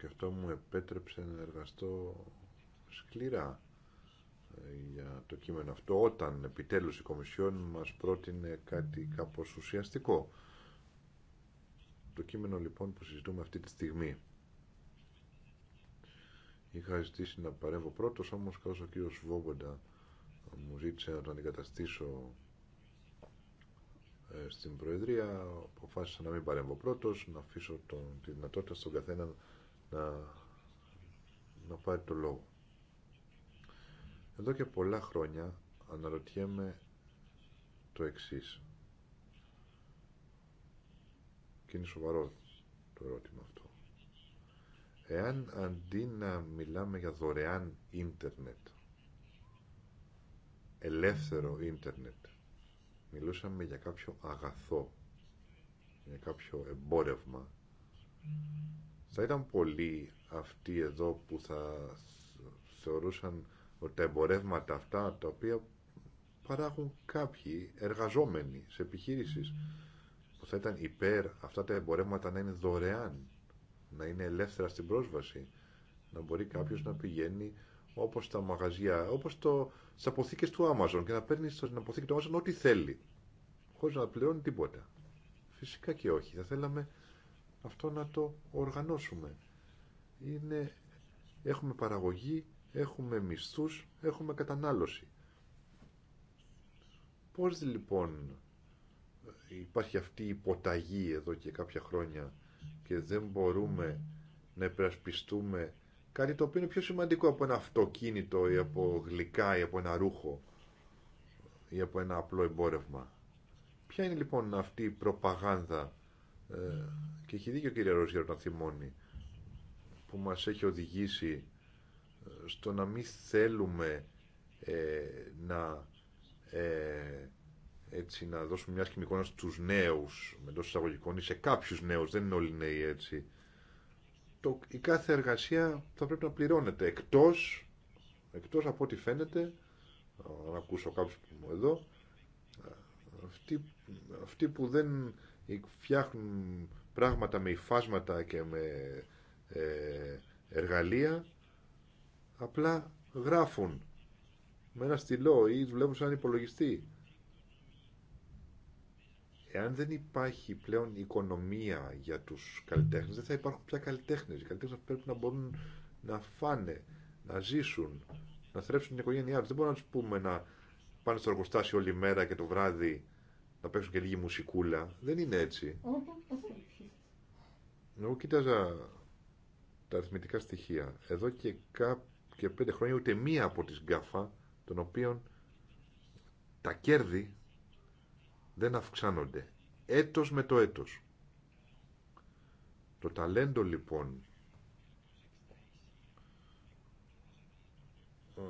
και αυτό μου επέτρεψε να εργαστώ σκληρά ε, για το κείμενο αυτό όταν επιτέλους η Κομισιόν μας πρότεινε κάτι κάπως ουσιαστικό. Το κείμενο λοιπόν που συζητούμε αυτή τη στιγμή. Είχα ζητήσει να παρέμβω πρώτος όμως καθώς ο κύριος Βόμποντα μου ζήτησε να τον αντικαταστήσω ε, στην Προεδρία αποφάσισα να μην παρέμβω πρώτος, να αφήσω τη δυνατότητα στον καθένα να, να πάρει το λόγο. Εδώ και πολλά χρόνια αναρωτιέμαι το εξής. Και είναι σοβαρό το ερώτημα αυτό. Εάν αντί να μιλάμε για δωρεάν ίντερνετ, ελεύθερο ίντερνετ, μιλούσαμε για κάποιο αγαθό, για κάποιο εμπόρευμα, θα ήταν πολλοί αυτοί εδώ που θα θεωρούσαν ότι τα εμπορεύματα αυτά τα οποία παράγουν κάποιοι εργαζόμενοι σε επιχείρησεις που θα ήταν υπέρ αυτά τα εμπορεύματα να είναι δωρεάν, να είναι ελεύθερα στην πρόσβαση, να μπορεί κάποιος να πηγαίνει όπως στα μαγαζιά, όπως το, στις του Amazon και να παίρνει στην αποθήκη του Amazon ό,τι θέλει, χωρίς να πληρώνει τίποτα. Φυσικά και όχι. Θα θέλαμε αυτό να το οργανώσουμε. Είναι, έχουμε παραγωγή, έχουμε μισθούς, έχουμε κατανάλωση. Πώς λοιπόν ε, υπάρχει αυτή η υποταγή εδώ και κάποια χρόνια και δεν μπορούμε να υπερασπιστούμε κάτι το οποίο είναι πιο σημαντικό από ένα αυτοκίνητο ή από γλυκά ή από ένα ρούχο ή από ένα απλό εμπόρευμα. Ποια είναι λοιπόν αυτή η προπαγάνδα ε, και έχει δίκιο κύριε για να θυμώνει που μας έχει οδηγήσει ε, στο να μην θέλουμε ε, να έτσι να δώσουμε μια σκηνή εικόνα στους νέους τόσο εισαγωγικών ή σε κάποιους νέους δεν είναι όλοι νέοι έτσι το, η κάθε εργασία θα πρέπει να πληρώνεται εκτός εκτός από ό,τι φαίνεται να ακούσω κάποιους που μου εδώ αυτοί, αυτοί που δεν φτιάχνουν πράγματα με υφάσματα και με ε, εργαλεία απλά γράφουν με ένα στυλό ή δουλεύουν σαν υπολογιστή. Εάν δεν υπάρχει πλέον οικονομία για τους καλλιτέχνες, δεν θα υπάρχουν πια καλλιτέχνες. Οι καλλιτέχνες πρέπει να μπορούν να φάνε, να ζήσουν, να θρέψουν την οικογένειά τους. Δεν μπορούμε να τους πούμε να πάνε στο εργοστάσιο όλη μέρα και το βράδυ να παίξουν και λίγη μουσικούλα. Δεν είναι έτσι. Εγώ κοίταζα τα αριθμητικά στοιχεία. Εδώ και, κά, πέντε χρόνια ούτε μία από τις γκάφα, των οποίων τα κέρδη δεν αυξάνονται. Έτος με το έτος. Το ταλέντο λοιπόν ε,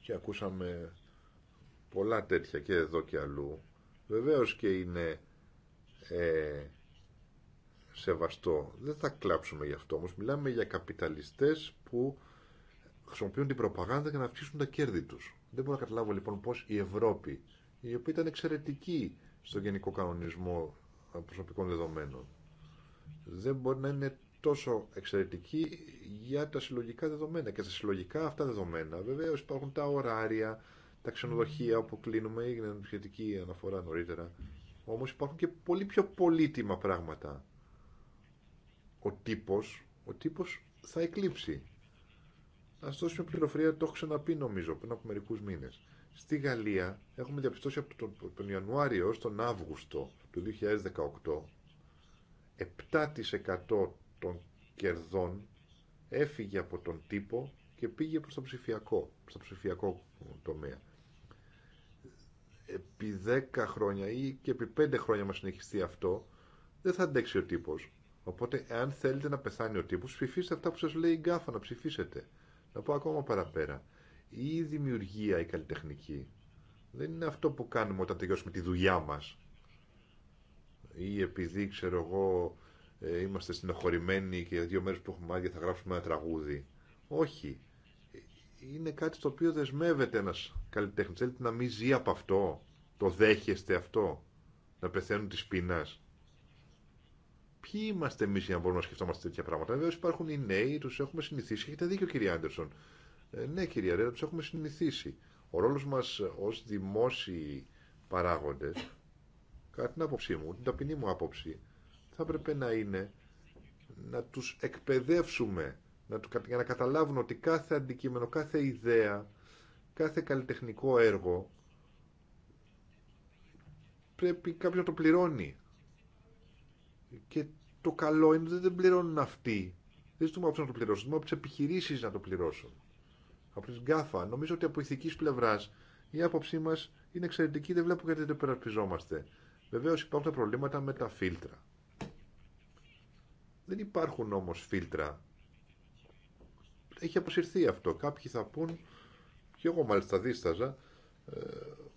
και ακούσαμε πολλά τέτοια και εδώ και αλλού Βεβαίως και είναι ε, σεβαστό. Δεν θα κλάψουμε γι' αυτό όμως. Μιλάμε για καπιταλιστές που χρησιμοποιούν την προπαγάνδα για να αυξήσουν τα κέρδη τους. Δεν μπορώ να καταλάβω λοιπόν πώς η Ευρώπη, η οποία ήταν εξαιρετική στον γενικό κανονισμό προσωπικών δεδομένων, δεν μπορεί να είναι τόσο εξαιρετική για τα συλλογικά δεδομένα. Και στα συλλογικά αυτά δεδομένα βεβαίως υπάρχουν τα ωράρια, τα ξενοδοχεία όπου κλείνουμε, έγινε σχετική αναφορά νωρίτερα. όμω υπάρχουν και πολύ πιο πολύτιμα πράγματα. Ο τύπος, ο τύπος θα εκλείψει. Α δώσουμε πληροφορία, το έχω ξαναπεί νομίζω πριν από μερικού μήνε. Στη Γαλλία έχουμε διαπιστώσει από τον, τον Ιανουάριο τον Αύγουστο του 2018 7% των κερδών έφυγε από τον τύπο και πήγε προς το ψηφιακό, ψηφιακό τομέα επί 10 χρόνια ή και επί 5 χρόνια μας συνεχιστεί αυτό, δεν θα αντέξει ο τύπος. Οπότε, αν θέλετε να πεθάνει ο τύπος, ψηφίστε αυτά που σας λέει η γκάφα να ψηφίσετε. Να πω ακόμα παραπέρα. Η δημιουργία, η καλλιτεχνική, δεν είναι αυτό που κάνουμε όταν τελειώσουμε τη δουλειά μας. Ή επειδή, ξέρω εγώ, ε, είμαστε συνοχωρημένοι και δύο μέρες που έχουμε άδεια θα γράψουμε ένα τραγούδι. Όχι είναι κάτι στο οποίο δεσμεύεται ένας καλλιτέχνης. Θέλετε να μην ζει από αυτό, το δέχεστε αυτό, να πεθαίνουν τη πείνας. Ποιοι είμαστε εμεί για να μπορούμε να σκεφτόμαστε τέτοια πράγματα. Βέβαια υπάρχουν οι νέοι, του έχουμε συνηθίσει. Έχετε δίκιο, κύριε Άντερσον. Ε, ναι, κύριε Ρέρα, του έχουμε συνηθίσει. Ο ρόλο μα ω δημόσιοι παράγοντε, κατά την άποψή μου, την ταπεινή μου άποψη, θα έπρεπε να είναι να του εκπαιδεύσουμε να, για να καταλάβουν ότι κάθε αντικείμενο, κάθε ιδέα, κάθε καλλιτεχνικό έργο πρέπει κάποιος να το πληρώνει. Και το καλό είναι ότι δεν πληρώνουν αυτοί. Δεν ζητούμε από να το πληρώσουν, ζητούμε από επιχειρήσει να το πληρώσουν. Από τι γκάφα. Νομίζω ότι από ηθική πλευρά η άποψή μα είναι εξαιρετική, δεν βλέπω γιατί δεν υπερασπιζόμαστε. Βεβαίω υπάρχουν προβλήματα με τα φίλτρα. Δεν υπάρχουν όμω φίλτρα έχει αποσυρθεί αυτό. Κάποιοι θα πούν, και εγώ μάλιστα δίσταζα, ε,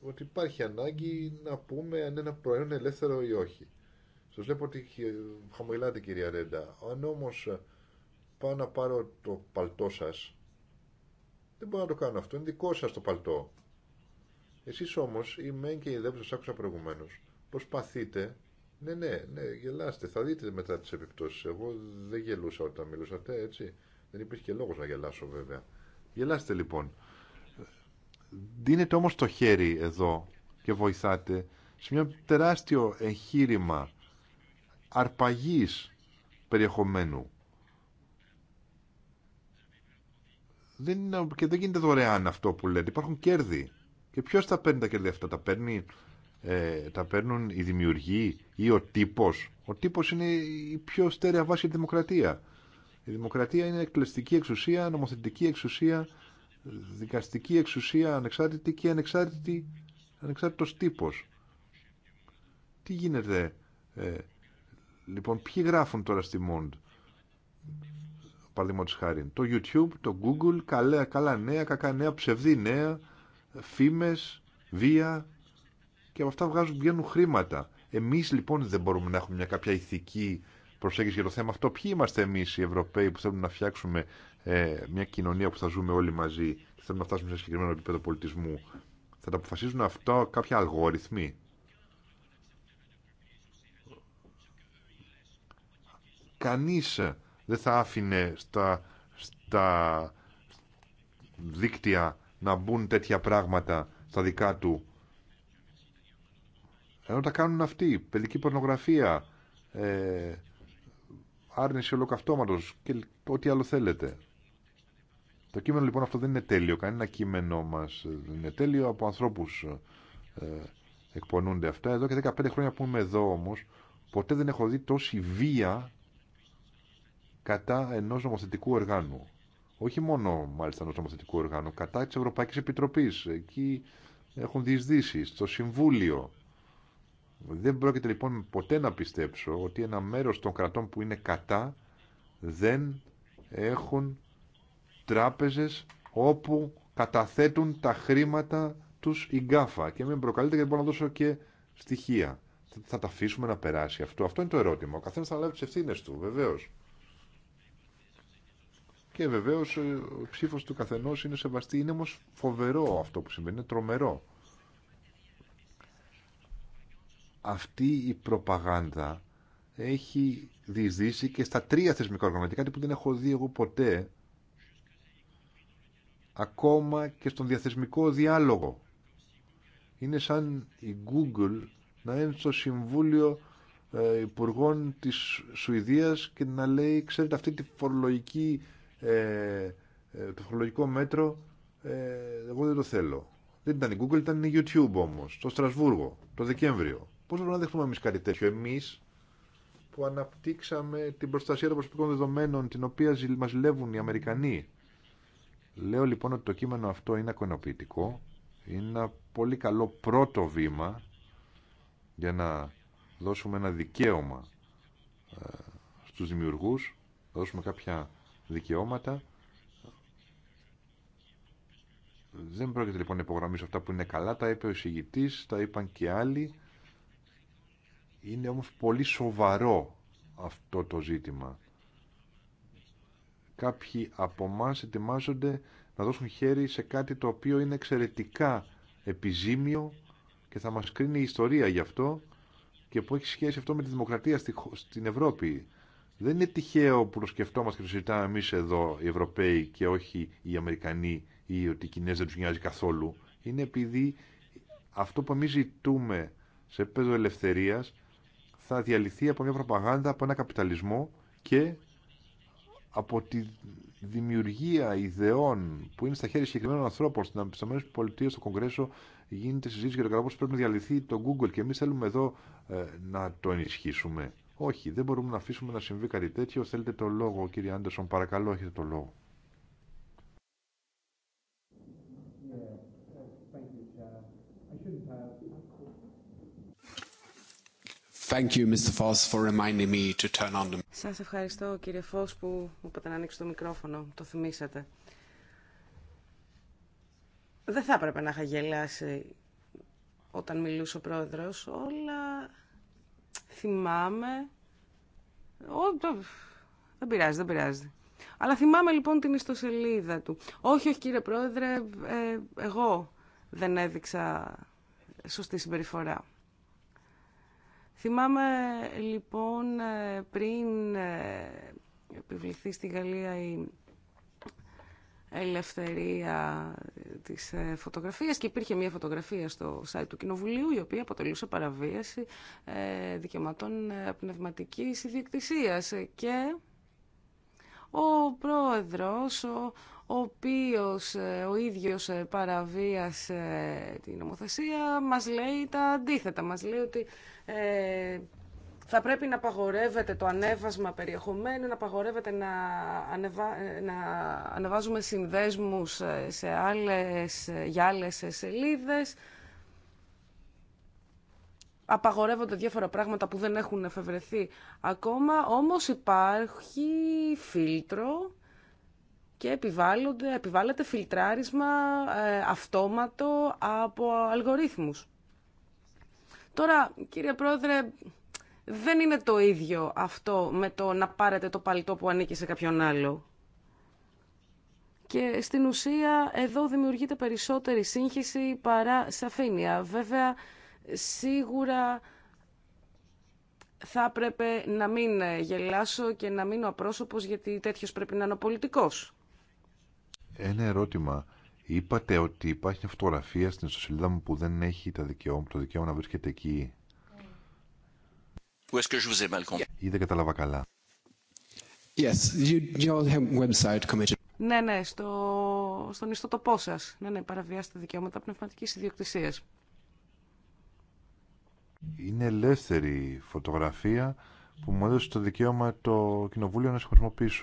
ότι υπάρχει ανάγκη να πούμε αν ένα προϊόν είναι ελεύθερο ή όχι. Σα βλέπω ότι χαμογελάτε κυρία Ρέντα. Αν όμω ε, πάω να πάρω το παλτό σα, δεν μπορώ να το κάνω αυτό, είναι δικό σα το παλτό. Εσεί όμω, η μεν και η δε που σα άκουσα προηγουμένω, προσπαθείτε, ναι, ναι, ναι, γελάστε, θα δείτε μετά τι επιπτώσει. Εγώ δεν γελούσα όταν μιλούσατε, έτσι. Δεν υπήρχε και λόγο να γελάσω βέβαια. Γελάστε λοιπόν. Δίνετε όμως το χέρι εδώ και βοηθάτε σε μια τεράστιο εγχείρημα αρπαγής περιεχομένου. Δεν και δεν γίνεται δωρεάν αυτό που λέτε. Υπάρχουν κέρδη. Και ποιο τα παίρνει τα κέρδη αυτά. Τα, παίρνει, ε, τα παίρνουν οι δημιουργοί ή ο τύπος. Ο τύπος είναι η πιο στέρεα βάση για τη δημοκρατία. Η δημοκρατία είναι εκτελεστική εξουσία, νομοθετική εξουσία, δικαστική εξουσία, ανεξάρτητη και ανεξάρτητη, ανεξάρτητος τύπος. Τι γίνεται, ε, λοιπόν, ποιοι γράφουν τώρα στη Μοντ, παραδείγματος χάρη, το YouTube, το Google, καλά, καλά νέα, κακά νέα, ψευδή νέα, φήμες, βία και από αυτά βγάζουν, βγαίνουν χρήματα. Εμείς λοιπόν δεν μπορούμε να έχουμε μια κάποια ηθική προσέγγιση για το θέμα αυτό. Ποιοι είμαστε εμεί οι Ευρωπαίοι που θέλουμε να φτιάξουμε ε, μια κοινωνία που θα ζούμε όλοι μαζί και θέλουμε να φτάσουμε σε συγκεκριμένο επίπεδο πολιτισμού. Θα τα αποφασίζουν αυτό κάποια αλγόριθμοι. Κανεί δεν θα άφηνε στα, στα δίκτυα να μπουν τέτοια πράγματα στα δικά του. Ενώ τα κάνουν αυτοί. Παιδική πορνογραφία, ε, άρνηση ολοκαυτώματο και ό,τι άλλο θέλετε. Το κείμενο λοιπόν αυτό δεν είναι τέλειο. Κανένα κείμενο μας δεν είναι τέλειο. Από ανθρώπου ε, εκπονούνται αυτά. Εδώ και 15 χρόνια που είμαι εδώ όμως, ποτέ δεν έχω δει τόση βία κατά ενός νομοθετικού οργάνου. Όχι μόνο μάλιστα ενό νομοθετικού οργάνου, κατά τη Ευρωπαϊκή Επιτροπή. Εκεί έχουν διεισδύσει στο Συμβούλιο. Δεν πρόκειται λοιπόν ποτέ να πιστέψω ότι ένα μέρος των κρατών που είναι κατά δεν έχουν τράπεζες όπου καταθέτουν τα χρήματα τους η γκάφα. Και με προκαλείται γιατί μπορώ να δώσω και στοιχεία. Θα τα αφήσουμε να περάσει αυτό. Αυτό είναι το ερώτημα. Ο καθένα θα λάβει τι ευθύνε του, βεβαίω. Και βεβαίω ε, ο ψήφο του καθενό είναι σεβαστή. Είναι όμω φοβερό αυτό που συμβαίνει. Είναι τρομερό αυτή η προπαγάνδα έχει διεισδύσει και στα τρία θεσμικά οργανωτικά, κάτι που δεν έχω δει εγώ ποτέ, ακόμα και στον διαθεσμικό διάλογο. Είναι σαν η Google να είναι στο Συμβούλιο ε, Υπουργών της Σουηδίας και να λέει, ξέρετε, αυτή τη φορολογική, ε, ε, το φορολογικό μέτρο εγώ δεν το θέλω. Δεν ήταν η Google, ήταν η YouTube όμως, στο Στρασβούργο, το Δεκέμβριο. Πώ μπορούμε να δεχτούμε εμεί κάτι τέτοιο, εμεί που αναπτύξαμε την προστασία των προσωπικών δεδομένων, την οποία μα ζηλεύουν οι Αμερικανοί. Λέω λοιπόν ότι το κείμενο αυτό είναι ακονοποιητικό, είναι ένα πολύ καλό πρώτο βήμα για να δώσουμε ένα δικαίωμα ε, στους δημιουργούς, να δώσουμε κάποια δικαιώματα. Δεν πρόκειται λοιπόν να υπογραμμίσω αυτά που είναι καλά, τα είπε ο εισηγητής, τα είπαν και άλλοι. Είναι όμως πολύ σοβαρό αυτό το ζήτημα. Κάποιοι από εμά ετοιμάζονται να δώσουν χέρι σε κάτι το οποίο είναι εξαιρετικά επιζήμιο και θα μας κρίνει η ιστορία γι' αυτό και που έχει σχέση αυτό με τη δημοκρατία στην Ευρώπη. Δεν είναι τυχαίο που το σκεφτόμαστε και το συζητάμε εμεί εδώ οι Ευρωπαίοι και όχι οι Αμερικανοί ή ότι οι Κινέζοι δεν του νοιάζει καθόλου. Είναι επειδή αυτό που εμεί ζητούμε σε επίπεδο ελευθερία θα διαλυθεί από μια προπαγάνδα, από ένα καπιταλισμό και από τη δημιουργία ιδεών που είναι στα χέρια συγκεκριμένων ανθρώπων στην πολιτεία στο Κογκρέσο, γίνεται συζήτηση για το κατά πόσο πρέπει να διαλυθεί το Google και εμεί θέλουμε εδώ ε, να το ενισχύσουμε. Όχι, δεν μπορούμε να αφήσουμε να συμβεί κάτι τέτοιο. Θέλετε το λόγο, κύριε Άντερσον, παρακαλώ, έχετε το λόγο. Thank you, Mr. Σας ευχαριστώ, κύριε Φως, που μου είπατε να ανοίξω το μικρόφωνο. Το θυμήσατε. Δεν θα έπρεπε να είχα γελάσει όταν μιλούσε ο πρόεδρος. Όλα θυμάμαι... δεν πειράζει, δεν πειράζει. Αλλά θυμάμαι λοιπόν την ιστοσελίδα του. Όχι, όχι κύριε πρόεδρε, ε, εγώ δεν έδειξα σωστή συμπεριφορά. Θυμάμαι λοιπόν ε, πριν ε, επιβληθεί στη Γαλλία η ελευθερία της ε, φωτογραφίας και υπήρχε μια φωτογραφία στο site του Κοινοβουλίου η οποία αποτελούσε παραβίαση δικαιωμάτων πνευματικής ιδιοκτησίας και ο πρόεδρος ο, ο οποίος ο ίδιος παραβίασε την νομοθεσία μας λέει τα αντίθετα μας λέει ότι ε, θα πρέπει να απαγορεύεται το ανέβασμα περιεχομένου, να απαγορεύεται να, ε, ανεβάζουμε συνδέσμους ε, σε άλλες, για άλλες σελίδες. Απαγορεύονται διάφορα πράγματα που δεν έχουν εφευρεθεί ακόμα, όμως υπάρχει φίλτρο και επιβάλλεται φιλτράρισμα αυτόματο από αλγορίθμους. Τώρα, κύριε Πρόεδρε, δεν είναι το ίδιο αυτό με το να πάρετε το παλιτό που ανήκει σε κάποιον άλλο. Και στην ουσία εδώ δημιουργείται περισσότερη σύγχυση παρά σαφήνεια. Βέβαια, σίγουρα θα έπρεπε να μην γελάσω και να μείνω απρόσωπος γιατί τέτοιος πρέπει να είναι ο πολιτικός. Ένα ερώτημα Είπατε ότι υπάρχει μια φωτογραφία στην ιστοσελίδα μου που δεν έχει τα δικαιώμα, το δικαίωμα να βρίσκεται εκεί. Ή δεν κατάλαβα καλά. Yes, you, you have website committed. Ναι, ναι, στο, στον ιστοτοπό σα. Ναι, ναι, παραβιάστε δικαιώματα πνευματική ιδιοκτησία. Είναι ελεύθερη φωτογραφία που μου έδωσε το δικαίωμα το κοινοβούλιο να σε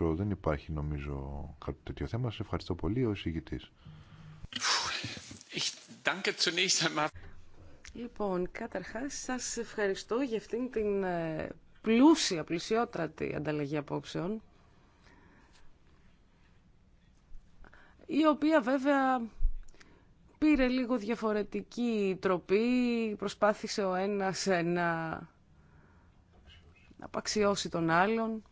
Δεν υπάρχει νομίζω κάτι τέτοιο θέμα. Σα ευχαριστώ πολύ ο εισηγητής. Λοιπόν, καταρχά σας ευχαριστώ για αυτήν την ε, πλούσια, πλουσιότατη ανταλλαγή απόψεων η οποία βέβαια πήρε λίγο διαφορετική τροπή, προσπάθησε ο ένας να απαξιώσει τον άλλον.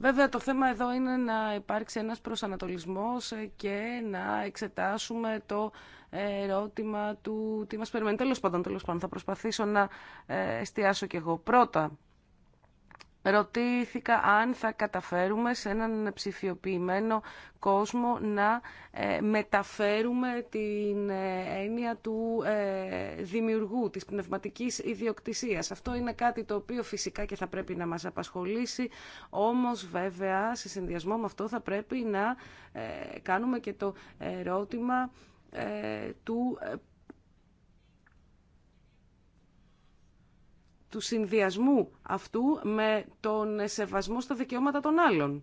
Βέβαια το θέμα εδώ είναι να υπάρξει ένας προσανατολισμός και να εξετάσουμε το ερώτημα του τι μας περιμένει. Τέλος πάντων, τέλος πάντων θα προσπαθήσω να ε, εστιάσω κι εγώ πρώτα Ρωτήθηκα αν θα καταφέρουμε σε έναν ψηφιοποιημένο κόσμο να ε, μεταφέρουμε την ε, έννοια του ε, δημιουργού, της πνευματικής ιδιοκτησίας. Αυτό είναι κάτι το οποίο φυσικά και θα πρέπει να μας απασχολήσει, όμως βέβαια σε συνδυασμό με αυτό θα πρέπει να κάνουμε και το ερώτημα του του συνδυασμού αυτού με τον σεβασμό στα δικαιώματα των άλλων.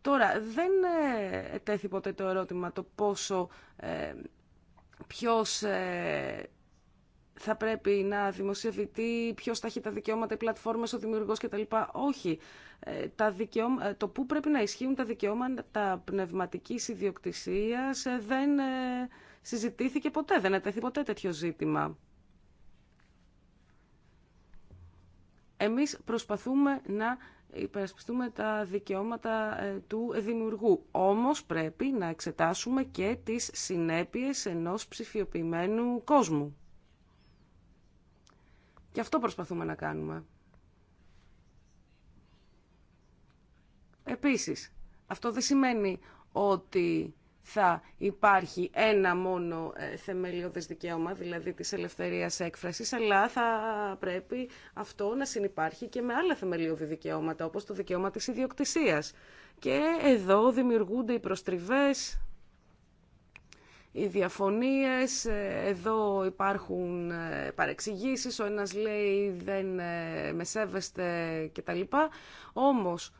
Τώρα, δεν ε, τέθη ποτέ το ερώτημα το πόσο ε, ποιος ε, θα πρέπει να δημοσιευτεί ποιος θα έχει τα δικαιώματα, οι πλατφόρμες, ο δημιουργός κτλ. Όχι. Ε, τα δικαιώμα, ε, το που πρέπει να ισχύουν τα δικαιώματα πνευματικής ιδιοκτησίας δεν συζητήθηκε ποτέ, δεν ετέθη ποτέ τέτοιο ζήτημα. Εμείς προσπαθούμε να υπερασπιστούμε τα δικαιώματα ε, του δημιουργού. Όμως πρέπει να εξετάσουμε και τις συνέπειες ενός ψηφιοποιημένου κόσμου. Και αυτό προσπαθούμε να κάνουμε. Επίσης, αυτό δεν σημαίνει ότι θα υπάρχει ένα μόνο ε, θεμελιώδες δικαίωμα, δηλαδή της ελευθερίας έκφρασης, αλλά θα πρέπει αυτό να συνεπάρχει και με άλλα θεμελιώδη δικαιώματα, όπως το δικαίωμα της ιδιοκτησίας. Και εδώ δημιουργούνται οι προστριβές, οι διαφωνίες, ε, εδώ υπάρχουν ε, παρεξηγήσεις, ο ένας λέει δεν με σέβεστε κτλ. Όμως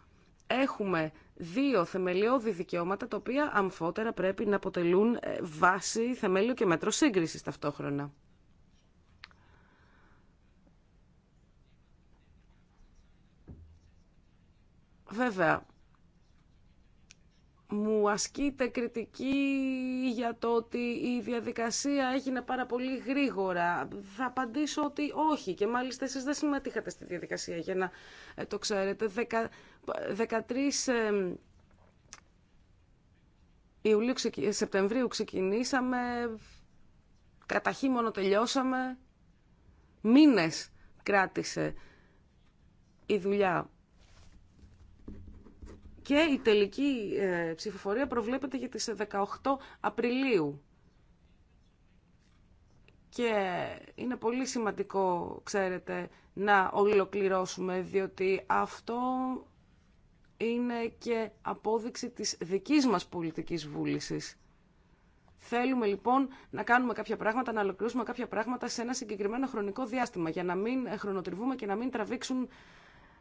έχουμε δύο θεμελιώδη δικαιώματα τα οποία αμφότερα πρέπει να αποτελούν ε, βάση, θεμέλιο και μέτρο σύγκρισης ταυτόχρονα. Βέβαια, μου ασκείται κριτική για το ότι η διαδικασία έγινε πάρα πολύ γρήγορα. Θα απαντήσω ότι όχι και μάλιστα εσείς δεν συμμετείχατε στη διαδικασία για να ε, το ξέρετε. 13 ε, Ιουλίου, Σεπτεμβρίου ξεκινήσαμε, καταχύμωνο τελειώσαμε, μήνες κράτησε η δουλειά και η τελική ε, ψηφοφορία προβλέπεται για τις 18 ε, Απριλίου. Και είναι πολύ σημαντικό, ξέρετε, να ολοκληρώσουμε, διότι αυτό είναι και απόδειξη της δικής μας πολιτικής βούλησης. Θέλουμε λοιπόν να κάνουμε κάποια πράγματα, να ολοκληρώσουμε κάποια πράγματα σε ένα συγκεκριμένο χρονικό διάστημα, για να μην χρονοτριβούμε και να μην τραβήξουν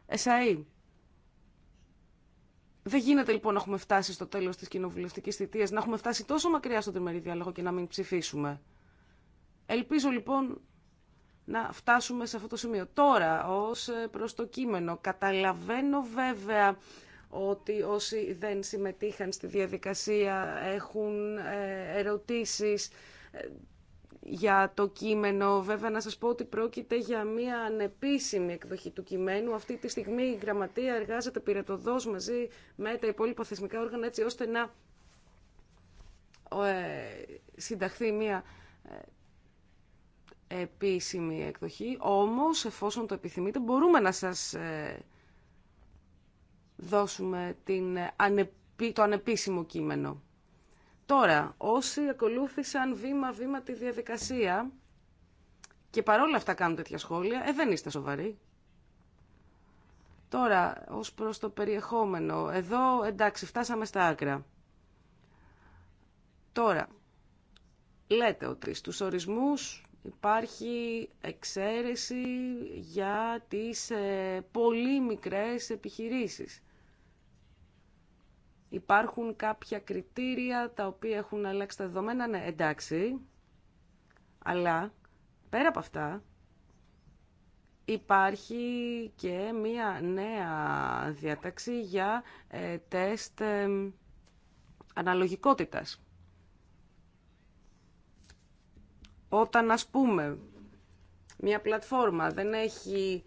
εσαΐ. Δεν γίνεται λοιπόν να έχουμε φτάσει στο τέλος τη κοινοβουλευτική θητεία, να έχουμε φτάσει τόσο μακριά στον τριμερή διάλογο και να μην ψηφίσουμε. Ελπίζω λοιπόν να φτάσουμε σε αυτό το σημείο. Τώρα, ως ε, προς το κείμενο, καταλαβαίνω βέβαια ότι όσοι δεν συμμετείχαν στη διαδικασία έχουν ε, ερωτήσεις ε, για το κείμενο. Βέβαια να σας πω ότι πρόκειται για μια ανεπίσημη εκδοχή του κειμένου. Αυτή τη στιγμή η γραμματεία εργάζεται πυρετοδός μαζί με τα υπόλοιπα θεσμικά όργανα έτσι ώστε να ε, συνταχθεί μια ε, επίσημη εκδοχή. Όμως εφόσον το επιθυμείτε μπορούμε να σας ε, δώσουμε την, το ανεπίσημο κείμενο. Τώρα, όσοι ακολούθησαν βήμα-βήμα τη διαδικασία και παρόλα αυτά κάνουν τέτοια σχόλια, ε, δεν είστε σοβαροί. Τώρα, ως προς το περιεχόμενο, εδώ εντάξει, φτάσαμε στα άκρα. Τώρα, λέτε ότι στους ορισμούς υπάρχει εξαίρεση για τις ε, πολύ μικρές επιχειρήσεις. Υπάρχουν κάποια κριτήρια τα οποία έχουν αλλάξει τα δεδομένα, ναι, εντάξει. Αλλά πέρα από αυτά υπάρχει και μία νέα διάταξη για ε, τεστ ε, αναλογικότητας. Όταν, ας πούμε, μία πλατφόρμα δεν έχει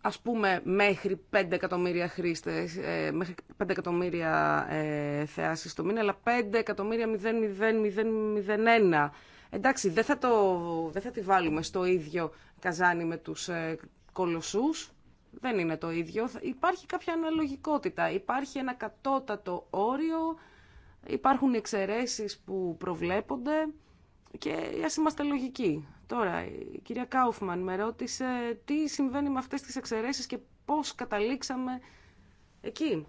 ας πούμε μέχρι 5 εκατομμύρια χρήστες, ε, μέχρι 5 εκατομμύρια ε, θεάσεις το μήνα, αλλά 5 εκατομμύρια 0,0001. Εντάξει, δεν θα, το, δεν θα τη βάλουμε στο ίδιο καζάνι με τους ε, κολοσσούς. Δεν είναι το ίδιο. Υπάρχει κάποια αναλογικότητα. Υπάρχει ένα κατώτατο όριο. Υπάρχουν εξαιρέσεις που προβλέπονται. Και α είμαστε λογικοί. Τώρα, η κυρία Κάουφμαν με ρώτησε τι συμβαίνει με αυτές τις εξαιρέσει και πώς καταλήξαμε εκεί.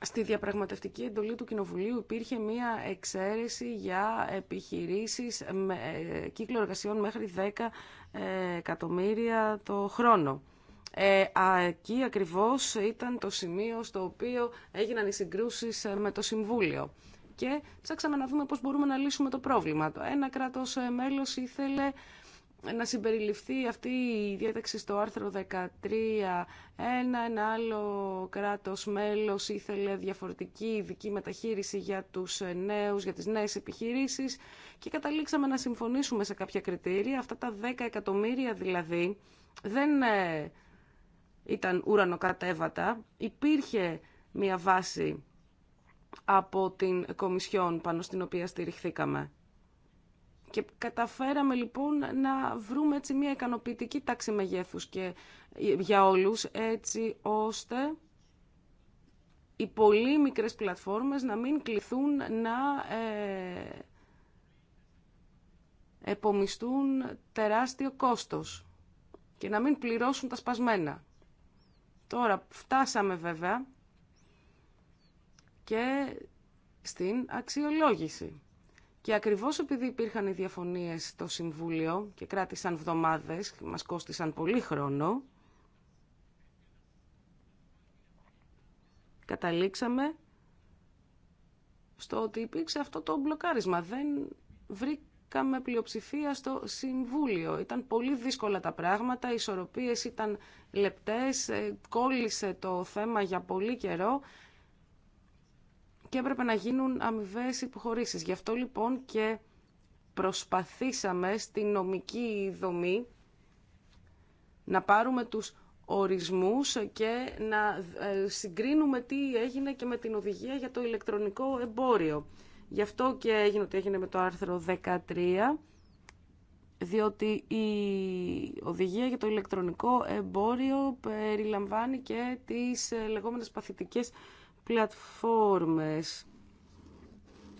Στη διαπραγματευτική εντολή του Κοινοβουλίου υπήρχε μία εξαίρεση για επιχειρήσεις με ε, κύκλο εργασιών μέχρι 10 ε, εκατομμύρια το χρόνο. Ε, εκεί ακριβώς ήταν το σημείο στο οποίο έγιναν οι συγκρούσεις ε, με το Συμβούλιο και ψάξαμε να δούμε πώς μπορούμε να λύσουμε το πρόβλημα. Το ένα κράτος ε, μέλος ήθελε να συμπεριληφθεί αυτή η διέταξη στο άρθρο 13. Ένα, ένα άλλο κράτος μέλος ήθελε διαφορετική ειδική μεταχείριση για τους ε, νέους, για τις νέες επιχειρήσεις και καταλήξαμε να συμφωνήσουμε σε κάποια κριτήρια. Αυτά τα 10 εκατομμύρια δηλαδή δεν ε, ήταν ουρανοκατέβατα. Υπήρχε μια βάση από την Κομισιόν πάνω στην οποία στηριχθήκαμε. Και καταφέραμε λοιπόν να βρούμε έτσι μια ικανοποιητική τάξη μεγέθους και ε, για όλους έτσι ώστε οι πολύ μικρές πλατφόρμες να μην κληθούν να ε, επομιστούν τεράστιο κόστος και να μην πληρώσουν τα σπασμένα. Τώρα φτάσαμε βέβαια και στην αξιολόγηση. Και ακριβώς επειδή υπήρχαν οι διαφωνίες στο Συμβούλιο και κράτησαν βδομάδες, μας κόστησαν πολύ χρόνο, καταλήξαμε στο ότι υπήρξε αυτό το μπλοκάρισμα. Δεν βρήκαμε πλειοψηφία στο Συμβούλιο. Ήταν πολύ δύσκολα τα πράγματα, οι ισορροπίες ήταν λεπτές, ε, κόλλησε το θέμα για πολύ καιρό και έπρεπε να γίνουν αμοιβέ υποχωρήσει. Γι' αυτό λοιπόν και προσπαθήσαμε στη νομική δομή να πάρουμε τους ορισμούς και να ε, συγκρίνουμε τι έγινε και με την οδηγία για το ηλεκτρονικό εμπόριο. Γι' αυτό και έγινε ότι έγινε με το άρθρο 13, διότι η οδηγία για το ηλεκτρονικό εμπόριο περιλαμβάνει και τις ε, λεγόμενες παθητικές πλατφόρμες,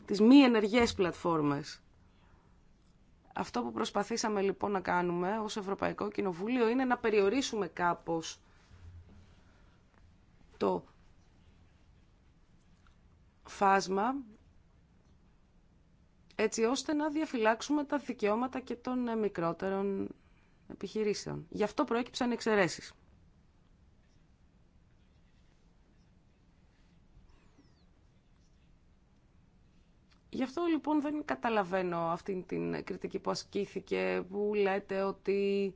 τις μη ενεργές πλατφόρμες. Αυτό που προσπαθήσαμε λοιπόν να κάνουμε ως Ευρωπαϊκό Κοινοβούλιο είναι να περιορίσουμε κάπως το φάσμα έτσι ώστε να διαφυλάξουμε τα δικαιώματα και των μικρότερων επιχειρήσεων. Γι' αυτό προέκυψαν εξαιρέσεις. Γι' αυτό λοιπόν δεν καταλαβαίνω αυτή την κριτική που ασκήθηκε, που λέτε ότι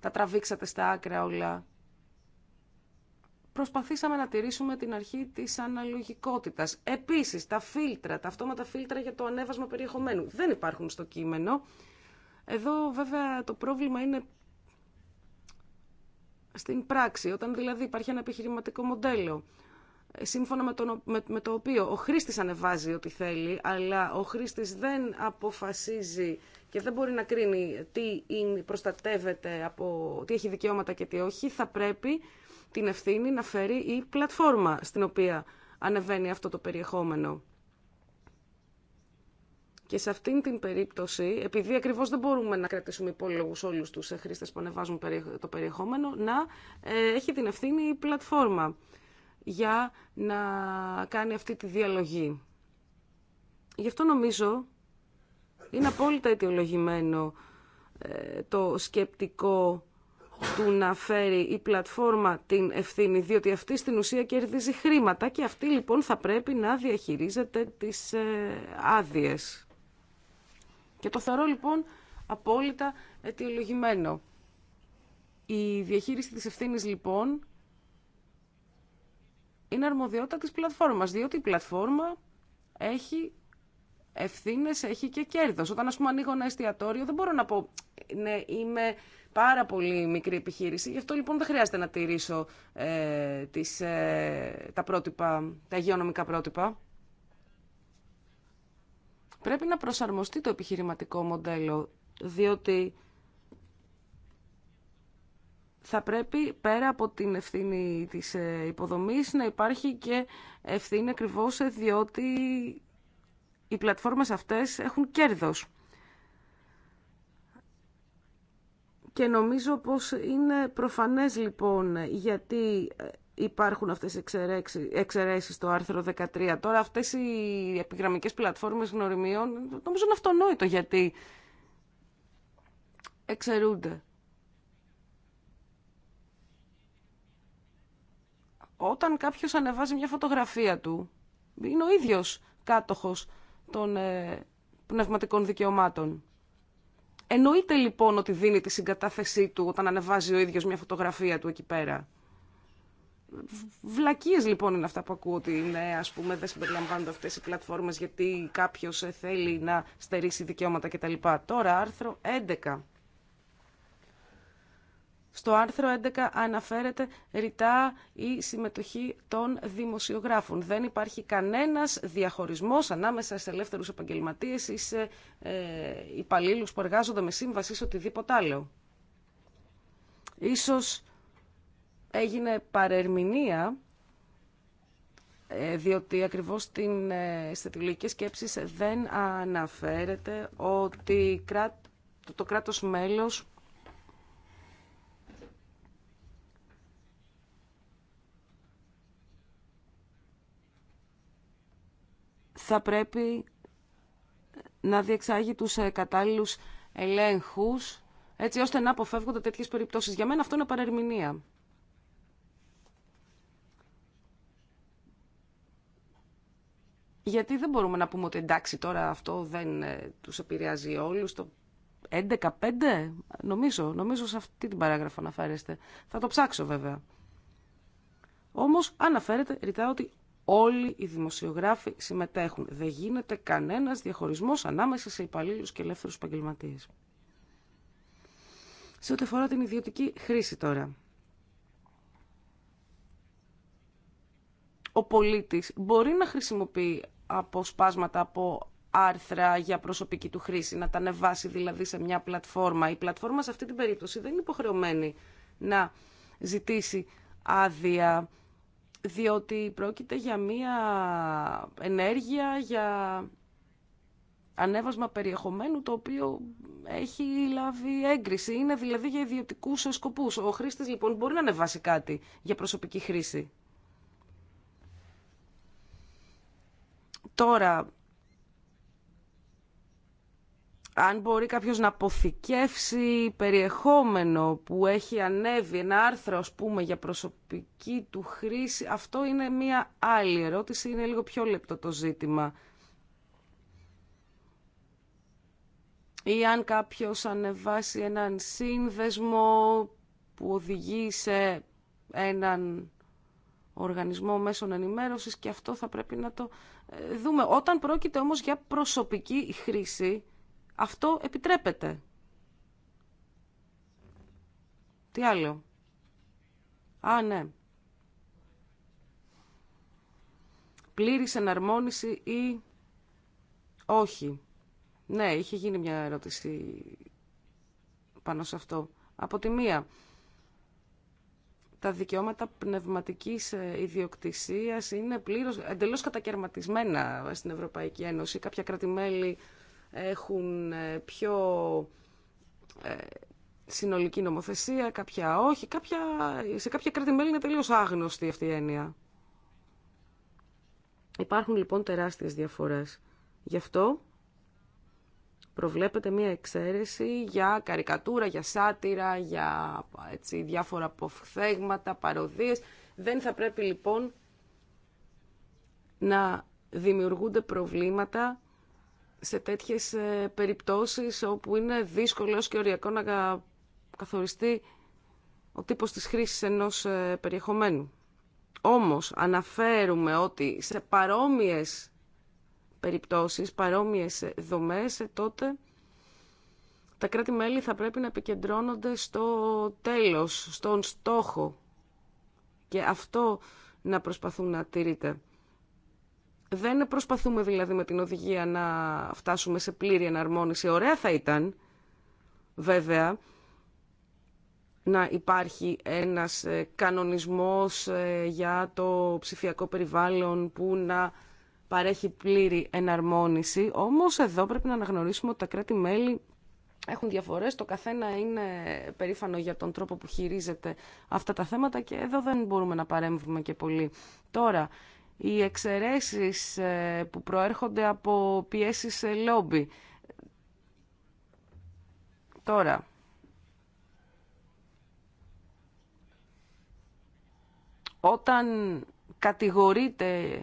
τα τραβήξατε στα άκρα όλα. Προσπαθήσαμε να τηρήσουμε την αρχή της αναλογικότητας. Επίσης, τα φίλτρα, τα αυτόματα φίλτρα για το ανέβασμα περιεχομένου δεν υπάρχουν στο κείμενο. Εδώ βέβαια το πρόβλημα είναι στην πράξη, όταν δηλαδή υπάρχει ένα επιχειρηματικό μοντέλο σύμφωνα με, τον, με, το οποίο ο χρήστης ανεβάζει ό,τι θέλει, αλλά ο χρήστης δεν αποφασίζει και δεν μπορεί να κρίνει τι είναι, προστατεύεται, από, τι έχει δικαιώματα και τι όχι, θα πρέπει την ευθύνη να φέρει η πλατφόρμα στην οποία ανεβαίνει αυτό το περιεχόμενο. Και σε αυτήν την περίπτωση, επειδή ακριβώς δεν μπορούμε να κρατήσουμε υπόλογους όλους τους ε, χρήστες που ανεβάζουν το περιεχόμενο, να ε, έχει την ευθύνη η πλατφόρμα για να κάνει αυτή τη διαλογή. Γι' αυτό νομίζω είναι απόλυτα αιτιολογημένο ε, το σκεπτικό του να φέρει η πλατφόρμα την ευθύνη, διότι αυτή στην ουσία κερδίζει χρήματα και αυτή λοιπόν θα πρέπει να διαχειρίζεται τις ε, άδειες. Και το θεωρώ λοιπόν απόλυτα αιτιολογημένο. Η διαχείριση της ευθύνης λοιπόν είναι αρμοδιότητα της πλατφόρμας, διότι η πλατφόρμα έχει ευθύνες, έχει και κέρδος. Όταν, ας πούμε, ανοίγω ένα εστιατόριο, δεν μπορώ να πω, ναι, είμαι πάρα πολύ μικρή επιχείρηση, γι' αυτό, λοιπόν, δεν χρειάζεται να τηρήσω ε, τις, ε, τα πρότυπα, τα υγειονομικά πρότυπα. Πρέπει να προσαρμοστεί το επιχειρηματικό μοντέλο, διότι θα πρέπει πέρα από την ευθύνη της ε, υποδομής να υπάρχει και ευθύνη ακριβώ διότι οι πλατφόρμες αυτές έχουν κέρδος. Και νομίζω πως είναι προφανές λοιπόν γιατί ε, υπάρχουν αυτές οι εξαιρέσεις στο άρθρο 13. Τώρα αυτές οι επιγραμμικές πλατφόρμες γνωριμίων νομίζω είναι αυτονόητο γιατί εξαιρούνται. όταν κάποιο ανεβάζει μια φωτογραφία του, είναι ο ίδιος κάτοχος των ε, πνευματικών δικαιωμάτων. Εννοείται λοιπόν ότι δίνει τη συγκατάθεσή του όταν ανεβάζει ο ίδιος μια φωτογραφία του εκεί πέρα. Βλακίες λοιπόν είναι αυτά που ακούω ότι είναι, ας πούμε, δεν συμπεριλαμβάνονται αυτές οι πλατφόρμες γιατί κάποιο ε, θέλει να στερήσει δικαιώματα κτλ. Τώρα άρθρο 11. Στο άρθρο 11 αναφέρεται ρητά η συμμετοχή των δημοσιογράφων. Δεν υπάρχει κανένας διαχωρισμός ανάμεσα σε ελεύθερους επαγγελματίες ή σε ε, που εργάζονται με σύμβαση σε οτιδήποτε άλλο. Ίσως έγινε παρερμηνία ε, διότι ακριβώς στην ε, στρατηγική σκέψη δεν αναφέρεται ότι το κράτος μέλος θα πρέπει να διεξάγει τους ε, κατάλληλους ελέγχους, έτσι ώστε να αποφεύγονται τέτοιες περιπτώσεις. Για μένα αυτό είναι παρερμηνία. Γιατί δεν μπορούμε να πούμε ότι εντάξει τώρα αυτό δεν ε, τους επηρεάζει όλους, το 11-5 νομίζω, νομίζω σε αυτή την παράγραφο αναφέρεστε. Θα το ψάξω βέβαια. Όμως αναφέρεται ρητά ότι όλοι οι δημοσιογράφοι συμμετέχουν. Δεν γίνεται κανένας διαχωρισμός ανάμεσα σε υπαλλήλου και ελεύθερους επαγγελματίε. Σε ό,τι αφορά την ιδιωτική χρήση τώρα. Ο πολίτης μπορεί να χρησιμοποιεί αποσπάσματα από άρθρα για προσωπική του χρήση, να τα ανεβάσει δηλαδή σε μια πλατφόρμα. Η πλατφόρμα σε αυτή την περίπτωση δεν είναι υποχρεωμένη να ζητήσει άδεια διότι πρόκειται για μία ενέργεια, για ανέβασμα περιεχομένου το οποίο έχει λάβει έγκριση. Είναι δηλαδή για ιδιωτικού σκοπού. Ο χρήστη λοιπόν μπορεί να ανεβάσει κάτι για προσωπική χρήση. Τώρα, αν μπορεί κάποιος να αποθηκεύσει περιεχόμενο που έχει ανέβει, ένα άρθρο ας πούμε για προσωπική του χρήση, αυτό είναι μία άλλη ερώτηση, είναι λίγο πιο λεπτό το ζήτημα. Ή αν κάποιος ανεβάσει έναν σύνδεσμο που οδηγεί σε έναν οργανισμό μέσων ενημέρωσης και αυτό θα πρέπει να το ε, δούμε. Όταν πρόκειται όμως για προσωπική χρήση, αυτό επιτρέπεται. Τι άλλο. Α, ναι. Πλήρης εναρμόνιση ή όχι. Ναι, είχε γίνει μια ερώτηση πάνω σε αυτό. Από τη μία, τα δικαιώματα πνευματικής ε, ιδιοκτησίας είναι πλήρως, εντελώς κατακαιρματισμένα στην Ευρωπαϊκή Ένωση. Κάποια κρατημέλη έχουν ε, πιο ε, συνολική νομοθεσία, κάποια όχι, κάποια, σε κάποια κράτη-μέλη είναι τελείως άγνωστη αυτή η έννοια. Υπάρχουν λοιπόν τεράστιες διαφορές. Γι' αυτό προβλέπεται μία εξαίρεση για καρικατούρα, για σάτυρα, για έτσι, διάφορα αποφθέγματα, παροδίες. Δεν θα πρέπει λοιπόν να δημιουργούνται προβλήματα σε τέτοιες ε, περιπτώσεις όπου είναι δύσκολο και οριακό να καθοριστεί ο τύπος της χρήσης ενός ε, περιεχομένου. Όμως αναφέρουμε ότι σε παρόμοιες περιπτώσεις, παρόμοιες ε, δομές, τότε τα κράτη-μέλη θα πρέπει να επικεντρώνονται στο τέλος, στον στόχο και αυτό να προσπαθούν να τηρείται. Δεν προσπαθούμε δηλαδή με την οδηγία να φτάσουμε σε πλήρη εναρμόνιση. Ωραία θα ήταν, βέβαια, να υπάρχει ένας ε, κανονισμός ε, για το ψηφιακό περιβάλλον που να παρέχει πλήρη εναρμόνιση. Όμως εδώ πρέπει να αναγνωρίσουμε ότι τα κράτη-μέλη έχουν διαφορές. Το καθένα είναι περήφανο για τον τρόπο που χειρίζεται αυτά τα θέματα και εδώ δεν μπορούμε να παρέμβουμε και πολύ. Τώρα, οι εξαιρεσει ε, που προέρχονται από πιέσεις ε, λόμπι. Τώρα, όταν κατηγορείται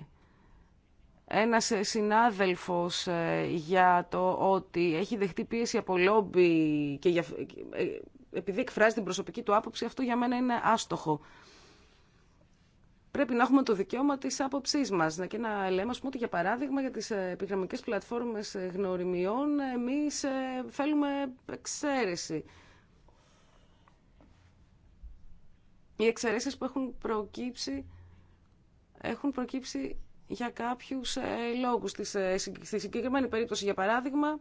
ένας ε, συνάδελφος για το ότι έχει δεχτεί πίεση από λόμπι και για... επειδή εκφράζει την προσωπική του άποψη, αυτό για μένα είναι άστοχο πρέπει να έχουμε το δικαίωμα τη άποψή μα και να λέμε πούμε, ότι για παράδειγμα για τις ε, επιγραμμικέ πλατφόρμες ε, γνωριμιών εμείς ε, θέλουμε εξαίρεση. Οι εξαιρέσει που έχουν προκύψει έχουν προκύψει για κάποιους λόγους. Στη συγκεκριμένη περίπτωση, για παράδειγμα,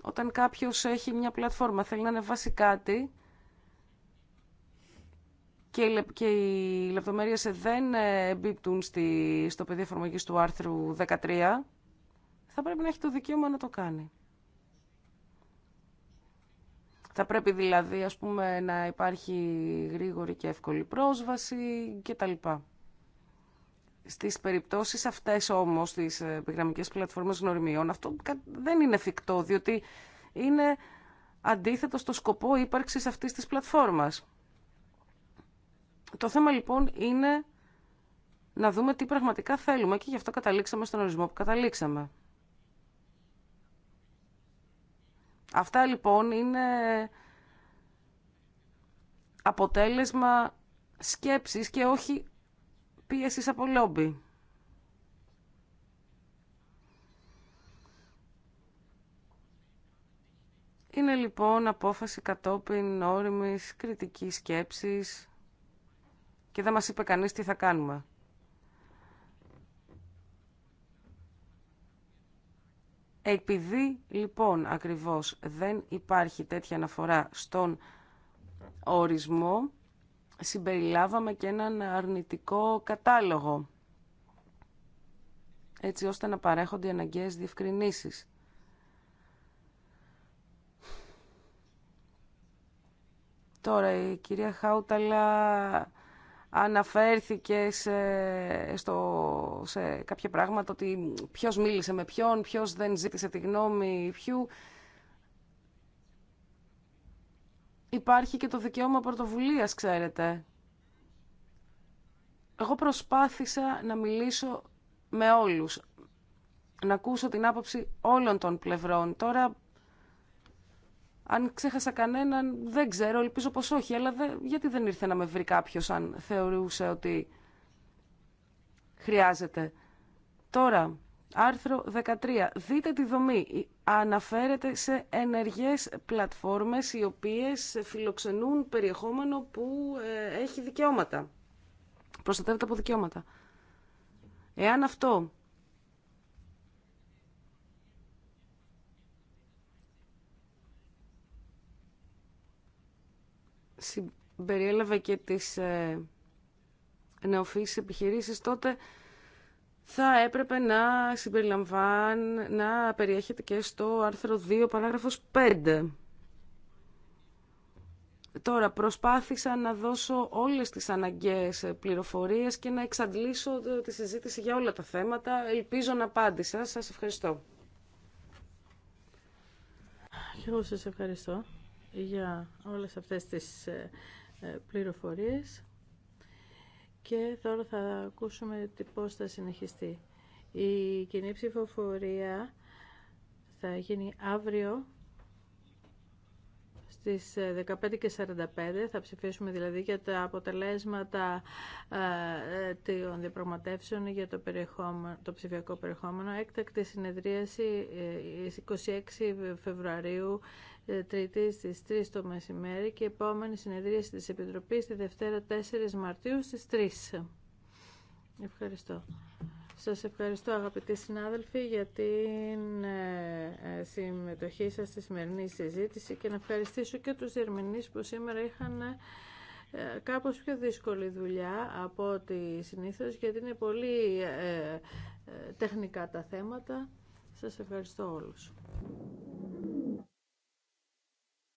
όταν κάποιος έχει μια πλατφόρμα, θέλει να ανεβάσει κάτι, και οι λεπτομέρειες δεν ε, εμπίπτουν στη, στο πεδίο εφαρμογή του άρθρου 13, θα πρέπει να έχει το δικαίωμα να το κάνει. Θα πρέπει δηλαδή ας πούμε, να υπάρχει γρήγορη και εύκολη πρόσβαση κτλ. Στις περιπτώσεις αυτές όμως, στις ε, επιγραμμικές πλατφόρμες γνωριμιών, αυτό δεν είναι εφικτό, διότι είναι αντίθετο στο σκοπό ύπαρξης αυτής της πλατφόρμας. Το θέμα λοιπόν είναι να δούμε τι πραγματικά θέλουμε και γι' αυτό καταλήξαμε στον ορισμό που καταλήξαμε. Αυτά λοιπόν είναι αποτέλεσμα σκέψης και όχι πίεσης από λόμπι. Είναι λοιπόν απόφαση κατόπιν όριμης κριτικής σκέψης και δεν μας είπε κανείς τι θα κάνουμε. Επειδή λοιπόν ακριβώς δεν υπάρχει τέτοια αναφορά στον ορισμό, συμπεριλάβαμε και έναν αρνητικό κατάλογο, έτσι ώστε να παρέχονται αναγκαίες διευκρινήσεις. Τώρα η κυρία Χάουταλα αναφέρθηκε σε, στο, σε κάποια πράγματα ότι ποιος μίλησε με ποιον, ποιος δεν ζήτησε τη γνώμη ποιου. Υπάρχει και το δικαίωμα πρωτοβουλίας, ξέρετε. Εγώ προσπάθησα να μιλήσω με όλους, να ακούσω την άποψη όλων των πλευρών. Τώρα αν ξέχασα κανέναν, δεν ξέρω, ελπίζω πως όχι, αλλά γιατί δεν ήρθε να με βρει κάποιος αν θεωρούσε ότι χρειάζεται. Τώρα, άρθρο 13. Δείτε τη δομή. Αναφέρεται σε ενεργές πλατφόρμες οι οποίες φιλοξενούν περιεχόμενο που ε, έχει δικαιώματα. Προστατεύεται από δικαιώματα. Εάν αυτό συμπεριέλαβε και τις ε, νεοφύσεις επιχειρήσεις, τότε θα έπρεπε να συμπεριλαμβάνει να περιέχεται και στο άρθρο 2, παράγραφος 5. Τώρα, προσπάθησα να δώσω όλες τις αναγκαίες πληροφορίες και να εξαντλήσω τη συζήτηση για όλα τα θέματα. Ελπίζω να απάντησα. Σας ευχαριστώ. Και εγώ σας ευχαριστώ για όλες αυτές τις ε, ε, πληροφορίες και τώρα θα ακούσουμε πώς θα συνεχιστεί. Η κοινή ψηφοφορία θα γίνει αύριο στις 15.45 ε, θα ψηφίσουμε δηλαδή για τα αποτελέσματα των διαπραγματεύσεων για το, περιεχόμενο, το ψηφιακό περιεχόμενο. Έκτακτη συνεδρίαση 26 Φεβρουαρίου ε, τρίτη στις 3 το μεσημέρι και επόμενη συνεδρίαση της Επιτροπής τη Δευτέρα 4 Μαρτίου στις 3. Ευχαριστώ. Σας ευχαριστώ αγαπητοί συνάδελφοι για την ε, ε, συμμετοχή σας στη σημερινή συζήτηση και να ευχαριστήσω και τους διερμηνείς που σήμερα είχαν κάπως πιο δύσκολη δουλειά από ό,τι συνήθως γιατί είναι πολύ τεχνικά τα θέματα. Σας ευχαριστώ όλους.